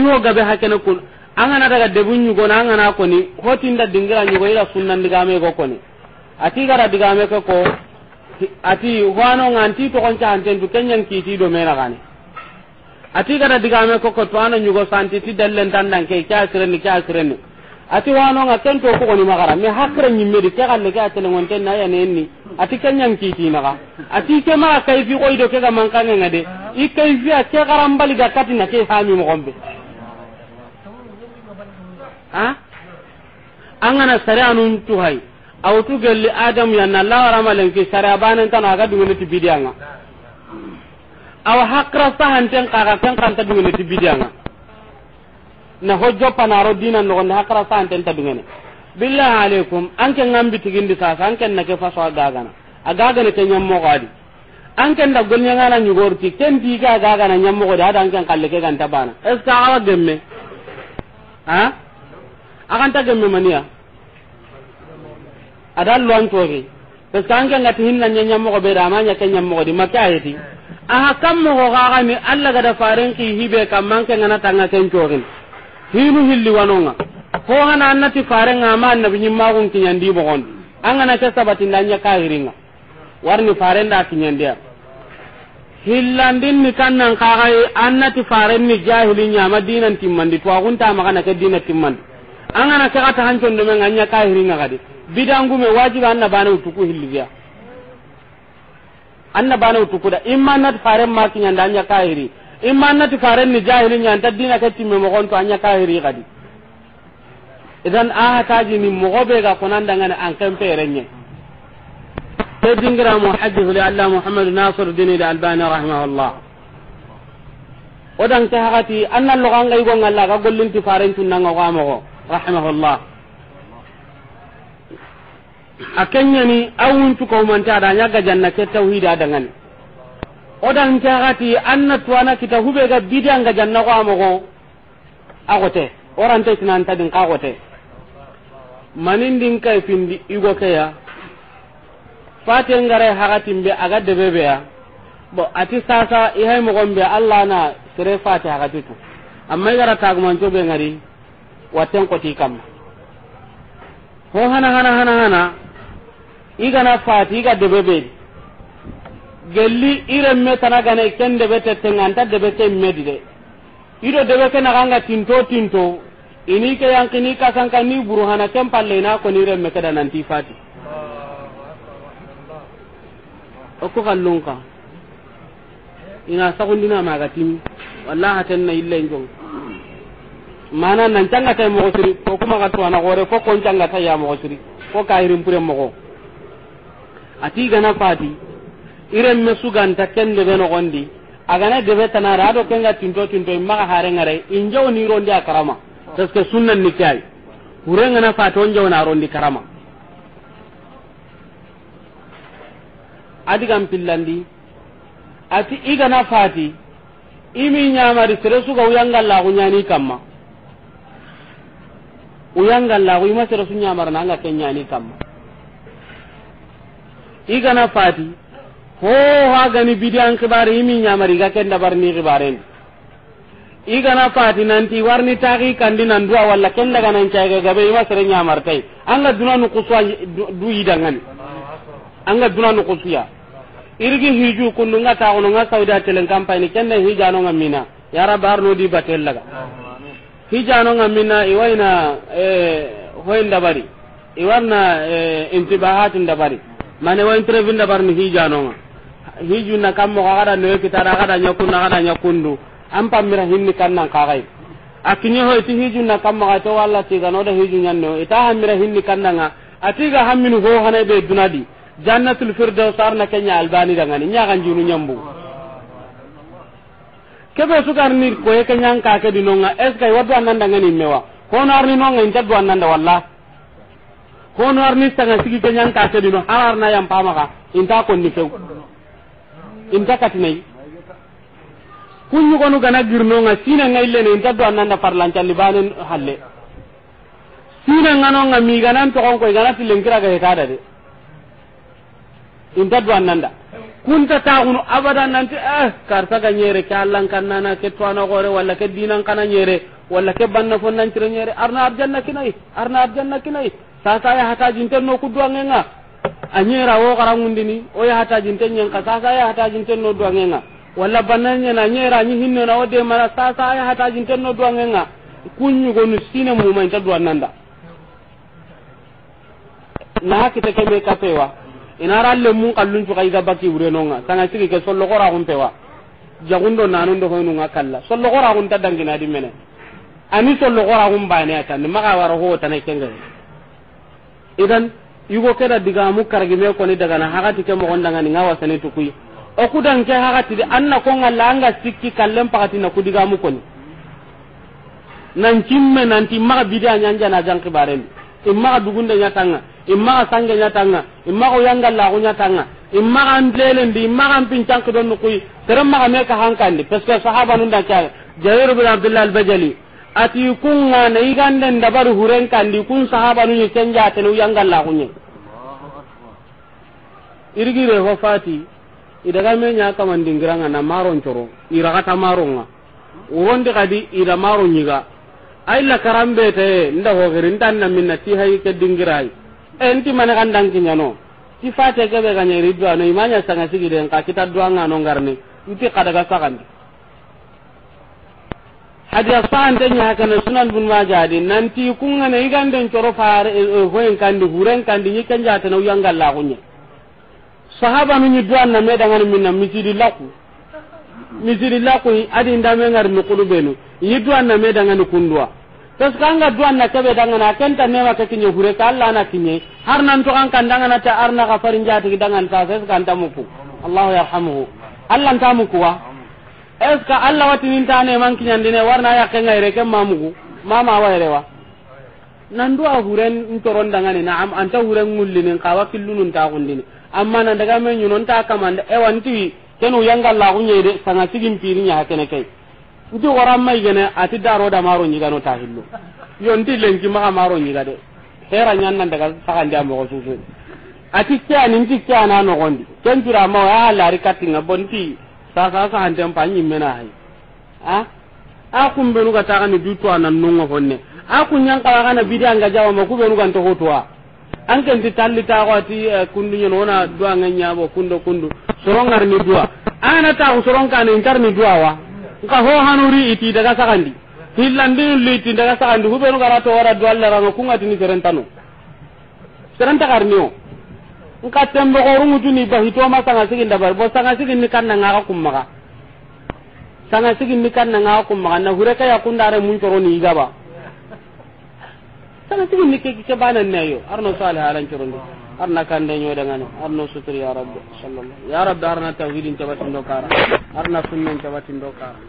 iho gabe hakene kun angana daga debun nyugo na angana koni hotinda dingira nyugo ila sunnan digame ko koni ati gara digame ko ko ati hoano nganti to kon cahante du kenyan kiti do mena gani ati gara digame ko ko to ana nyugo santi ti dallen tandan ke kya sireni kya sireni ati wano nga ken to ko ni magara me hakra nyi me de ka galle ga tele ngon ten na ya ne ni ati kan yang ki ti maga ati ke ma kai fi ko ido ke ga man nga de i kai fi a ke garam bali ga na ke ha mi mo gombe ha angana sare anun tu hay aw tu gelli adam ya na la wara malen ki sare abanen tan aga dungene ti bidianga aw hakra sahan ten kaga kan kan ta dungene ti bidianga na hojjo panaro dina no gonda hakara sa anten tabingene billahi alaikum anke ngambi tigindi sa anke na ke faso agaga ne ke mo gadi anke nda gonya ngana ga ken na nyam mo gadi ada anke kalle ke ganta bana eska awa gemme ha akan ta gemme mania ada luan tori parce que anke ngati hinna mo gobe rama da ken nyam mo gadi makayeti aha kam mo gaga ni alla gada faren ki hibe kam manke ngana tanga ken torin hinu hilli wanonga ko hana annati nga ma annabi nyimma gun kinyandi bogon angana ta sabati ndanya kahiringa warni farenda kinyandia hillandin ni kannan kagai annati faren ni jahili nyama dinan timmandi to agunta magana ke dinan timmandi angana ke ta hancon do men anya kahiringa kadi bidangu me wajib anna bana utuku ya anna bana utuku da imma nat faren ma kinyanda anya kahiri imma annati faren ni ya ta dina ka timme mo gonto anya kahiri gadi idan a hataji ni mo gobe ga konan dangane an kan perenye te dingira mo hajjihu li allah muhammad nasir dini da albani rahimahullah odan ta hakati anna lo kan gaigo ngalla ga gollin ti faren tun nan ga mo rahimahullah akenya ni awun tu ko man ta da nya ga janna ke da dangane odan kagati anna tuana kita hube ga bidan ga janna ko amogo agote te tinan din kagote manin din kai pindi igo kaya faten gare hagatin be aga bebe ya bo ati sasa ihai mo gombe allah na sere fati tu amma igara to be ngari waten ti kam ho hana hana hana hana igana fati de bebe. gelli iremme tanagane ken debe tettenga anta debe medi de ido tinto tinto ini ke ni buruhana ken palle fati ina illa mana nan tay mo siri ko kuma gore ko kon tay ya mo siri ko pure mo ko ati gana fati iremme ganta ken deɓe nogondi agana na rado ken ga tinto tinto ga hare ngare injo ni karama parce que sunnan ni kay fa to injo na rondi karama adigam pillandi ati igana fati imi ñamari sere suga uyangallaku ñani kamma uyangallaku ima sere su ñamarana anga ke ñani kamma igana fati ho ha gani bidan kibare imi nyamari ga ken da barni kibaren igana pati nanti warni tagi kandi nan dua walla ken daga nan caiga gabe ima sere nyamar tai anga duna nu kuswa du idangan anga duna nu kusuya irgi hiju kunu nga ta nga saudi atelen kampani ken da hijano ngamina ya rabar no di batel laga hijano ngamina iwaina eh hoyin dabari iwarna eh intibahatun dabari mane wa interview dabari ni hijano ngamina na kammo kagada noyo kitana agada ñakundu agada ñakundu an pammira hinni ka kagai akini ho iti hijunna kammo kate walla da hiju no ita hammira hinni ga. atiga hamminu ho hana be dunadi jannatul firdaus arna kenya albani nya kan junu nyambu. kebe ni koye kenyan kake dinonga est ce que wadu ngani mewa ni arni nonga inta du ananda wallah hono arni sanga sigi ka kake dino na yam pamaka inta ni few inta katinai kunyugonu gana nga girnonga sinanga illene inta do annanda farlancalli banen halle sinanga nonga miganan togonkoy ganati lenkiraga hetada de inta do annanda kunta taxunu abada nanti eh karta ga ñere ke allankannana ke toana gore wala ke dinankana ñere wala ke banna fonnancire ñere arna arjanna kinayi arna arjanna kinayi sasa ya hatajinten no kudduwangenga anyira wo garangundini o ya hata jinten nyen ka sasa ya hata jinten no nga wala bananya na nyera nyi hinno na ode mara sasa ya hata jinten no nga kunyu gonu sine mu mai ta nanda. na kita kebe kapewa inara le mu kallun ju kai gabaki nga sanga sigi ke sollo gora gun pewa jagundo nanundo nga kalla sollo gora gun ta dangina di mene ani sollo gora hun bane ata ni maga waro ho tanai kenga idan igo keda diga mu kargime me koni daga na hagati ke mo gonda ngani ngawa sene to kuyi o kudan ke hagati de anna ko ngalla anga sikki kallem pakati na kudiga mu ko ni nan cimme nan ti ma bidia nyanja na jang kibaren imma dugunde nya tanga imma sange nya tanga imma ko yanga la ko nya tanga imma kan lelen di imma kan pincang ko don kuyi teram ma me ka hankandi parce que sahaba nun da cha jarir bin abdullah al-bajali ati kunga na iganden dabar huren kandi kun sahaba nu ken jate nu yangalla kunye irgire ho fati idaga me nya kaman dingiranga na maron coro iraga ta maronga uronde kadi ida maron nyiga ay la karambe te nda ho gerin tan na minna ti hay ke dingirai enti eh, mana kandang kinyano ti fate ke be ganye ridwa no imanya sanga sigi den ka kita duanga no ngarni uti kadaga sakandi hadiya sante nya kana sunan bun majadi nanti na ne igande coro e eh, eh, hoen kandi huren kandi ni kanja tanu yangal la kunya sahaba nu ni duan na meda ngani minna misiri laku misiri laku adi ndame ngar mi kulubenu ni duan na meda ngani kundwa tas kanga duan na kebe dangana kenta nema ka kinye hure ka Allah na kinye har nan to kan dangana na ta arna ka farin jati dangan ta sai kan tamuku Allah yarhamuhu Allah tamuku wa est ce que allah watinin tane man kiñandine warna yakkenga yere reke mamugu mama wa yere wa nandu a huren na am anta huren ngullinin kawa ta taxundini amma nan daga me ñuno ta kamanda ewa ntiwi kenu gunye de sanga sigin piri ñaha kene kay waran mai gene ati daro da damaro ñigano ta hillu yo nti lenki ma maro ñiga de hera nan daga saka a moxo susu ati keani nti keana noxondi ken curamawa a laari kattinga bo bonti. sasa sa hantem pa nyimmena hay a a kumbenu ga taga ni dutu anan nongo honne a kunyan kala kana bidia nga jawa ma kubenu kan to hotwa an kan ti talli ta ko ti eh, kundu nyen ona duwa nga nyabo kundo kundu sorongar ni duwa ana ta soron kan en kar ni duwa wa ka ho hanuri iti daga sakandi hillandi liti daga sakandi hubenu gara to wara dua la ranga kunga tini serentano serenta karniyo nka tembe gorungutu ni bahito ma sanga sigin dabar bo sanga sigin ni kanna ngaka kummaga sanga sigin ni kanna ngaka kummaga na hureka ya kundare mun toro ni igaba sanga sigin ni keke bana yo arno salih halan turundi arna kande nyo daga no arno sutri ya rabbi sallallahu ya rabbi arna tawhidin tabatin do kara arna sunnin tabatin do kara